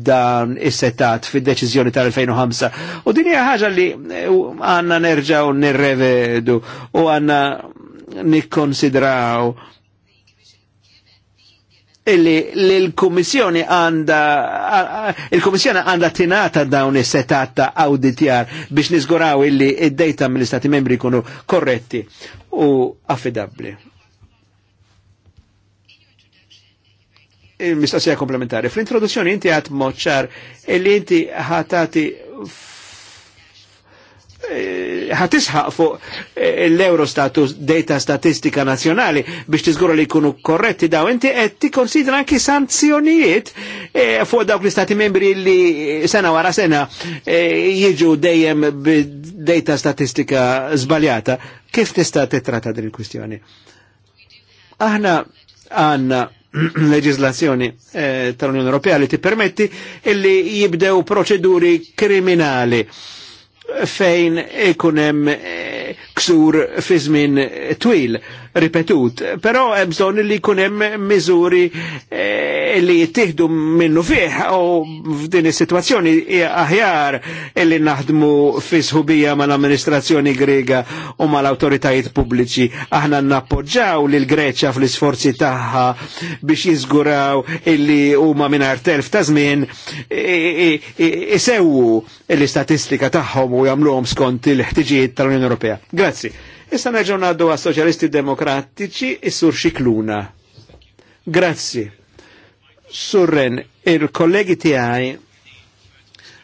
dan is-setat fid-deċiżjoni tal-2005 u din hija ħaġa li eh, għandna nerġa'w nirrevedu u għandna nikkonsidraw illi l komissjoni għanda eh, il komissjoni għanda tinata dawn is-setat ta' auditjar biex nizguraw illi id-dejta mill-Istati membri kunu korretti u affidabbli. mistoqsija komplementari. Fl-introduzzjoni inti għat moċċar illi inti ħatati ħatisħaq fuq l-Eurostatus data statistika nazjonali biex tiżgura li jkunu korretti daw. Inti qed tikkonsidra anki sanzjonijiet eh, fuq dawk l-istati membri li sena wara sena eh, jiġu dejjem data statistika zbaljata. Kif tista' titrata din il-kwistjoni? Aħna għanna leġislazzjoni eh, tal-Unjoni Ewropea li permetti illi jibdew proċeduri kriminali fejn ikunem eh, ksur fi żmien twil ripetut, però hemm bżonn li jkun hemm miżuri eh, li jittihdu minnu fih u f'din is-sitwazzjoni aħjar illi naħdmu fi sħubija mal-amministrazzjoni grega u mal-autoritajiet pubbliċi. Aħna nappoġġaw lil Greċja fl-isforzi tagħha biex jiżguraw illi huma mingħajr telf ta' żmien isewwu l-istatistika tagħhom u jagħmluhom skont il-ħtiġijiet tal-Unjoni Ewropea. Grazzi. Issa nerġgħu ngħaddu għas-Soċjalisti Demokratiċi is-Sur Xikluna. Grazzi. Surren, il-kollegi tiegħi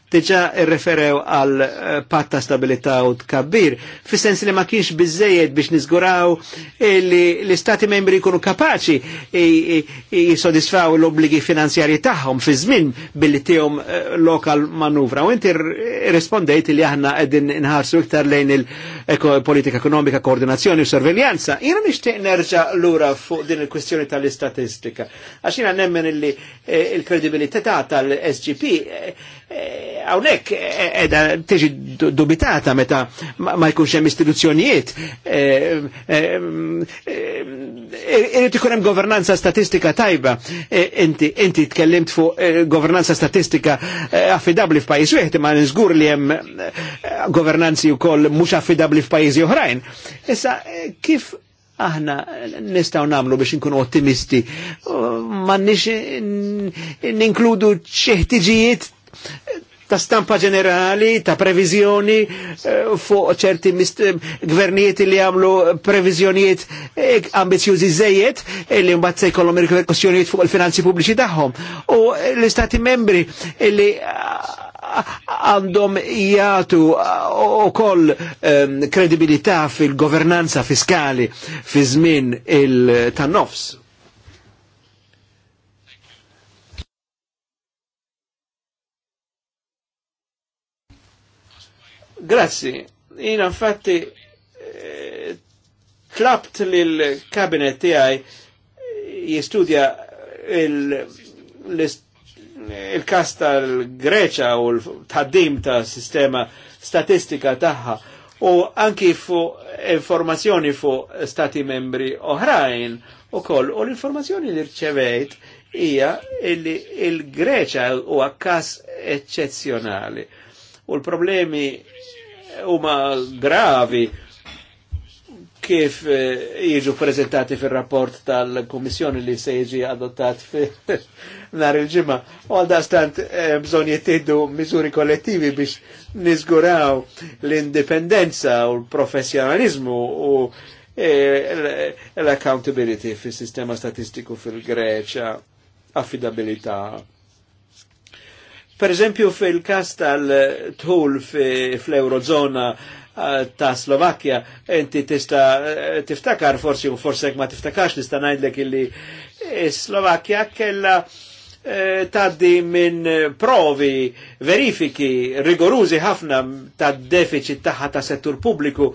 Teġa referew għal eh, patta stabilita u tkabbir, fis sens li ma kienx bizzejed biex nizguraw li l-istati membri kunu kapaċi jisodisfaw l-obligi finanzjari taħħom fi zmin billi tijom eh, lokal manuvra. U inti rispondejt li aħna għedin nħarsu iktar lejn il- politika ekonomika, koordinazzjoni u sorveljanza. Jina nishtiq nerġa lura fuq din il-kwestjoni tal-istatistika. Għax jina nemmen illi eh, il-kredibilità tal-SGP għawnek eh, eh, edha tiġi dubitata meta ma jkunx hemm istituzzjonijiet. Irid ikun hemm governanza statistika tajba. Inti tkellimt fuq governanza statistika affidabli f'pajjiż wieħed ma nżgur li hemm governanzi wkoll mhux affidabli li f'pajjiżi oħrajn. Issa kif aħna nistaw namlu biex inkunu ottimisti, m'għandniex ninkludu ċeħtiġijiet ta' stampa ġenerali, ta' previżjoni eh, fuq ċerti gvernijiet li għamlu previżjonijiet eh, ambizjużi zejiet eh, li mbagħad se jkollhom fuq il-finanzi pubbliċi tagħhom. U l-Istati membri li għandhom jgħatu u koll ehm, kredibilità fil-governanza fiskali fi żmien il-tannofs. Grazzi, jina infatti eh, tlabt li l-kabinet tijaj jistudja l-ist il-kas tal-Greċa u l-tħaddim ta' sistema statistika tagħha u anki fu informazzjoni fu stati membri oħrajn u koll u l-informazzjoni li rċevejt hija illi il-Greċa huwa kas eccezzjonali u l-problemi huma gravi kif eh, jiġu prezentati fil-rapport tal-Komissjoni li se jiġi adottat nar il-ġimma. U għaldastant eh, bżon jittiddu mizuri kollettivi biex nizguraw l-indipendenza u l-professjonalizmu u eh, l-accountability fil-sistema statistiku fil-Greċa, affidabilità. Per eżempju fil-kas tal-tħul fil-Eurozona, fil Eh, ta' Slovakkja, enti tista' eh, tiftakar forsi u forsek ma tiftakax nista' ngħidlek illi eh, Slovakkja kella taddi minn provi, verifiki rigorużi ħafna ta' deficit taħħa ta' settur pubbliku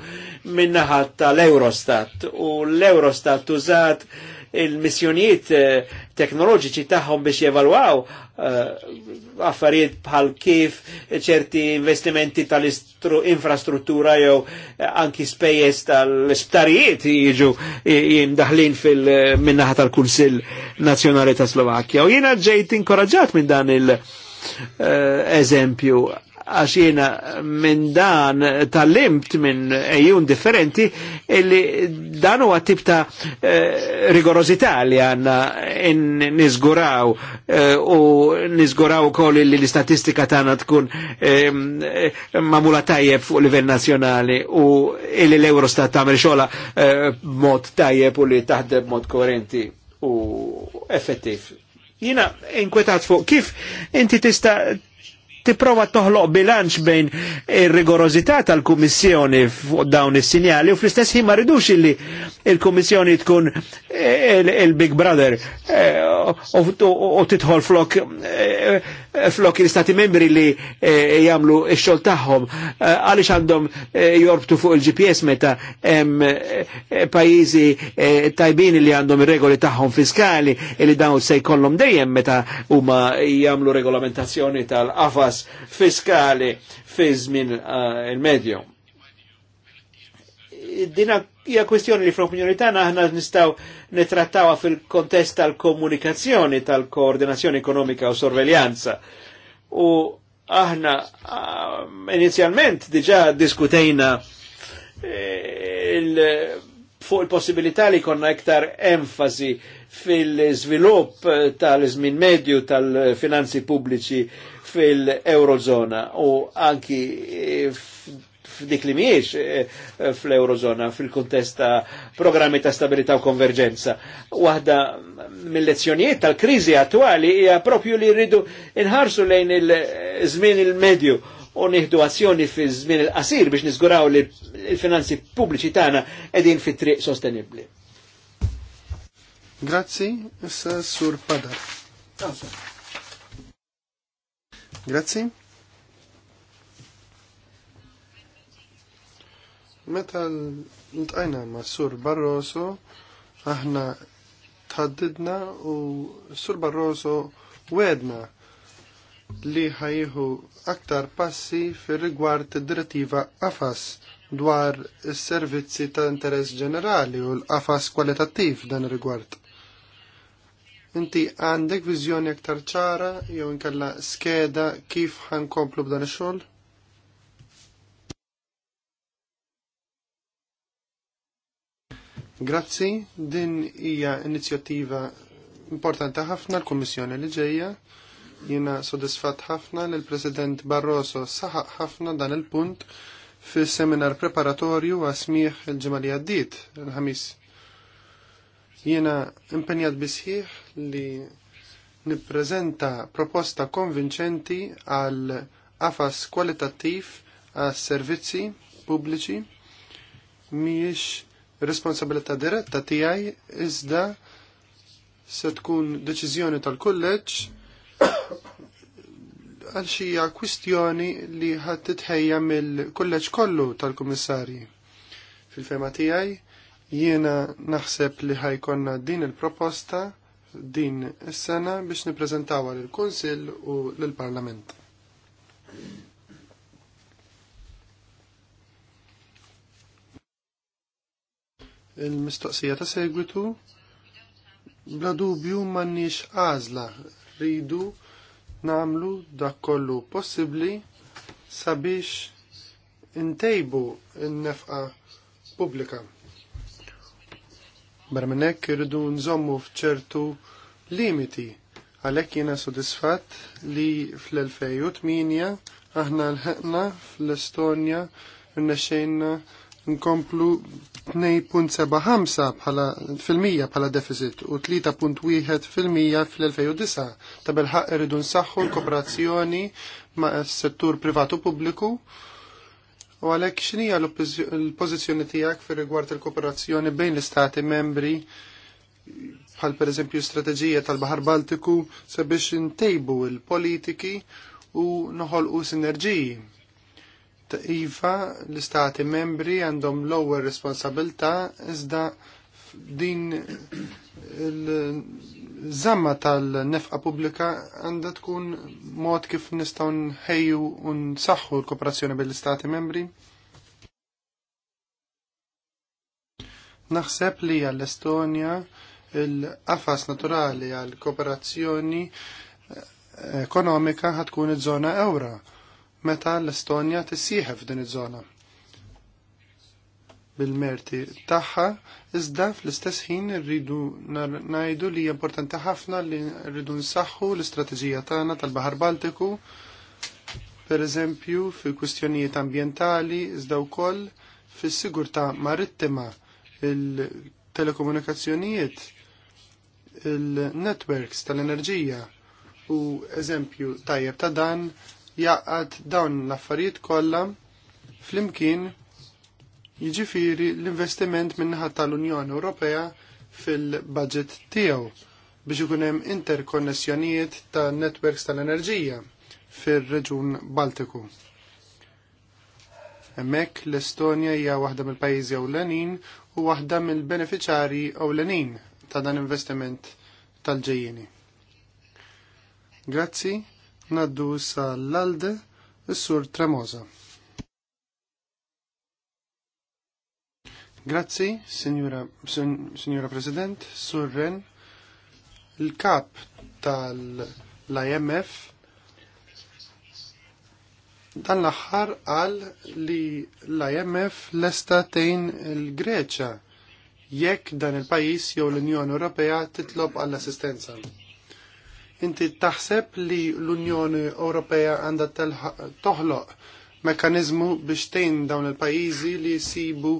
minnaħa tal-Eurostat. U l-Eurostat użat il-missjonijiet eh, teknoloġiċi tagħhom biex jevalwaw eh, affarijiet bħal kif ċerti investimenti tal-infrastruttura jew eh, anki spejjeż tal-isptarijiet jiġu jimdaħlin fil-minnaħa tal-Kunsill Nazzjonali ta' Slovakkja. U jiena ġejt inkoraġġat minn dan il- eżempju għaxina minn dan tal-limt minn ejjun differenti illi dan huwa tip ta' eh, rigorozità li għanna nizguraw eh, u nizguraw kol li l-istatistika tagħna tkun ehm, eh, mamula tajjeb fuq livell nazzjonali u illi l-Eurostat tagħmel xogħla eh, mod tajjeb u li taħdeb mod koerenti u effettiv. Jina inkwetat fuq kif inti tista' tipprova toħloq bilanċ bejn ir-rigorozità tal-Kummissjoni fuq dawn is-sinjali u fl-istess ħin ma ridux illi il-Kummissjoni tkun il-Big Brother eh, u titħol flok eh, Eh, flok il-stati membri li eh, jamlu xol taħħom eh, għalix għandhom jorbtu fuq il-GPS meta pajizi tajbini li għandhom regoli taħħom fiskali li dawn se jkollhom dejjem meta huma jamlu regolamentazzjoni tal-qafas fiskali fi żmien il-medju. Dinak hija kwestjoni li fl-opinjoni tagħna aħna nistgħu nitrattawha fil-kontest tal-komunikazzjoni tal-koordinazzjoni ekonomika u sorveljanza. U aħna ah, inizjalment diġà diskutejna eh, il fuq il-possibilità li konna iktar enfasi fil-svilupp tal-żmien medju tal-finanzi pubbliċi fil-Eurozona u anki eh, f'dik li miex eh, eh, fl-Eurozona fil kontest ta' programmi ta' stabilità u konverġenza. Waħda mill-lezzjonijiet tal-kriżi attuali hija propju li rridu inħarsu lejn il-żmien il-medju u nieħdu azzjoni fi żmien il-qasir biex niżguraw li l-finanzi pubbliċi tagħna qegħdin fi triq sostenibbli. Grazzi, sur Padar. Grazie. Meta ntajna ma' Sur Barroso, aħna tħaddidna u Sur Barroso wedna li ħajħu aktar passi fir rigward direttiva AFAS dwar is-servizzi ta' interess ġenerali u l-qafas kwalitattiv dan ir-rigward. Inti għandek viżjoni aktar ċara jew inkella skeda kif ħankomplu b'dan ix-xogħol? Grazzi, din hija inizjattiva importanti ħafna l-Kummissjoni li ġejja. Jiena sodisfatt ħafna li l-President Barroso saħaq ħafna dan il-punt fis seminar preparatorju għasmiħ il-ġimgħa li għaddiet il-ħamis. Jiena impenjat bisħiħ li nippreżenta proposta konvinċenti għal qafas kwalitattiv għas servizzi pubbliċi miex responsabilità diretta tiegħi iżda se tkun deċiżjoni tal-kulleġġ għal xija kwistjoni li ħad titħejja mill-kulleġġ kollu tal-kummissarji. Fil-fema tiegħi jiena naħseb li ħajkonna din il-proposta din is-sena biex nippreżentawha lill-Kunsill u lill-Parlament. il-mistoqsija ta' segwitu bla dubju manniex għażla rridu nagħmlu dak kollu possibbli sabiex intejbu n-nefqa pubblika. Barmenek minn hekk irridu nżommu f'ċertu limiti għalhekk jiena sodisfatt li fl-2008 aħna l-ħeqna fl-Estonja rnexxejna nkomplu 2.75 bħala fil-mija bħala deficit u 3.1 fil-mija fil-2009. Ta' belħaq irridu nsaħħu l-kooperazzjoni ma' settur privatu pubbliku u għalhekk xinija l-pożizzjoni tiegħek fir rigward il-kooperazzjoni bejn l-istati membri bħal pereżempju strateġija tal-Baħar Baltiku sabiex ntejbu l-politiki u noħolqu sinerġiji Iva l-istati membri għandhom l-ewwel responsabilità iżda din il-żamma tal-nefqa pubblika għandha tkun mod kif nistgħu nħejju u nsaħħu l-kooperazzjoni bil-istati membri. Naħseb li għall-Estonja il-qafas naturali għall-kooperazzjoni ekonomika ħatkun iż-żona ewra meta l-Estonja tissieħe f'din iż-żona bil-merti tagħha, iżda fl-istess ħin rridu ngħidu li hija importanti ħafna li rridu nsaħħu l-istrateġija tagħna tal-Baħar Baltiku, pereżempju fi kwistjonijiet ambjentali, iżda wkoll fis-sigurtà marittima, il-telekomunikazzjonijiet, il-networks tal-enerġija u eżempju tajjeb ta' dan jaqgħad dawn l-affarijiet kollha flimkien jiġifieri l-investiment min-naħa tal-Unjoni Ewropea fil-budget tiegħu biex ikun hemm interkonnessjonijiet ta' netwerks tal-enerġija fir-Reġun Baltiku. Hemmhekk l-Estonja hija waħda mill-pajjiżi ewlenin u waħda mill-beneficjari ewlenin ta' dan investiment tal-ġejjini. Grazzi, Naddu sa l-alde s-sur Tremosa. Grazzi, signora, signora President, sur Ren, il-kap tal-IMF dan l axar għal li l-IMF lesta tejn il-Greċa jekk dan il-pajis jew l-Unjoni Ewropea titlob għall-assistenza. Inti taħseb li l-Unjoni Ewropea għandha toħloq mekanizmu biex tgħin dawn il-pajjiżi li jsibu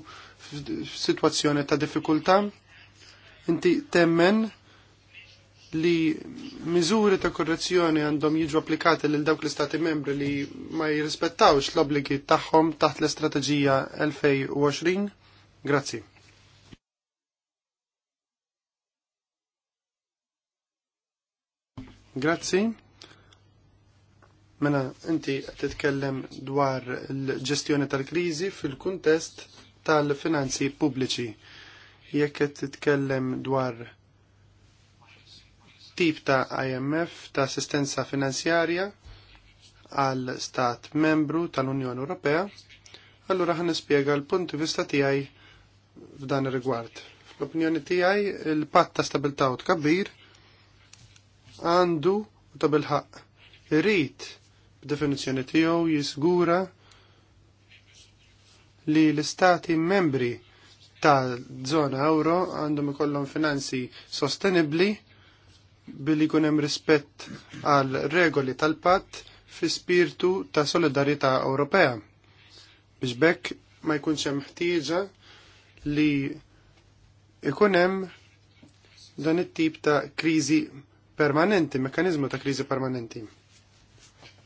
f'sitwazzjoni ta' diffikultà? Inti temmen li miżuri ta' korrezzjoni għandhom jiġu applikati lil dawk l-istati membri li ma jirrispettawx l obbligi tagħhom taħt l-istrateġija 2020? Grazzi. Grazzi. Mela, inti titkellem dwar l-ġestjoni tal-krizi fil-kuntest tal-finanzi pubbliċi. Jekk qed titkellem dwar tip ta' IMF ta' assistenza finanzjarja għal stat membru tal-Unjoni Ewropea, allura ħan nispjega l-punt vista tiegħi f'dan ir-rigward. Fl-opinjoni tiegħi il-patt ta' stabilità u tkabbir għandu u ta' bilħaq. Irrit b'definizzjoni tiegħu jiżgura li l-istati membri ta' zona euro għandhom ikollhom finanzi sostenibbli billi jkun hemm rispett għal regoli tal-patt fi spirtu ta' Solidarietà Ewropea. Biex bekk ma jkunx hemm ħtieġa li ikun hemm dan it-tip ta' kriżi permanenti, mekanizmu ta' kriżi permanenti.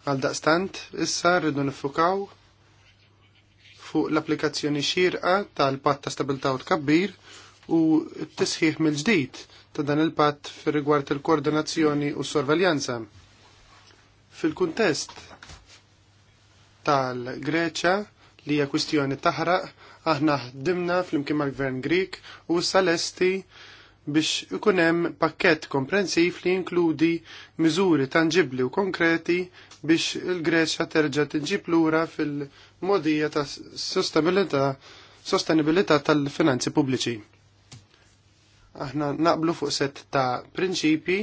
Għal daqstant, issa rridu nifukaw fuq l-applikazzjoni xirqa tal-patt ta' stabilta' u tkabbir u t-tisħiħ mill-ġdid ta' dan il-patt fir rigward il-koordinazzjoni u sorveljanza. Fil-kuntest tal-Greċa li hija kwistjoni taħraq aħna ħdimna fl-imkien mal-Gvern Grik u salesti biex ikun hemm pakkett komprensiv li jinkludi miżuri tanġibbli u konkreti biex il-Greċja terġa' tinġib lura fil-modija ta' sostenibilità tal-finanzi pubbliċi. Aħna naqblu fuq set ta' prinċipi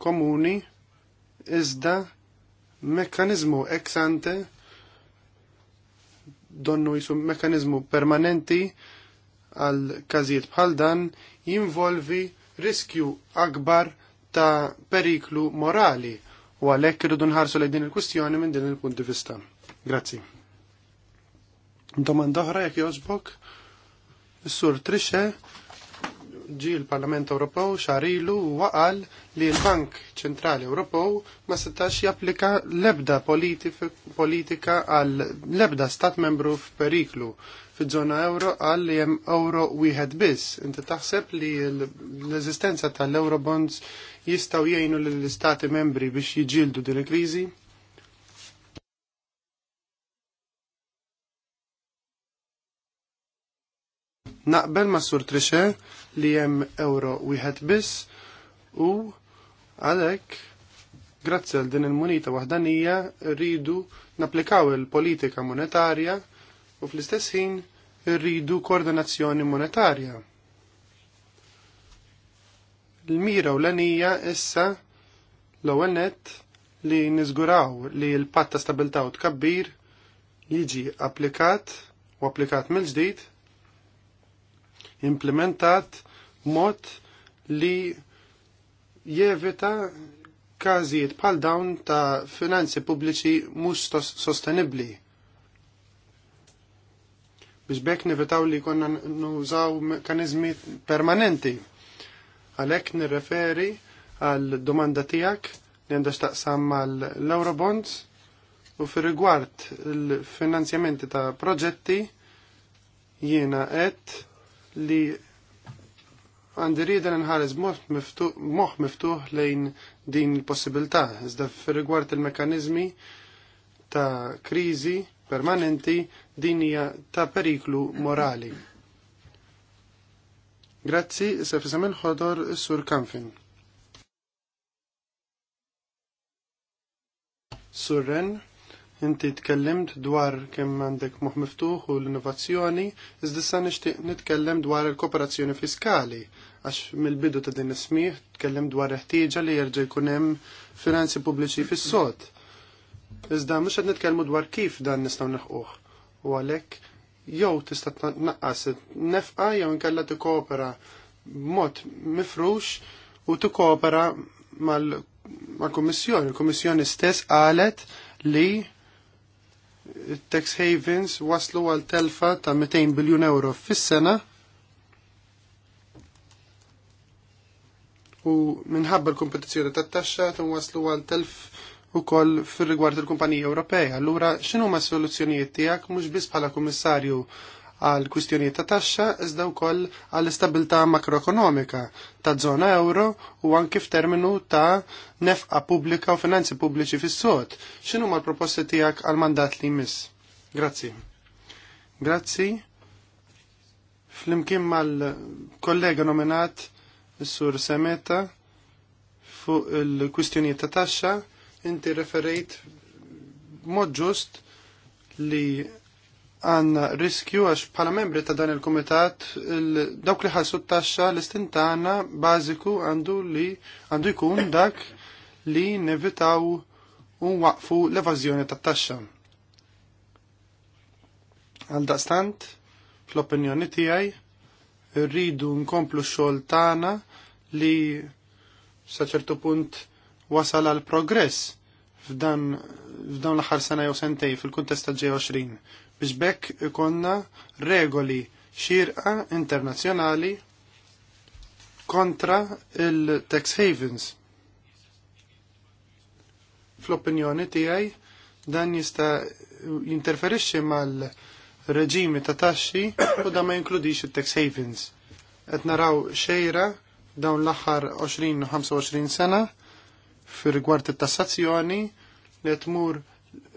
komuni iżda mekkanizmu ex ante donnu jisum mekkanizmu permanenti għal każijiet bħal dan jinvolvi riskju akbar ta' periklu morali u għalhekk irridu nħarsu lejn din il-kwistjoni minn din il-punt di vista. Grazzi. Domanda oħra jekk jogħġbok, is-sur Trixe ġi l-Parlament Ewropew xarilu waqal li l-Bank Ċentrali Ewropew ma setax japplika l-ebda politika għal l-ebda stat membru f'periklu fiż-żona euro għal li hemm euro wieħed biss. Inti taħseb li l-eżistenza tal-Eurobonds jistgħu jgħinu lill-istati membri biex jġildu din il krizi naqbel ma' Sur Trixe li hemm euro wieħed biss u għalhekk grazzi għal din il-munita waħdanija rridu napplikaw il-politika monetarja u fl-istess ħin rridu koordinazzjoni monetarja. L-mira u l-anija issa l-ewwel nett li niżguraw li l-patt ta' stabilta' u tkabbir jiġi applikat u applikat mill-ġdid implementat mod li jevita każijiet bħal dawn ta' finanzi pubbliċi mhux sostenibbli. Biex bekk nivitaw li konna nużaw mekanizmi permanenti. Għalhekk nirreferi għal domanda tiegħek li għandha xtaqsam mal l-Eurobonds u fi rigward il-finanzjamenti ta' proġetti jiena qed li għandi rida nħares moħ miftuħ lejn din il-possibilità, iżda f rigward il-mekanizmi ta' kriżi permanenti din hija ta' periklu morali. Grazzi, se fisem il-ħodor sur Kanfin. Surren. Inti tkellimt dwar kemm għandek moħ miftuħ u l-innovazzjoni, iżda issa nixtieq nitkellem dwar il-kooperazzjoni fiskali għax mill-bidu ta' din is-smigħ tkellem dwar ħtieġa li jerġa' jkun hemm finanzi pubbliċi fis-sod. Iżda mhux qed nitkellmu dwar kif dan nistgħu neħquh U għalhekk jew tista' tnaqqas nefqa jew inkella tikkopera b'mod mifrux u tikkopera mal-Kummissjoni. Il-Kummissjoni stess qalet li tax havens waslu għal telfa ta' 200 biljun euro fis-sena u minħabba l-kompetizzjoni tat taxxa waslu għal telf ukoll fir-rigward il kumpanija Ewropea. Allura xinu ma' soluzzjonijiet tiegħek mhux biss bħala kummissarju għal kwistjoni ta' taxxa iżda wkoll għall istabilità makroekonomika ta' żona euro u anki f'terminu ta' nefqa pubblika u finanzi pubbliċi fis-sod. X'inhu ma' proposti tiegħek għal mandat li jmiss? Grazzi. Grazzi. Flimkien mal-kollega nominat is-sur Semeta fuq il-kwistjonijiet ta' taxxa inti referejt mod ġust li għanna riskju għax bħala membri ta' dan il-komitat dawk li ħassu t-taxxa l-istintana bażiku għandu li għandu jkun dak li nevitaw u waqfu l-evażjoni ta' taxxa. Għal daqstant, fl-opinjoni tiegħi rridu nkomplu xogħol tagħna li sa ċertu punt wasal għal progress f'dan l-aħħar sena jew sentej fil-kuntest ta' 20 biex ikonna regoli xirqa internazzjonali kontra il-tax havens. Fl-opinjoni tiegħi dan jista' jinterferixxi mal-reġimi ta' taxxi u da ma jinkludix il-tax havens. Qed naraw xejra dawn l-aħħar 20-25 sena fir rigward it-tassazzjoni li tmur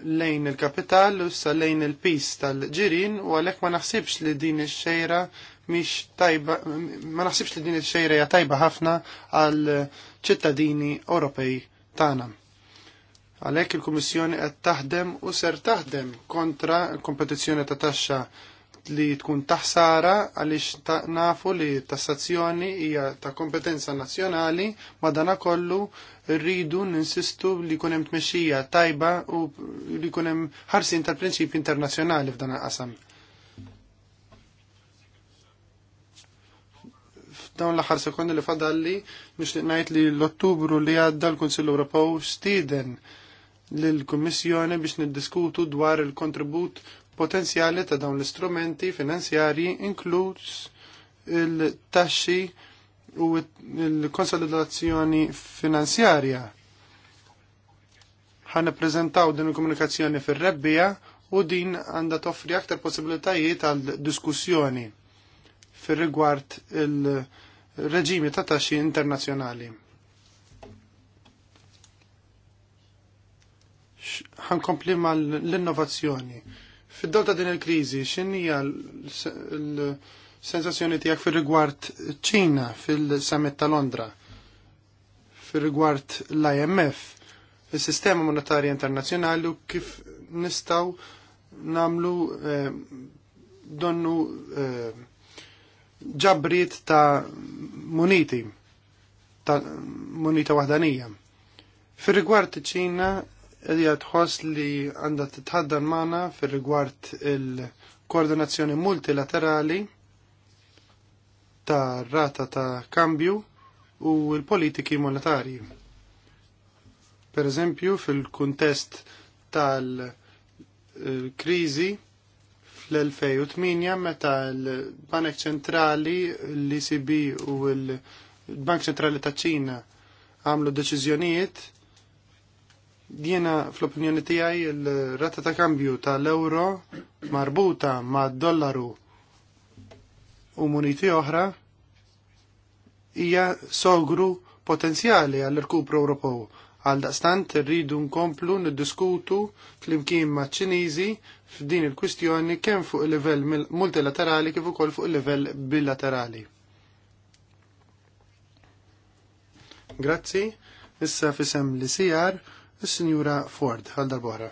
lejn il-kapital u issa lejn il-pis tal-ġirin u għalhekk ma naħsibx li din ix-xejra mhix tajba ma naħsibx li din ix-xejra hija tajba ħafna għal ċittadini Ewropej tagħna. Għalhekk il-Kummissjoni qed taħdem u ser taħdem kontra l-kompetizzjoni ta' taxxa li tkun taħsara għaliex nafu li tassazzjoni hija ta' kompetenza nazzjonali dana kollu rridu ninsistu li jkun hemm tmexxija tajba u li jkun hemm ħarsin tal prinċip internazzjonali f'dan qasam F'dawn l-aħħar sekondi li fadalli nixtieq ngħid li l-Ottubru li għadda l-Kunsill Ewropew stieden lill-Kummissjoni biex niddiskutu dwar il-kontribut potenzjali ta' dawn l-istrumenti finanzjarji inkluż il-taxxi u il-konsolidazzjoni finanzjarja. Ħana prezentaw din il-komunikazzjoni fir rebbija u din għandha toffri aktar possibilitajiet għal diskussjoni fir rigward il-reġimi ta' taxxi internazzjonali. ħankompli mal l-innovazzjoni fid dolta ta' din il-kriżi, x'inhija l-sensazzjoni tiegħek fir-rigward ċina fil-Summit ta' Londra? Fir-rigward l-IMF, is-Sistema Monetarja Internazzjonali u kif nistgħu nagħmlu eh, donnu eh, ġabrit ta' muniti, ta' munita wahdanija. Fir rigward ċina, edja tħoss li għandha tħaddan maħna fir-rigward il-koordinazzjoni multilaterali ta' rata ta' kambju u l-politiki monetarji. Per eżempju, fil-kuntest tal-krizi fl-2008 meta l-Banek Ċentrali, l-ECB u l-Bank Ċentrali ta' Ċina għamlu deċiżjonijiet Jiena fl-opinjoni tiegħi il-rata ta' kambju tal-euro marbuta ma' dollaru u muniti oħra hija sogru potenzjali għall rkupru Ewropew. Għal daqstant rridu nkomplu niddiskutu flimkien ma' ċiniżi f'din il-kwistjoni kemm fuq il-livell multilaterali kif ukoll fuq il-livell bilaterali. Grazzi, issa fisem li sijar is-Sinjura Ford għal darbora.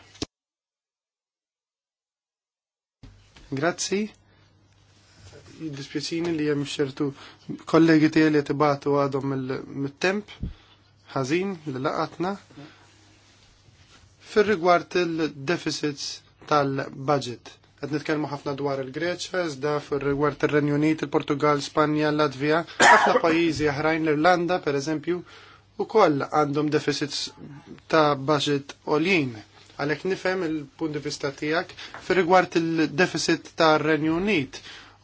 Grazzi. Dispjaċini li jem xertu kollegi tiegħi li tibatu għadhom il temp ħażin li laqatna fir-rigward il-deficits tal-budget. Għed nitkellmu ħafna dwar il-Greċa, iżda fir-rigward ir-Renju Unit, il-Portugal, Spanja, Latvija, ħafna pajjiżi aħrajn l-Irlanda, per eżempju, u koll għandhom deficits ta' budget olin. Għalek nifem il-punt di vista tijak fir rigward il-deficit ta' Renju Unit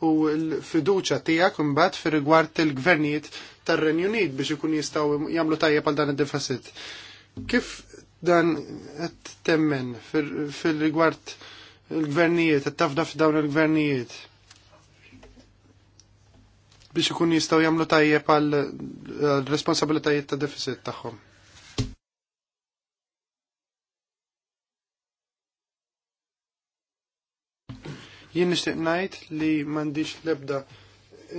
u l-fiduċa tijak mbagħad fir rigward il-gvernijiet tar renju Unit biex ikun jistgħu jagħmlu tajjeb għal dan id-deficit. Kif dan qed temmen fir rigward il-gvernijiet, qed tafda f'dawn il-gvernijiet? biex ikun jistgħu jagħmlu tajjeb għal responsabilitajiet ta' deficit tagħhom. Jien nixtieq ngħid li m'għandix l-ebda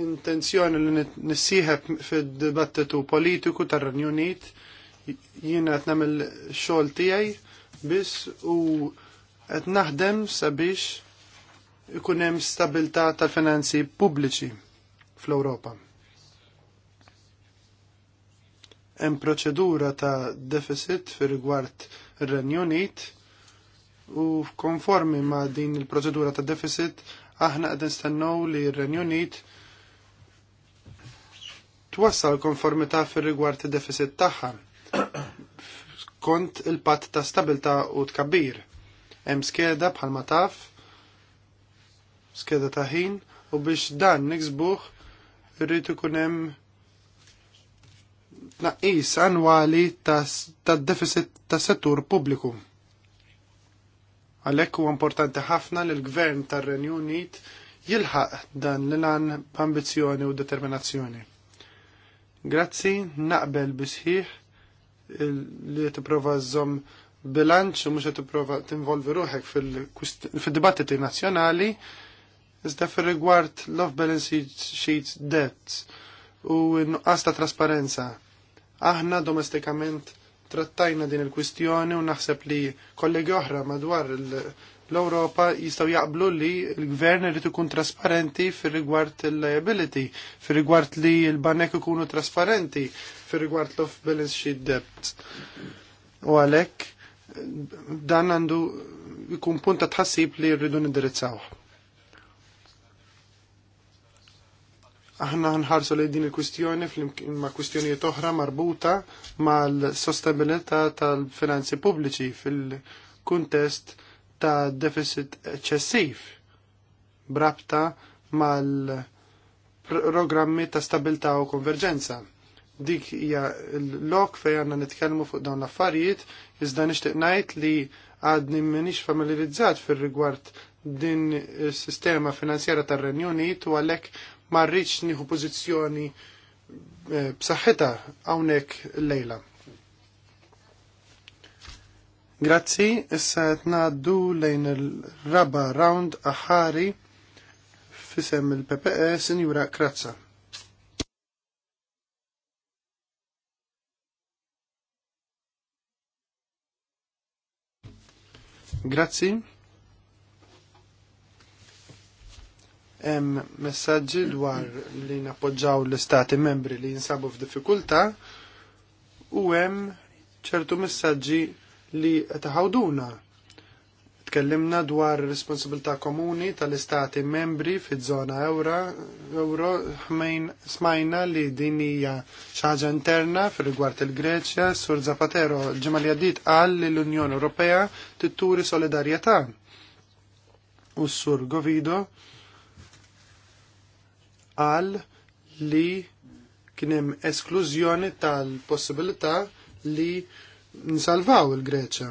intenzjoni li nissieħeb fid-dibattitu politiku tar-Renju Unit jien qed nagħmel xogħol tiegħi biss u qed naħdem sabiex ikun hemm stabilità tal-finanzi pubbliċi fl-Ewropa. Hemm proċedura ta' deficit fir rigward ir-Renju Unit u konformi ma' din il-proċedura ta' deficit aħna qed nistennew li r-Renju Unit twassal konformità fir rigward id-deficit tagħha kont il-patt ta' stabilta u tkabbir. Hemm skeda bħal ma taf, skeda ta' ħin, u biex dan niksbuh irrid ikun hemm tnaqqis annwali tad-deficit tas-settur pubbliku. Għalhekk huwa importanti ħafna li l-Gvern tar-Renju Unit jilħaq dan li lan b'ambizzjoni u determinazzjoni. Grazzi, naqbel bisħiħ li t-prova zom bilanċ u mux t-prova t-involvi ruħek fil-dibattiti nazjonali Iżda fir rigward l-off-balance sheet debts u nuqqas ta' trasparenza, aħna domestikament trattajna din il-kwistjoni u naħseb li kollegi oħra madwar l-Europa jistaw jaqblu li l-gvern irid ikun trasparenti fir rigward il-liability, fir rigward li l-banek ikunu trasparenti fir rigward l-off-balance sheet debt. U għalek, dan għandu jkun punta tħassib li rridu nindirizzawh. Aħna nħarsu li din il-kwistjoni ma' kwistjonijiet oħra marbuta mal-sostenibilità tal-finanzi pubbliċi fil-kuntest ta' deficit eċċessiv brabta mal-programmi ta' stabilta' u konverġenza dik hija l-lok fej għanna nitkellmu fuq dawn l-affarijiet, iżda nixtieq ngħid li għadni m'iniex familjarizzat fir-rigward din is-sistema finanzjera tar-Renju Unit u għalhekk ma rridx nieħu pożizzjoni eh, b'saħħitha hawnhekk lejla. Grazzi, issa qed ngħaddu lejn il-raba round aħari fisem il-PPE Senjura Krazza. Grazzi. hemm messaġġi dwar li nappoġġaw l-istati membri li jinsabu f'diffikultà u hemm ċertu messaġġi li qed iħawduna. Tkellimna dwar responsabilità komuni tal-istati membri fiż-żona ewra euro ħmejn smajna li din hija xi ħaġa interna fir-rigward il-Greċja, Sur Zapatero l-ġimgħa li għaddit qal li l-Unjoni Ewropea titturi solidarjetà. U s-Sur Govido qal li kien hemm esklużjoni tal-possibilità li nsalvaw il-Greċja.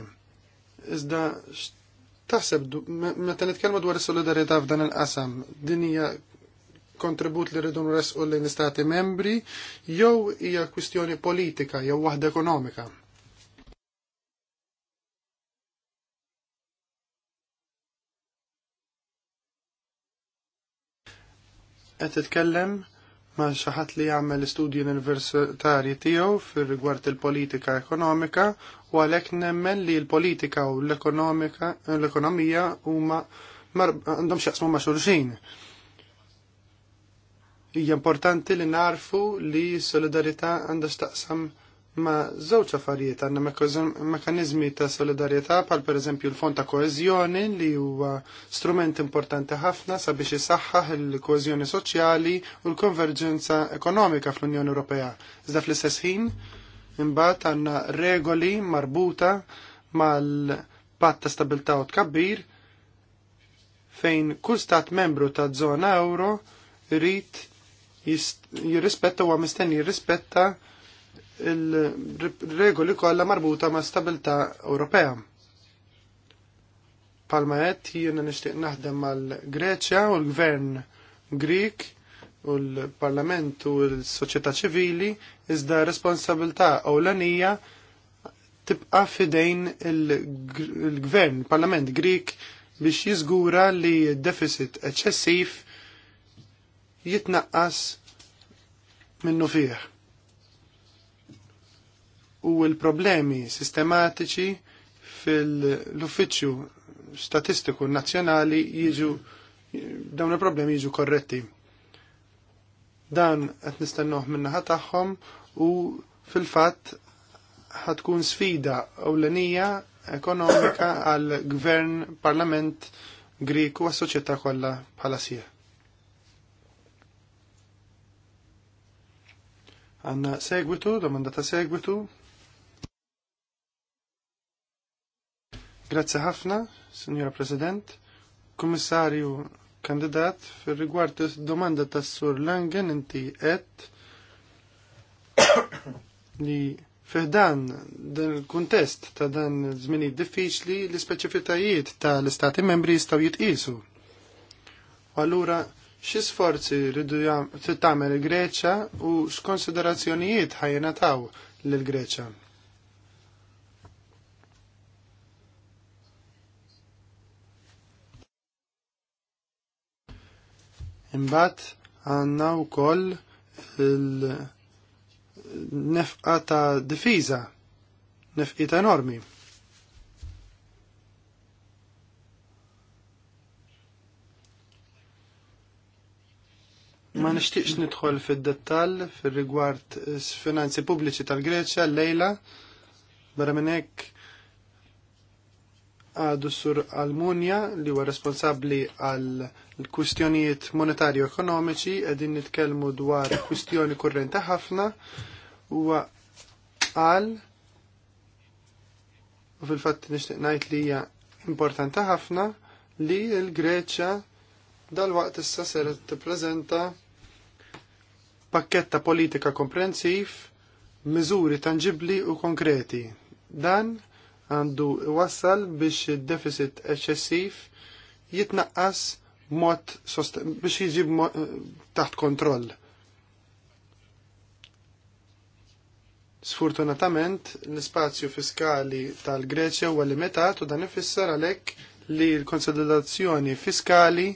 Iżda taħseb meta nitkellmu dwar is-solidarjetà f'dan il-qasam, din hija kontribut li rridu nresqu lejn l-istati membri jew hija kwistjoni politika jew waħda ekonomika. qed titkellem ma' xi ħadd li jagħmel studji universitarji tiegħu fir-rigward il-politika ekonomika u għalhekk nemmen li l-politika u l-ekonomika l-ekonomija huma għandhom x'jaqsmu ma' xulxin. Hija importanti li narfu li solidarità għandha staqsam ma żewġ affarijiet għandna mekkaniżmi ta' solidarjetà bħal pereżempju l-fond ta' koeżjoni li huwa strument importanti ħafna sabiex isaħħaħ il koezjoni soċjali u l-konverġenza ekonomika fl-Unjoni Ewropea. Iżda fl-istess ħin imbagħad għandna regoli marbuta mal-patt ta' stabilità u tkabbir fejn kull stat membru ta' żona euro rrit jirrispetta u għamistenni jirrispetta il-regoli kollha marbuta ma' stabilta' Ewropea. Palma għed, jiena nixtieq naħdem mal-Greċja u l-Gvern Grik u l-Parlament u l-soċjetà ċivili iżda responsabilità ewlenija tibqa' fidejn il-Gvern, parlament Grik biex jiżgura li d-deficit eċċessiv jitnaqqas minnu fieħ u l-problemi sistematiċi fil-uffiċċju statistiku nazzjonali jiġu dawn il-problemi jiġu korretti. Dan qed nistennuh naħa tagħhom u fil-fatt ħatkun sfida ewlenija ekonomika għal gvern parlament Grik u għas-soċjetà kollha bħala sieħ. Għanna segwitu, domanda ta' segwitu, Grazzi ħafna, Signora President, Kommissarju kandidat fir rigward domanda tas sur Langen inti et li fiħdan dan il kontest ta' dan zmini diffiċli l-ispeċifitajiet tal-istati membri jistgħu jitqisu. allura xi sforzi rridu tagħmel il greċa u x'konsiderazzjonijiet ħajjena taw lill-Greċja Imbagħad għandna wkoll il-nefqa ta' nefqi nefqita enormi. Ma nishtiqx nidħol fid-dettall fir-rigward finanzi pubbliċi tal-Greċja l-lejla barra minn hekk għadu sur Almunja li huwa responsabbli għal kwistjonijiet monetarju ekonomiċi qegħdin nitkellmu dwar kwistjoni kurrenti ħafna huwa qal u fil-fatt nixtieq ngħid li hija importanti ħafna li l-Greċja dal-waqt issa ser tippreżenta pakketta politika komprensiv, miżuri tangibli u konkreti. Dan għandu wassal biex deficit eċessif jitnaqqas mod biex jiġib taħt kontroll. Sfortunatament, l-spazju fiskali tal-Greċja huwa limitat u dan ifisser għalhekk li l-konsolidazzjoni fiskali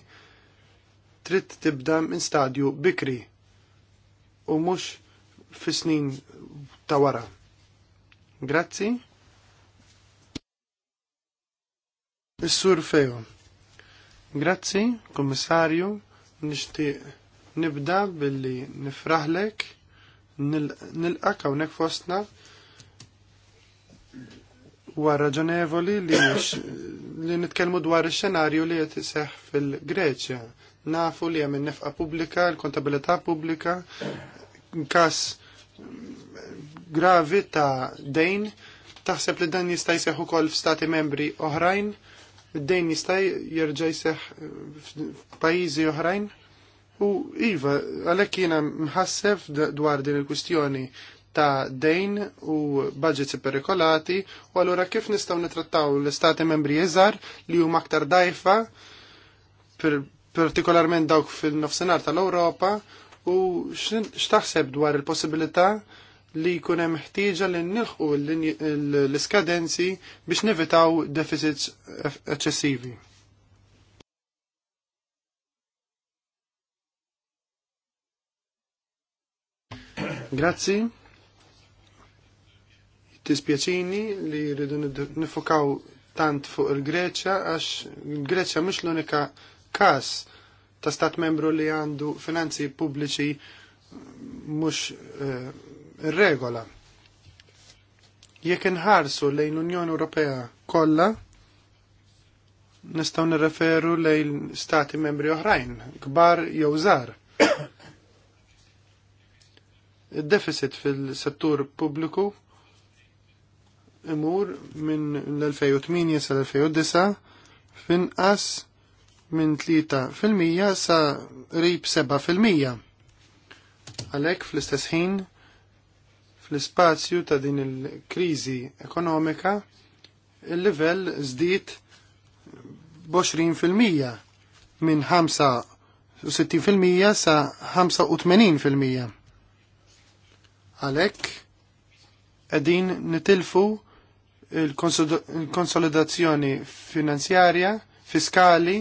trid tibda minn stadju bikri u mhux fi snin ta' wara. Grazzi. Is-sur Fejo. Grazzi, Kummissarju, nixtieq nibda billi nifraħlek nil hawnhekk fostna huwa raġonevoli li li nitkellmu dwar ix-xenarju li qed iseħħ fil-Greċja. Nafu li hemm nefqa pubblika, l-kontabilità pubblika, każ gravi ta' dejn, taħseb li dan jista' jseħħ ukoll f'stati membri oħrajn id-dejn jista' jerġa' jseħħ eh, f'pajjiżi oħrajn? U iva, għalhekk jiena mħassef dwar din il-kwistjoni ta' dejn u budgeti perikolati, u allura kif nistgħu nitrattaw l-istati membri iżgħar li huma aktar dajfa, partikolarment dawk fil-nofsinhar tal-Ewropa, u x'taħseb dwar il-possibilità li jkun hemm ħtieġa li nilħqu l-iskadenzi biex nevitaw deficits eċċessivi. Grazzi. Tispjaċini li rridu nifokaw tant fuq il-Greċja għax il-Greċja mux l-unika każ ta' stat membru li għandu finanzi pubbliċi mhux eh, regola. Jekk inħarsu lejn l-Unjoni Ewropea kollha, nistgħu nirreferu lejn stati membri oħrajn, kbar jew żgħar. Id-deficit fil-settur pubbliku imur minn l-2008 sal-2009 finqas minn 3% sa rib 7%. Għalek fl-istess ħin fl-ispazju ta' din il-kriżi ekonomika il-livell żdied b'20% minn 65% sa 85%. Għalhekk qegħdin nitilfu il-konsolidazzjoni finanzjarja, fiskali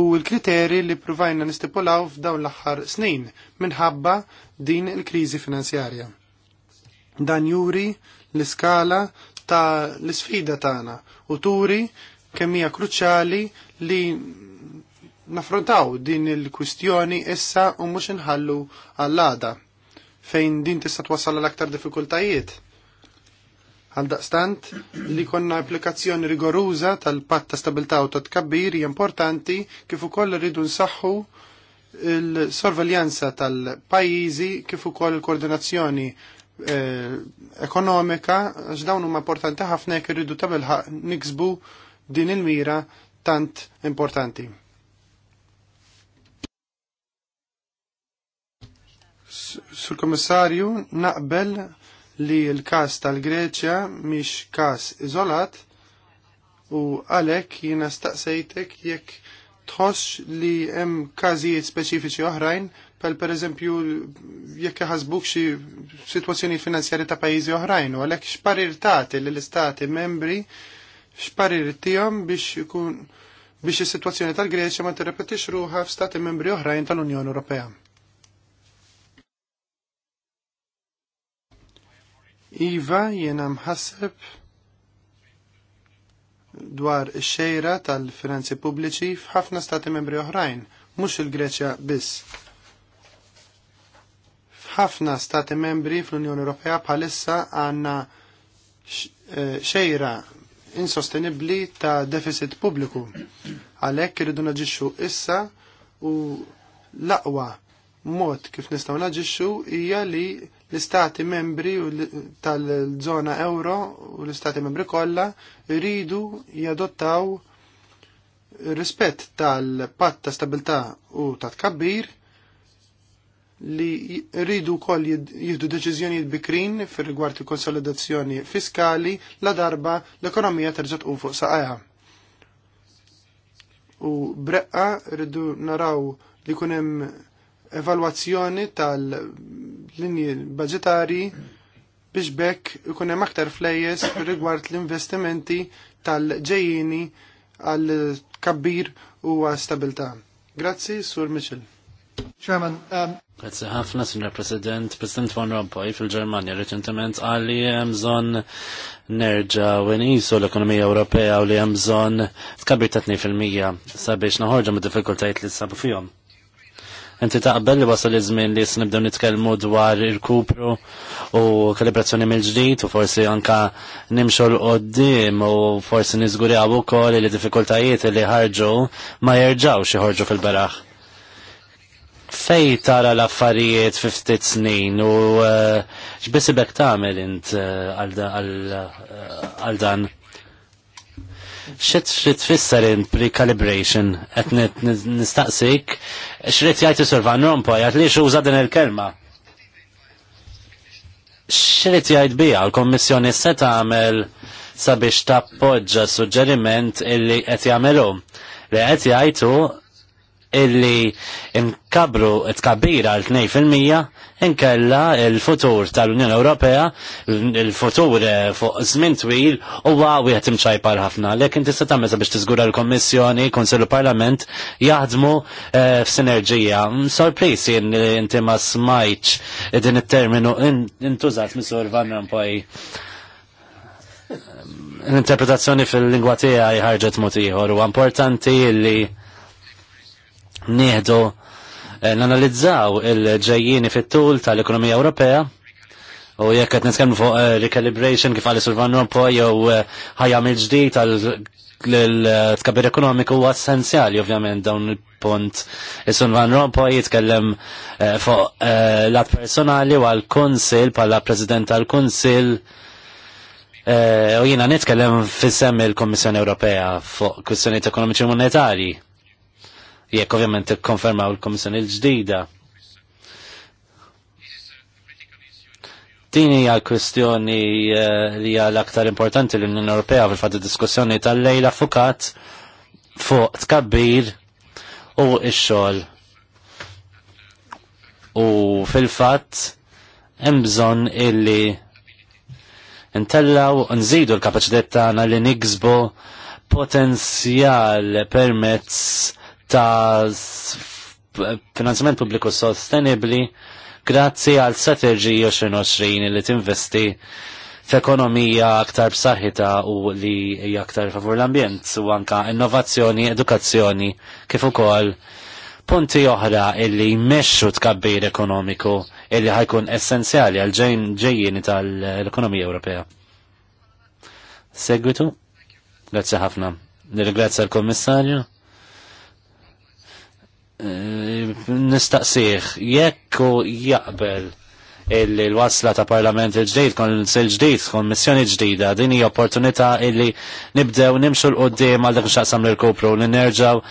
u l-kriteri li provajna nistipulaw f'dawn l-aħħar snin minħabba din il-kriżi finanzjarja. Dan juri l-iskala ta' l-sfida tagħna u turi kemm hija kruċjali li naffrontaw din il-kwistjoni issa u mhux inħallu għall-għada fejn din tista' twassal l-aktar diffikultajiet. Għaldaqstant li konna applikazzjoni rigoruża tal-patt ta' stabilità u ta' tkabbir hija importanti kif ukoll rridu nsaħħu il-sorveljanza tal-pajjiżi kif ukoll il-koordinazzjoni E, ekonomika, x'dawn huma importanti ħafna jekk irridu tabilħaq niksbu din il-mira tant importanti. Sur komissarju naqbel li l-kas tal-Greċja miex kas izolat u għalek jina staqsejtek jekk tħoss li hemm każijiet speċifiċi oħrajn pal per eżempju jekk ħasbuk xi situazzjoni finanzjari ta' pajjiżi oħrajn, u għalhekk x'parir tagħti lill-istati membri x'parir tiegħhom biex ikun biex is-sitwazzjoni tal-Greċja ma tirrepetix ruha f'stati membri oħrajn tal-Unjoni Ewropea. Iva jiena mħasseb dwar ix-xejra tal-finanzi pubbliċi f'ħafna stati membri oħrajn, mhux il-Greċja biss Ħafna stati membri fl-Unjoni Ewropea bħalissa għandna eh, xejra insostenibbli ta' deficit pubbliku. Għalhekk irridu naġixxu issa u l-aqwa mod kif nistgħu naġixxu hija li l-istati membri tal-żona euro u l-istati membri kollha jridu jadottaw rispett tal-patt ta' stabilità u ta' tkabbir li rridu kol jihdu deċizjonijiet bikrin fir rigward il-konsolidazzjoni fiskali la darba l-ekonomija terġa' u fuq saqajha. U breqqa rridu naraw li kunem hemm evalwazzjoni tal-linji budgetari biex bekk ikun hemm aktar flejjes rigward l-investimenti tal-ġejjini għal kabbir u għal stabilta. Grazzi, Sur Michel. Chairman, um... Grazie ħafna, Signor President. President Van Rompuy fil-Germania reċentement qal li hemm bżonn nerġa' nisu l-ekonomija Ewropea u li hemm bżonn tkabir ta' fil-mija sabiex naħorġu mid-diffikultajiet li sabu fihom. Inti taqbel li wasal iż-żmien li nibdew nitkellmu dwar il-kupru u kalibrazzjoni mill-ġdid u forsi anka nimxu l qoddim u forsi niżgurjaw ukoll li diffikultajiet li ħarġu ma jerġgħux joħorġu fil-beraħ fej tara l-affarijiet 50 snin u eh, xbisibek tagħmel int eh, eh, għal dan? Xit xit fisser in pre-calibration qed nistaqsik xrid jgħid isur Van Rompuy għad li xuża din il-kelma. Xrid jgħid biha l-Kommissjoni se tagħmel sabiex tappoġġa suġġeriment illi qed jgħamilu? li qed jgħajtu illi nkabru tkabira l 2% inkella il-futur tal-Unjoni Ewropea, il-futur eh, fuq żmien twil huwa wieħed imċajpar ħafna. Lekin tista' tagħmel biex tiżgura l-Kommissjoni, Kunsill u Parlament jaħdmu eh, f'sinerġija. Mm, Sorpris jien eh, inti ma smajtx din it-terminu intużat Misur Van Rompuy l-interpretazzjoni fil-lingwa tiegħi ħarġet mod ieħor u importanti li nieħdu eh, nanalizzaw il-ġejjini fit-tul tal-ekonomija Ewropea u jekk qed nitkellmu fuq eh, recalibration kif għali Survan Rompuy jew eh, ħajja mill-ġdid l-tkabir ekonomiku huwa essenzjali ovvjament dawn il-punt. Isun Van Rompuy jitkellem fuq lat personali u għall kunsil bħala President tal-Kunsil u jiena nitkellem fis-sem il-Kommissjoni Ewropea fuq kwistjonijiet ekonomiċi monetarji jekk ovvjament ikkonfermaw il-Komissjoni l-ġdida. Din hija kwestjoni eh, li hija l-aktar importanti l-Unjoni Ewropea fil-fatt diskussjoni tal-lejla fukat fuq tkabbir u x-xogħol. U fil-fatt hemm bżonn illi intellaw nżidu l-kapaċitet tagħna li niksbu potenzjal permezz ta' finanzjament pubbliku sostenibli grazzi għal strategi 2020 li tinvesti f'ekonomija aktar b'saħħita u li hija aktar favur l-ambjent u anka innovazzjoni, edukazzjoni kif ukoll punti oħra illi jmexxu tkabbir ekonomiku illi ħajkun essenzjali għal ġejjini tal-ekonomija Ewropea. Segwitu? Grazzi ħafna. Nirgrazzja l-Kommissarju. Eh, nistaqsih jekk u jaqbel il l-wasla ta' parlament il-ġdijt, il ġdijt, kon missjoni ġdida, din hija opportunità illi nibdew nimxu l-qoddim għal dak xaqsam l kopru li nerġaw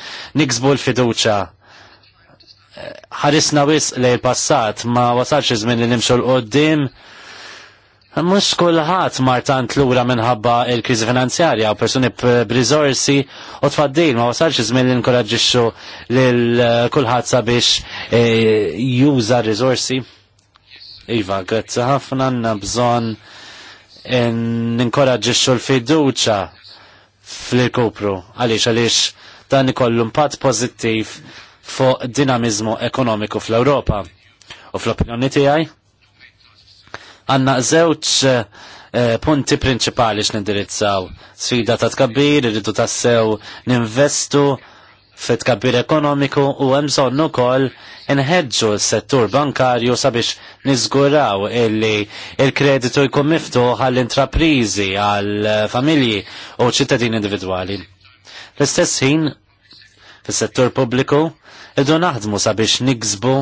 niksbu l-fiduċa. Eh, ħarisna wis li l-passat ma wasalx iż-żmien li nimxu l-qoddim Mux kullħat martant lura minħabba il-krizi finanzjarja u persuni b'rizorsi u tfaddil ma wasalx izmin li nkoraġġixxu lil eh, kulħadd sabiex eh, juża rizorsi. Iva, grazzi ħafna bżon bżonn ninkoraġġixxu l-fiduċa fl-kupru għaliex għaliex dan ikollu impatt pożittiv fuq dinamizmu ekonomiku fl-Ewropa. U fl-opinjoni tiegħi? Għanna zewċ eh, punti prinċipali x-nindirizzaw. Sfida ta' tkabbir, ta' tassew ninvestu fit tkabbir ekonomiku u hemm bżonn ukoll inħeġġu s-settur bankarju sabiex niżguraw illi il-kreditu jkun miftuħ għall intraprizi għall familji u ċittadini individwali. L-istess ħin fis-settur pubbliku irdu naħdmu sabiex niksbu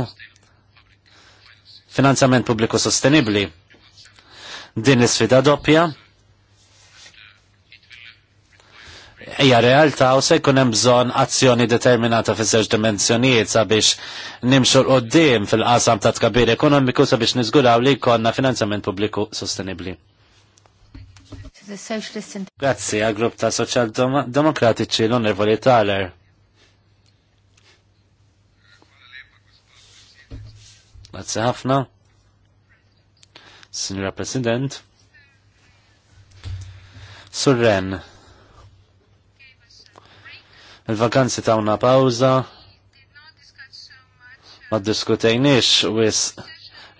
finanzjament pubbliku sostenibbli din l-sfida doppja Ija realtà u se jkun hemm bżonn azzjoni determinata fi żewġ dimensjonijiet sabiex nimxu l qoddim fil-qasam ta' tkabir ekonomiku sabiex niżguraw li jkollna finanzjament pubbliku sostenibbli. Grazzi a grupp ta' social Demokratiċi l-Onorevoli Taler. Grazzi ħafna. Signora President. Surren. Il-vakanzi ta' una pawza. Ma diskutejniex wis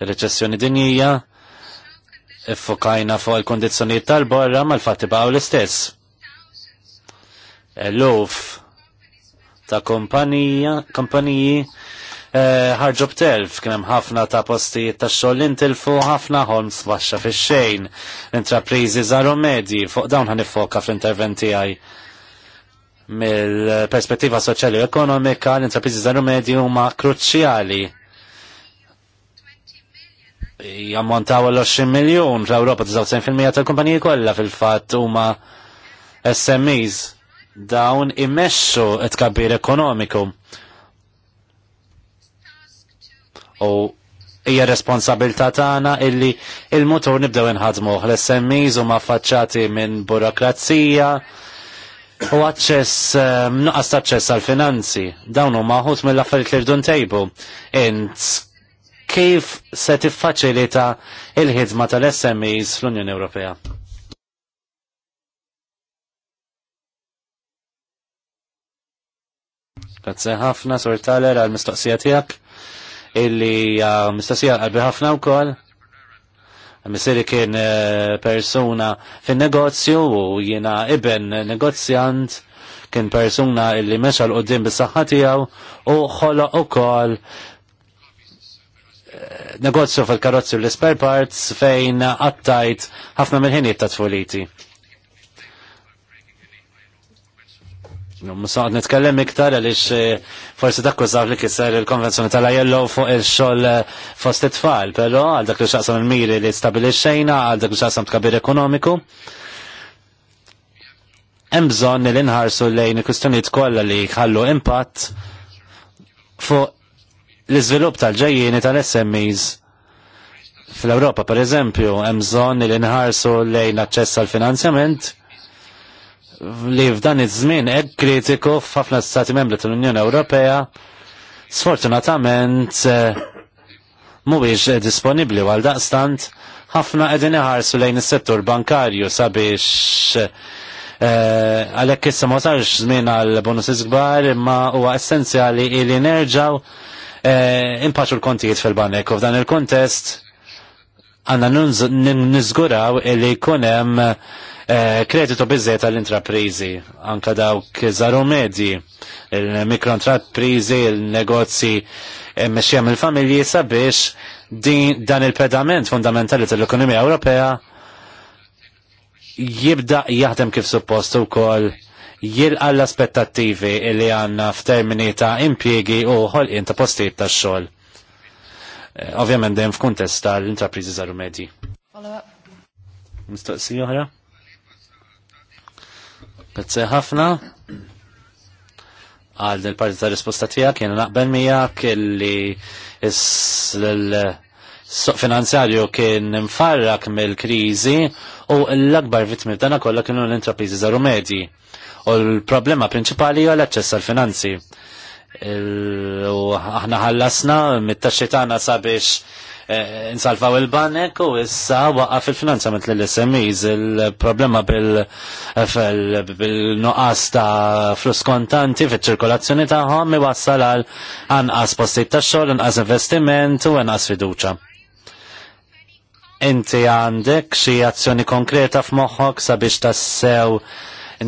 il-reċessjoni dinjija. Iffokajna fuq il kondizjoniet tal-borra mal-fatti baw l-istess. Eluf ta' kompanija, kompaniji Eh, ħarġu b'telf, kien hemm ħafna ta' postijiet ta' xogħol intilfu ħafna ħolms sfaxxa fix-xejn. L-intrapriżi żaru medji fuq dawn ħan ifoka fl-interventi għaj mill-perspettiva soċjali u ekonomika l-intrapriżi żaru medji huma kruċjali jammontaw l-20 miljon fl-Europa 99% tal-kumpaniji kollha fil-fatt huma SMEs dawn immexxu t-kabbir ekonomiku u hija responsabilità tagħna illi il-mutur nibdew inħadmuh l-SMEs huma affaċċati minn burokrazija u aċċess ehm, nuqqas aċċess għal finanzi dawn huma ħut mill-affarijiet li rdu ntejbu. Int kif se tiffaċilita il-ħidma tal-SMEs fl-Unjoni Ewropea? Grazie ħafna, Sur Taler, għal mistoqsija tiegħek illi mistassija qalbi ħafna wkoll. Misiri kien eh, persuna fin-negozju u jiena iben negozjant kien persuna illi meċa l-qoddim bis-saħħa tiegħu u ħola ukoll eh, negozju fil-karozzi l-spare parts fejn għattajt ħafna mill-ħinijiet ta' tfuliti. Musaqt nitkellem iktar għaliex eh, forsi dakku zaħf li kisser il-konvenzjoni tal-ajello fuq il-xogħol eh, fost it-tfal, però għal dak li xaqsam il-miri li xejna, għal dak li xaqsam kabir ekonomiku. Hemm bżonn li nħarsu lejn il-kwistjonijiet kollha li jħallu impatt fuq l-iżvilupp tal ġejjini tal-SMEs fl-Ewropa, per eżempju, hemm bżonn li nħarsu lejn aċċess għal finanzjament li f'dan iż-żmien hekk kritiku f'ħafna stati membri tal-Unjoni Ewropea sfortunatament eh, mhuwiex disponibbli għal daqstant ħafna qegħdin iħarsu lejn is-settur bankarju sabiex eh, għalhekk issa ma sarx żmien għal bonuses kbar imma huwa essenzjali li nerġgħu eh, impaċu l-kontijiet fil-banek u f'dan il-kontest għanna nizguraw li kunem Eh, kreditu bizzet għall-intraprizi, anka dawk zaru medji, il-mikrointraprizi, il-negozji meċjem il-familji sabiex dan il-pedament fundamentali tal-ekonomija Ewropea jibda jaħdem kif suppost u kol jilqa l-aspettativi li għanna f'termini ta' impjiegi u ħolqin ta' postijiet ta' xogħol. Eh, ovvjament dejjem f'kuntest tal-intrapriżi żaru medji. Mistoqsija oħra? Pezze ħafna għal del parti ta' risposta tija jena naqbel mija illi s-soq finanzjarju kien mfarrak mill-kriżi u l-akbar vitmi tagħna kollha kienu l-intrapriżi żaru medji. U l-problema prinċipali hija l-aċċess għal finanzi U aħna ħallasna mit-taxxi tagħna sabiex insalfaw eh, il-banek u issa waqqa fil-finanzament l-SMEs il-problema bil-noqas ta' flus kontanti fit ċirkolazzjoni tagħhom wassal għal anqas postijiet ta' xogħol, anqas investiment u anqas fiduċa. Inti għandek xi azzjoni konkreta f'moħħok sabiex tassew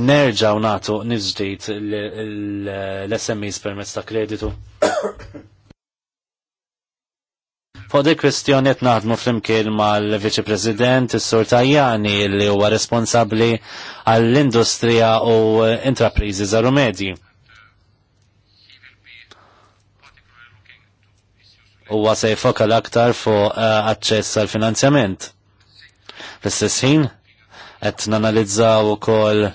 nerġaw natu nizdit l-SMEs permezz ta' kreditu. Fodi kwestjoniet qed naħdmu flimkien mal-Viċi President is-Sur Tajjani li huwa responsabbli għall-industrija u intrapriżi żaru medji. Huwa se jfokal aktar fuq eh, aċċess għal finanzjament. Fl-istess ħin qed nanalizzaw ukoll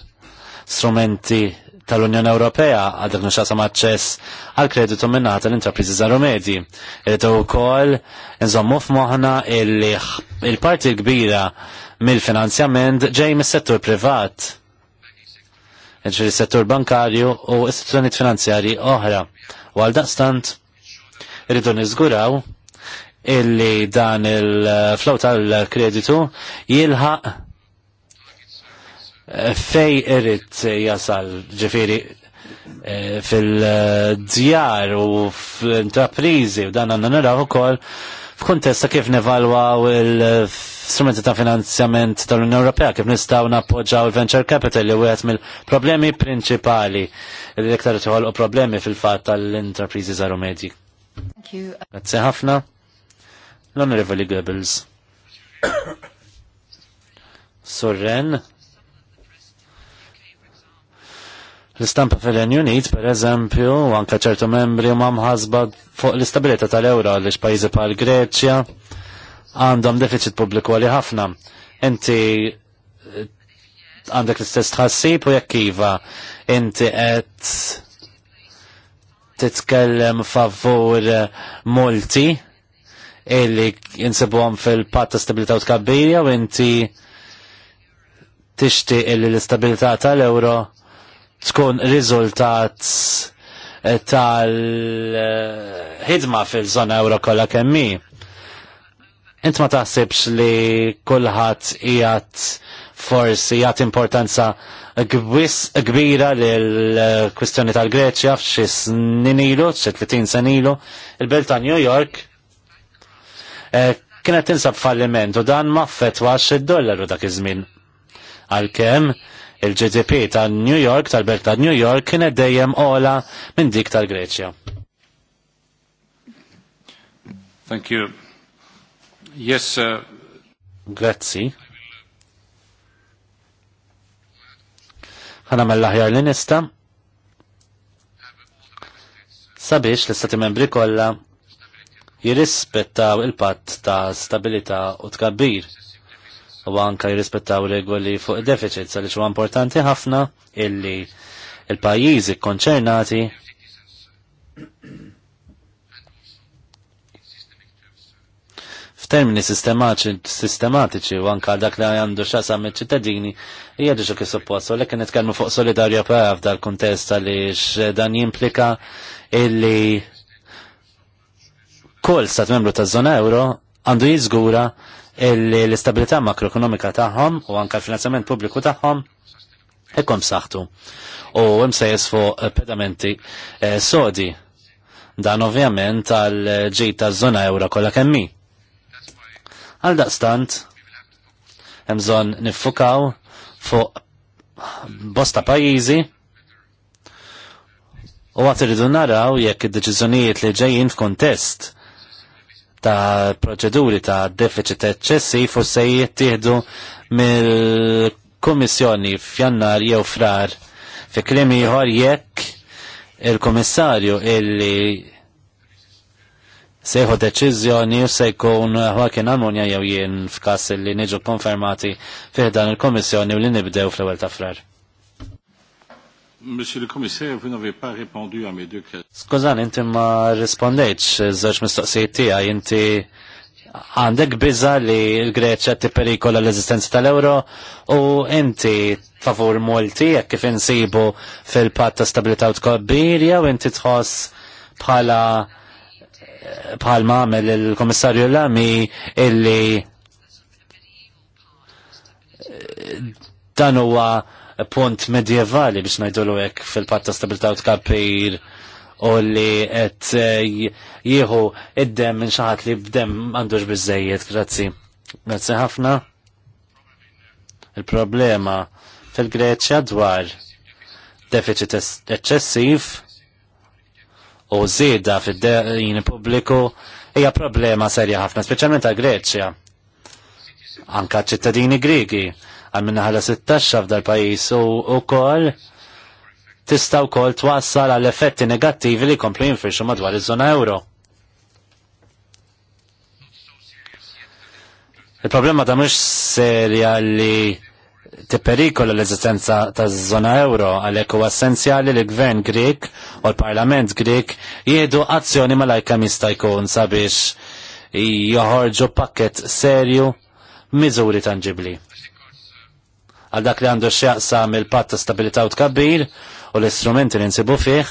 strumenti tal-Unjoni Ewropea għadek nuxasam aċċess għal kreditu għata tal-intrapriżi zaru medji. Irritu u kol nżommu f'moħna il-parti kbira mill-finanzjament ġej mis-settur privat. Ġiri settur bankarju u istituzzjoniet finanzjari oħra. U għal daqstant irridu niżguraw illi dan il-flow tal-kreditu jilħaq Eh, fej irrit jasal ġifiri eh, fil-djar u fil-intraprizi u dan għanna naraw ukoll f'kuntesta kif nevalwaw il-strumenti ta' finanzjament tal-Unjoni Ewropea kif nistgħu nappoġġaw il-venture capital li wieħed mill-problemi prinċipali li iktar u problemi fil-fatt tal-intraprizi żaru medji. Grazzi ħafna. L-Honorable Goebbels. Sorren. L-istampa fil-Renju Unit, per eżempju, anka ċertu membri u mamħazba fuq l-istabilita tal-Ewra li x'pajjiżi bħal Greċja għandhom deficit pubbliku għali ħafna. Inti eh, għandek l-istess tħassib u jekk iva inti qed titkellem favur multi illi għom fil-patt ta' stabilità u tkabbirja u inti tixti illi l-istabilità tal ewra tkun riżultat eh, tal-ħidma fil-żona euro kollha kemmi. Int ma taħsibx li kulħadd qiegħed forsi jagħti importanza kbira lill-kwistjoni tal-Greċja f'xi snin ilu, xi 30 sen ilu, il-Belt ta' New York eh, kienet tinsab falliment u dan ma fetwax id-dollaru dak iż-żmien. Għalkemm Il-GDP ta' New York, tal-Belt ta' New York, kienet dejjem ola minn dik tal-Greċja. Thank you. Yes, uh... Grazzi. Għana mal-laħjar li nista sabiex l-istati membri kollha jirrispettaw il-patt ta' stabilità u tkabbir u anka jirrispettaw regoli fuq deficit sal huwa importanti ħafna illi il-pajjiżi konċernati f'termini sistematiċi u anka dak li għandu xasam il-ċittadini jgħadu xo kif suppost, u lekk nitkellmu fuq solidarja pa' f'dal kontest għaliex dan jimplika illi kull stat membru ta' zona euro għandu jizgura l-istabilità makroekonomika tagħhom u anke l-finanzjament pubbliku tagħhom ikkom saħtu. U hemm se fuq eh, pedamenti eh, sodi dan ovvjament għal eh, ġej taż-żona ewra kollha mi. Għal daqstant hemm bżonn niffukaw fuq bosta pajjiżi u għat irridu naraw jekk id-deċiżjonijiet li ġejjin f'kontest ta' proċeduri ta' deficit eċċessiv u se jittieħdu mill-Kummissjoni f'Jannar jew frar fi klim ieħor jekk il-Kummissarju illi seħu deċizjoni u se jkun ħakin ammonja jew jien f'każ li niġu konfermati fih dan il-Komissjoni u li nibdew fl-ewwel ta' frar. Monsieur le Commissaire, vous n'avez pas répondu à mes deux questions. Skużan, inti ma rispondejċ, zaċ mistoqsijiet tiegħi inti għandek biża li l-Greċja tipperikola l-eżistenza tal-euro u inti favur multi jekk kif insibu fil-patt ta' stabilità u tkobbir jew inti tħoss bħala bħal mamel il-Komissarju Lami illi dan huwa punt medjevali biex najdolu hekk fil-patta stabilta u tkapir u li qed eh, jieħu id-dem minn xi ħadd li b'dem għandux bizzejiet, grazzi. Grazzi ħafna. Il-problema fil-Greċja dwar deficit eċċessiv u żieda fid-dejn pubbliku hija problema serja ħafna, speċjalment għal Greċja. Anka ċittadini Grigi għamminna ħala 16 f'dal pajis u u kol tista u kol twassal għal effetti negattivi li komplu jinfirxu madwar iż-żona euro. Il-problema ta' mux serja li tipperikola l-eżistenza ta' zona euro għalhekk huwa essenzjali li l-Gvern Grek u l-Parlament Grek jiedu azzjoni lajka jista' jkun sabiex joħorġu pakket serju miżuri tangibli għal dak li għandu x'jaqsam il-patt ta' stabilità u tkabbir u l-istrumenti li nsibu fih.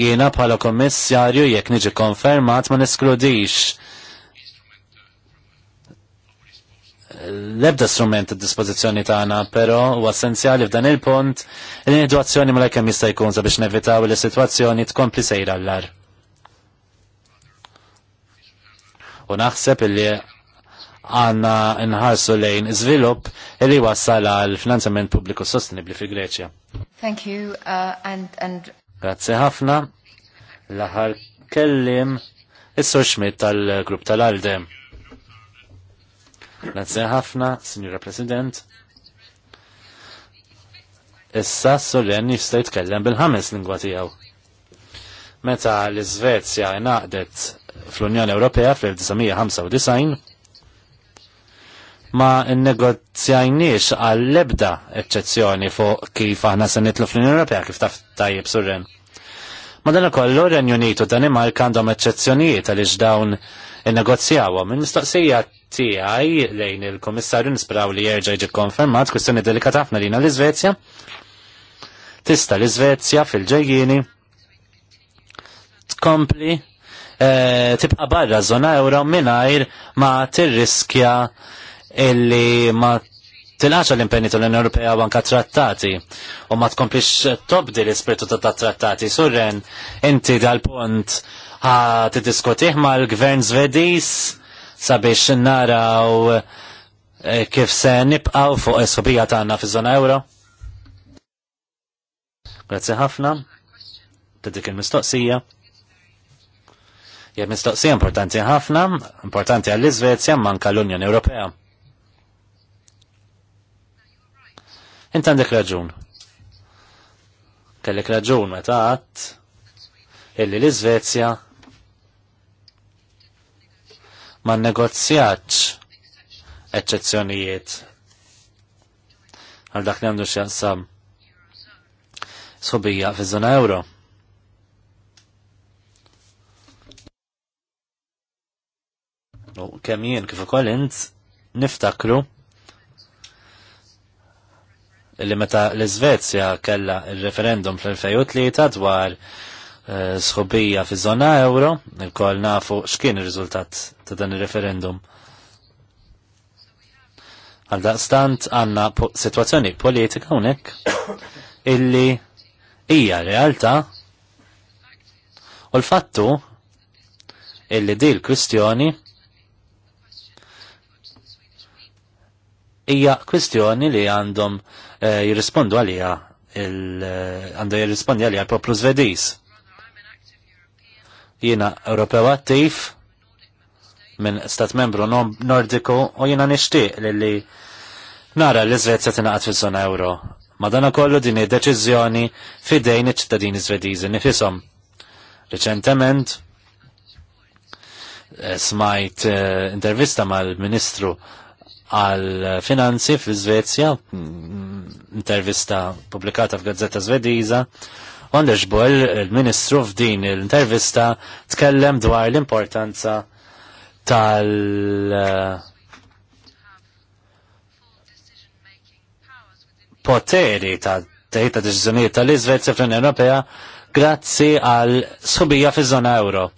Jiena bħala kommissarju jekk niġi konfermat ma neskludix l-ebda strument d-dispozizjoni tagħna, però u essenzjali f'dan il-punt l individuazzjoni azzjoni kemm jista' jkun sabiex nevitaw li situazzjoni tkompli sejra l-lar. U naħseb illi għanna nħarsu lejn zvilup li wassal għal finanzjament pubbliku sostenibli fi Greċja. Thank you uh, and, and... Grazie ħafna. L-aħar kellim is-sur Schmidt tal-grupp tal-Alde. Grazie ħafna, Signora President. Issa s-Sorren jista' jitkellem bil-ħames lingwa tiegħu. Meta l-Iżvezja inaqdet fl-Unjoni Ewropea fl-1995 ma negozjajniex għall-ebda eccezzjoni fuq kif aħna se nitlu fl-Unjoni Ewropea kif taf tajjeb surren. ukoll l Renju Unitu Danimark għandhom eccezzjonijiet għaliex dawn innegozjawhom. Il-mistoqsija tiegħi lejn il-Kummissarju nisperaw li jerġa' jiġi konfermat kwistjoni delikat ħafna lina l-Iżvezja. Tista' l-Iżvezja fil-ġejjieni tkompli eh, tibqa' barra żona euro mingħajr ma tirriskja illi ma tilaċa l-impenni tal-Unjoni Ewropea banka trattati u ma tkomplix tobdi l-ispirtu ta' trattati. Surren, inti dal-punt ħa t ma l-gvern Svedis sabiex naraw eh, kif se nibqaw fuq is-sobija tagħna fiż-żona euro. Grazzi ħafna. Tidik il-mistoqsija. Hija mistoqsija importanti ħafna, importanti għall-Iżvezja manka l-Unjoni Ewropea Int għandek raġun. Kellek raġun meta għadt illi l-Iżvezja ma negozjatx eċċezzjonijiet għal dak li għandu xjansam sobija fi zona euro. U kemm jien kif ukoll int niftakru li meta l-Svezja kella il-referendum fl-2003 dwar eh, sħobija fi zona euro, il koll nafu xkien il-rizultat ta' dan il-referendum. Għaldaqstant għanna situazzjoni politika unek illi hija realtà u l-fattu illi di l-kwistjoni hija kwistjoni li għandhom eh, jirrispondu għalija eh, għandhom jirrispondi għalija l-poplu Zvediż. Jiena Ewropew attiv minn stat membru nordiku u jiena nixtieq li li nara li Svezja tingħaqad fiż-żona euro. Madonna kollu din id-deċiżjoni fidejn iċ-ċittadini Zvediżi nifisom. Reċentement eh, smajt intervista mal-Ministru għal finanzi fi Svezja, intervista publikata f'Gazzetta Svediża, Anders Boll, il-Ministru f'din l-intervista, tkellem dwar l-importanza tal- poteri ta' teħita deċiżjonijiet tal-Iżvezja fl-Unjoni Ewropea grazzi għal subija fi żona euro.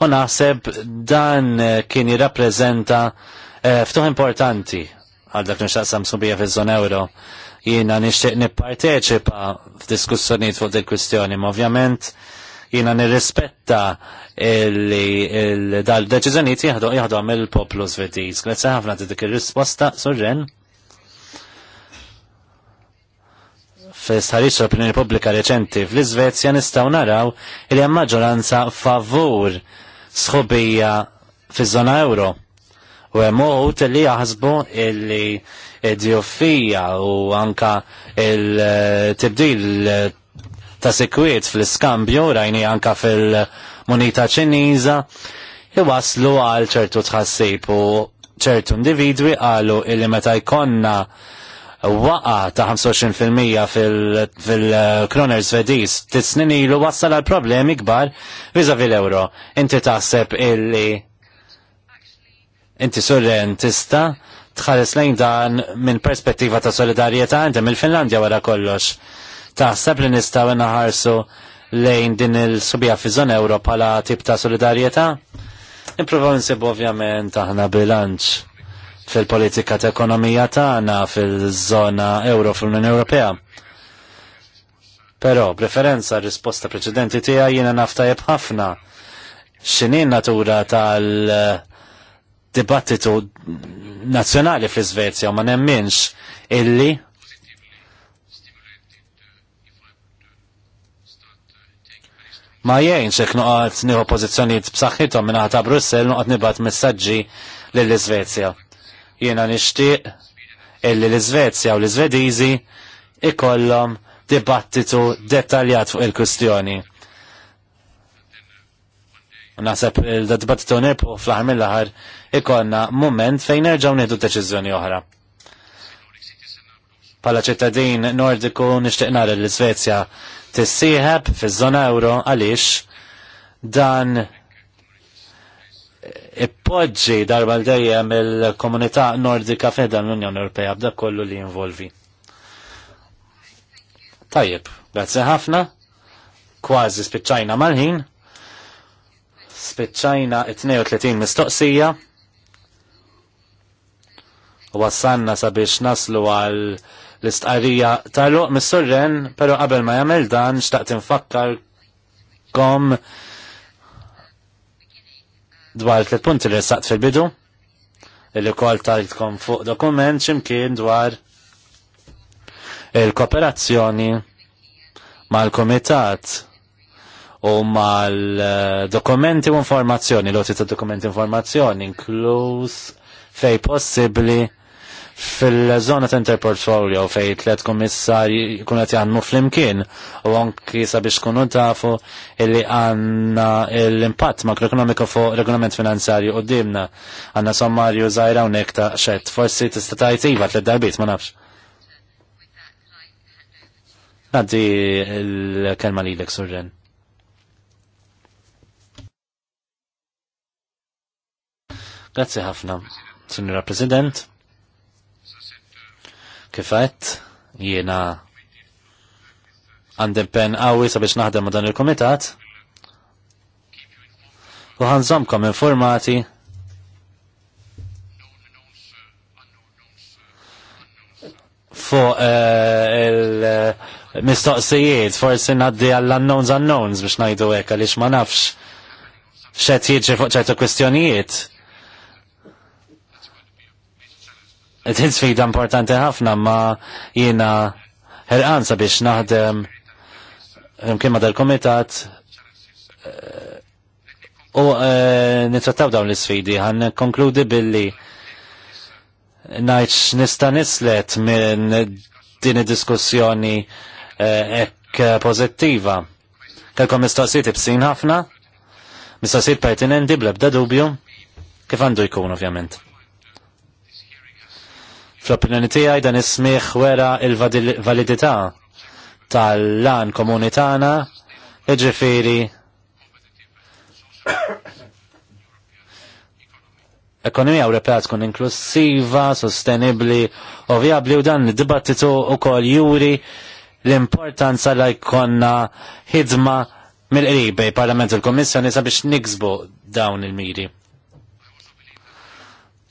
U naħseb dan kien jirrappreżenta Eh, ftuħ importanti għal dak nixtaqsam subija fil-zon euro jiena nixtieq nipparteċipa f'diskussjonijiet fuq dik kwistjoni, ma ovvjament jiena nirrispetta dal-deċiżjonijiet jieħdu jieħdu mill-poplu Svediż. Grazzi ħafna dik ir-risposta, Surren. fis-sħarix l-opinjoni pubblika reċenti fl-Iżvezja nistgħu naraw li hemm maġġoranza favur sħobija fiż-żona euro u emot li jaħsbu illi id u anka il-tibdil ta' sekwiet fl-iskambju rajni anka fil-munita ċiniża iwaslu għal ċertu tħassib u ċertu individwi għalu illi meta jkonna waqa ta' 25% fil-kroner svediż tit-snin ilu wassal għal problemi kbar viżavi l-euro. Inti taħseb illi Inti surren tista tħares lejn dan minn perspettiva ta' solidarjetà inti mill-Finlandja wara kollox. Taħseb li nistgħu naħarsu lejn din il-subija fi zona euro la tip ta' solidarieta? Nipruvaw nsibu ovvjament aħna bilanċ fil-politika ta' ekonomija tagħna fil-żona euro fl-Unjoni Ewropea. Però preferenza risposta preċedenti tiegħi jiena naftajeb ħafna x'inhi natura tal- dibattitu nazzjonali fl-Svezja ma nemminx illi ma jgħinx xek nuqat nieħu pożizzjonijiet b'saħħithom minna ta' Brussel nuqat nibgħat messaġġi lill svezja Jiena nixtieq illi l-Iżvezja u l-Iżvediżi ikollom dibattitu dettaljat fuq il-kwistjoni. Naħseb il-dibattitu eh, nirpu fl-ħar mill-ħar ikonna moment fejn nerġaw nieħdu deċiżjoni oħra. Pala ċittadin nordiku nixtieq nara l svezja tissieħeb fiż-żona euro għaliex dan ippoġġi darba l-dejjem il-komunità nordika fedda l-Unjoni Ewropea b'dak kollu li involvi. Tajjeb, grazzi ħafna, kważi spiċċajna mal-ħin. Spiċċajna 32 mistoqsija u wassanna sabiex naslu għal l-istqarrija tal-luq mis-surren, pero qabel ma jagħmel dan xtaqt kom dwar tliet punti li saqt fil-bidu illi kol tajtkom fuq dokument ximkien dwar il-kooperazzjoni mal-komitat u mal-dokumenti u informazzjoni, loti ta' dokumenti informazzjoni, inkluż fej possibli fil-zona ta' interportfolio fej tlet kommissarji kunet jannu fl-imkien u anki sabiex kunu tafu illi għanna l-impatt makroekonomiku fuq regolament finanzjarju u dimna għanna sommarju zaħira unek ta' xed forsi tista' tajt iva tlet darbit ma nafx. Naddi l-kelma li l-ek Grazzi ħafna, Sinjura President. Kifet, jiena għandem pen għawi sabiex naħdem ma dan il-komitat. U ħanżomkom informati fuq eh, il-mistoqsijiet, forsi naddi għall-unknowns unknowns biex najdu għek, għalix ma nafx xet jieġi fuq ċertu kwestjonijiet. Din sfida importanti ħafna ma jiena ħelqan sabiex naħdem imkien dal-komitat eh, u eh, nitrattaw dawn l-sfidi. ħan konkludi billi najċ nista nislet minn din id-diskussjoni eh, ek pozittiva. Kelkom mistoqsijiet ibsin ħafna, mistoqsijiet pertinenti blebda dubju, kif għandu jkun ovvjament. Fl-opinjoni tiegħi dan ismiħ wera il-validità tal-lan komuni tagħna, iġifieri ekonomija Ewropea tkun inklusiva, sostenibbli u viabli u dan dibattitu u wkoll juri l-importanza li jkollna hidma mill-qrib parlament u l-Kommissjoni sabiex niksbu dawn il-miri.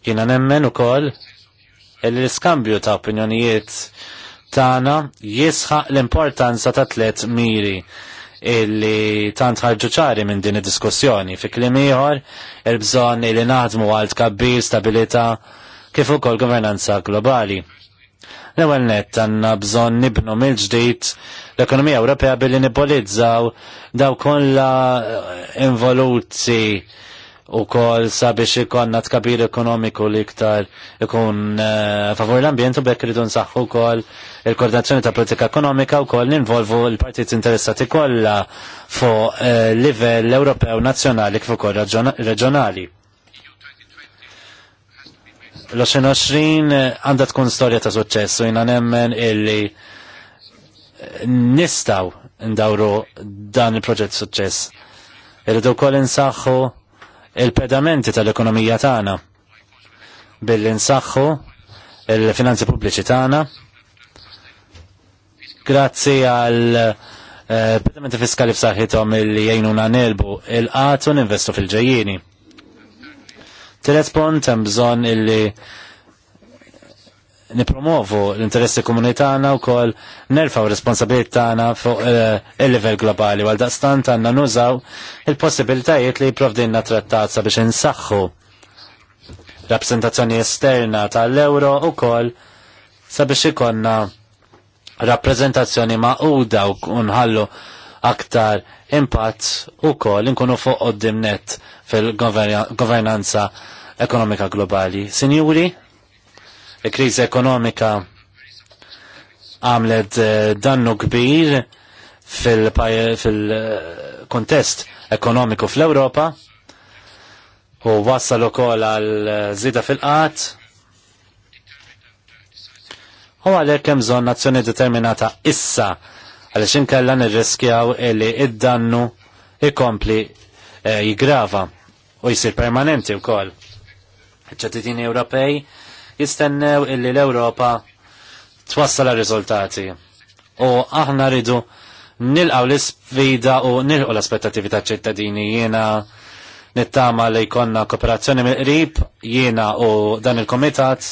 Kina nemmen ukoll l-iskambju ta' opinjonijiet tagħna jisħaq l-importanza ta' tliet miri illi tant ħarġu ċari minn din id-diskussjoni. Fi kliem ieħor il-bżonn li naħdmu għal tkabbir, stabilità kif ukoll governanza globali. L-ewwel nett għandna bżonn nibnu mill-ġdid l-ekonomija Ewropea billi nibbolizzaw daw kollha involuti u kol sabiex ikonna tkabir ekonomiku li iktar ikun uh, favur l-ambjent u bekk ridun nsaħħu kol il-koordinazzjoni ta' politika ekonomika u kol ninvolvu l-partit interessati kollha fuq uh, livell Ewropew nazzjonali kif ukoll reġjonali. L-20 eh, għandha tkun storja ta' suċċess u jina nemmen illi nistaw ndawru dan il-proġett suċċess. Irridu kol insaħħu il-pedamenti tal-ekonomija tagħna billi nsaħħu il-finanzi pubbliċi tagħna grazzi għal eh, pedamenti fiskali b'saħħithom li jgħinuna nelbu il-qatu ninvestu fil-ġejjieni. Tilet punt hemm bżonn illi nipromovu l-interessi komunitana u kol nerfaw responsabilit tana fuq eh, il-level globali għal daqstant għanna nużaw il-possibilitajiet li jiprovdinna trattazza biex insaxħu rappresentazzjoni esterna tal-euro u kol sabiex ikonna rappresentazzjoni maquda u nħallu aktar impatt u kol inkunu fuq qoddimnet fil-governanza ekonomika globali. Sinjuri, Il-kriżi ekonomika għamlet eh, dannu kbir fil-kontest fil ekonomiku fl-Europa u wassal ukoll għal eh, zida fil-qat u għalhekk hemm bżonn nazzjoni determinata issa għaliex inkella nirriskjaw li id-dannu ikompli eh, jigrava u jisir permanenti wkoll. kol. ċittadini Ewropej jistennew illi l-Ewropa twassal riżultati U aħna rridu nilqaw l-isfida u nilqaw l-aspettativi ta' ċittadini jiena nittama li jkonna kooperazzjoni mill-qrib jiena u dan il-komitat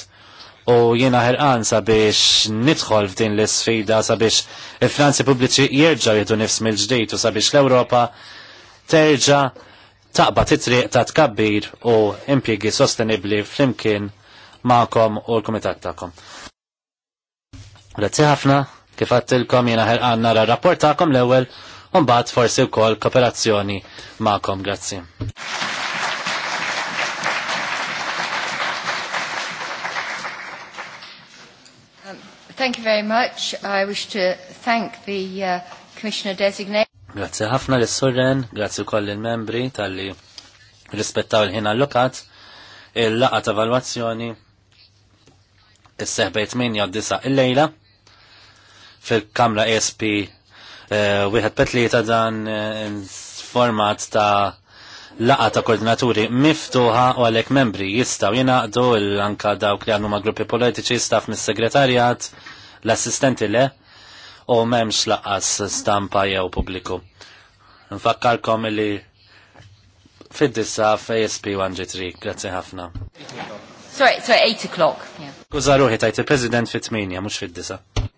u jiena ħirqan sabiex nidħol f'din l isfida sabiex il-Franzi pubbliċi jerġaw jidu nifs mill-ġdid u sabiex l-Ewropa terġa' taqba titriq ta' tkabbir u impjegi sostenibli flimkien ma'kom u l-komitat ta'kom. Grazzi ħafna, kif għattilkom jena ħerqan nara rapport ta'kom l-ewel, un-bat forsi u kol kooperazzjoni ma'kom, grazzi. Um, thank you very much. I wish to thank the uh, Commissioner Designate. Grazie ħafna l-surren, grazie koll il-membri tal-li rispettaw il-ħin lokat il-laqa ta' valwazzjoni s-seħbej 8-9 il-lejla fil-kamra ESP eh, wieħed petlieta dan eh, format ta' laqa ta' koordinaturi miftuħa u għalek membri jistaw jenaqdu l-anka dawk li għannu ma' gruppi politiċi staff mis segretarjat l-assistenti le u memx laqas stampa jew publiku. Nfakkarkom li fid-dissa f'ASP 1G3. Grazie ħafna. Sorry, sorry, 8 o'clock. Yeah. Kużaruħi tajt il-President fit-8, mux fit-9.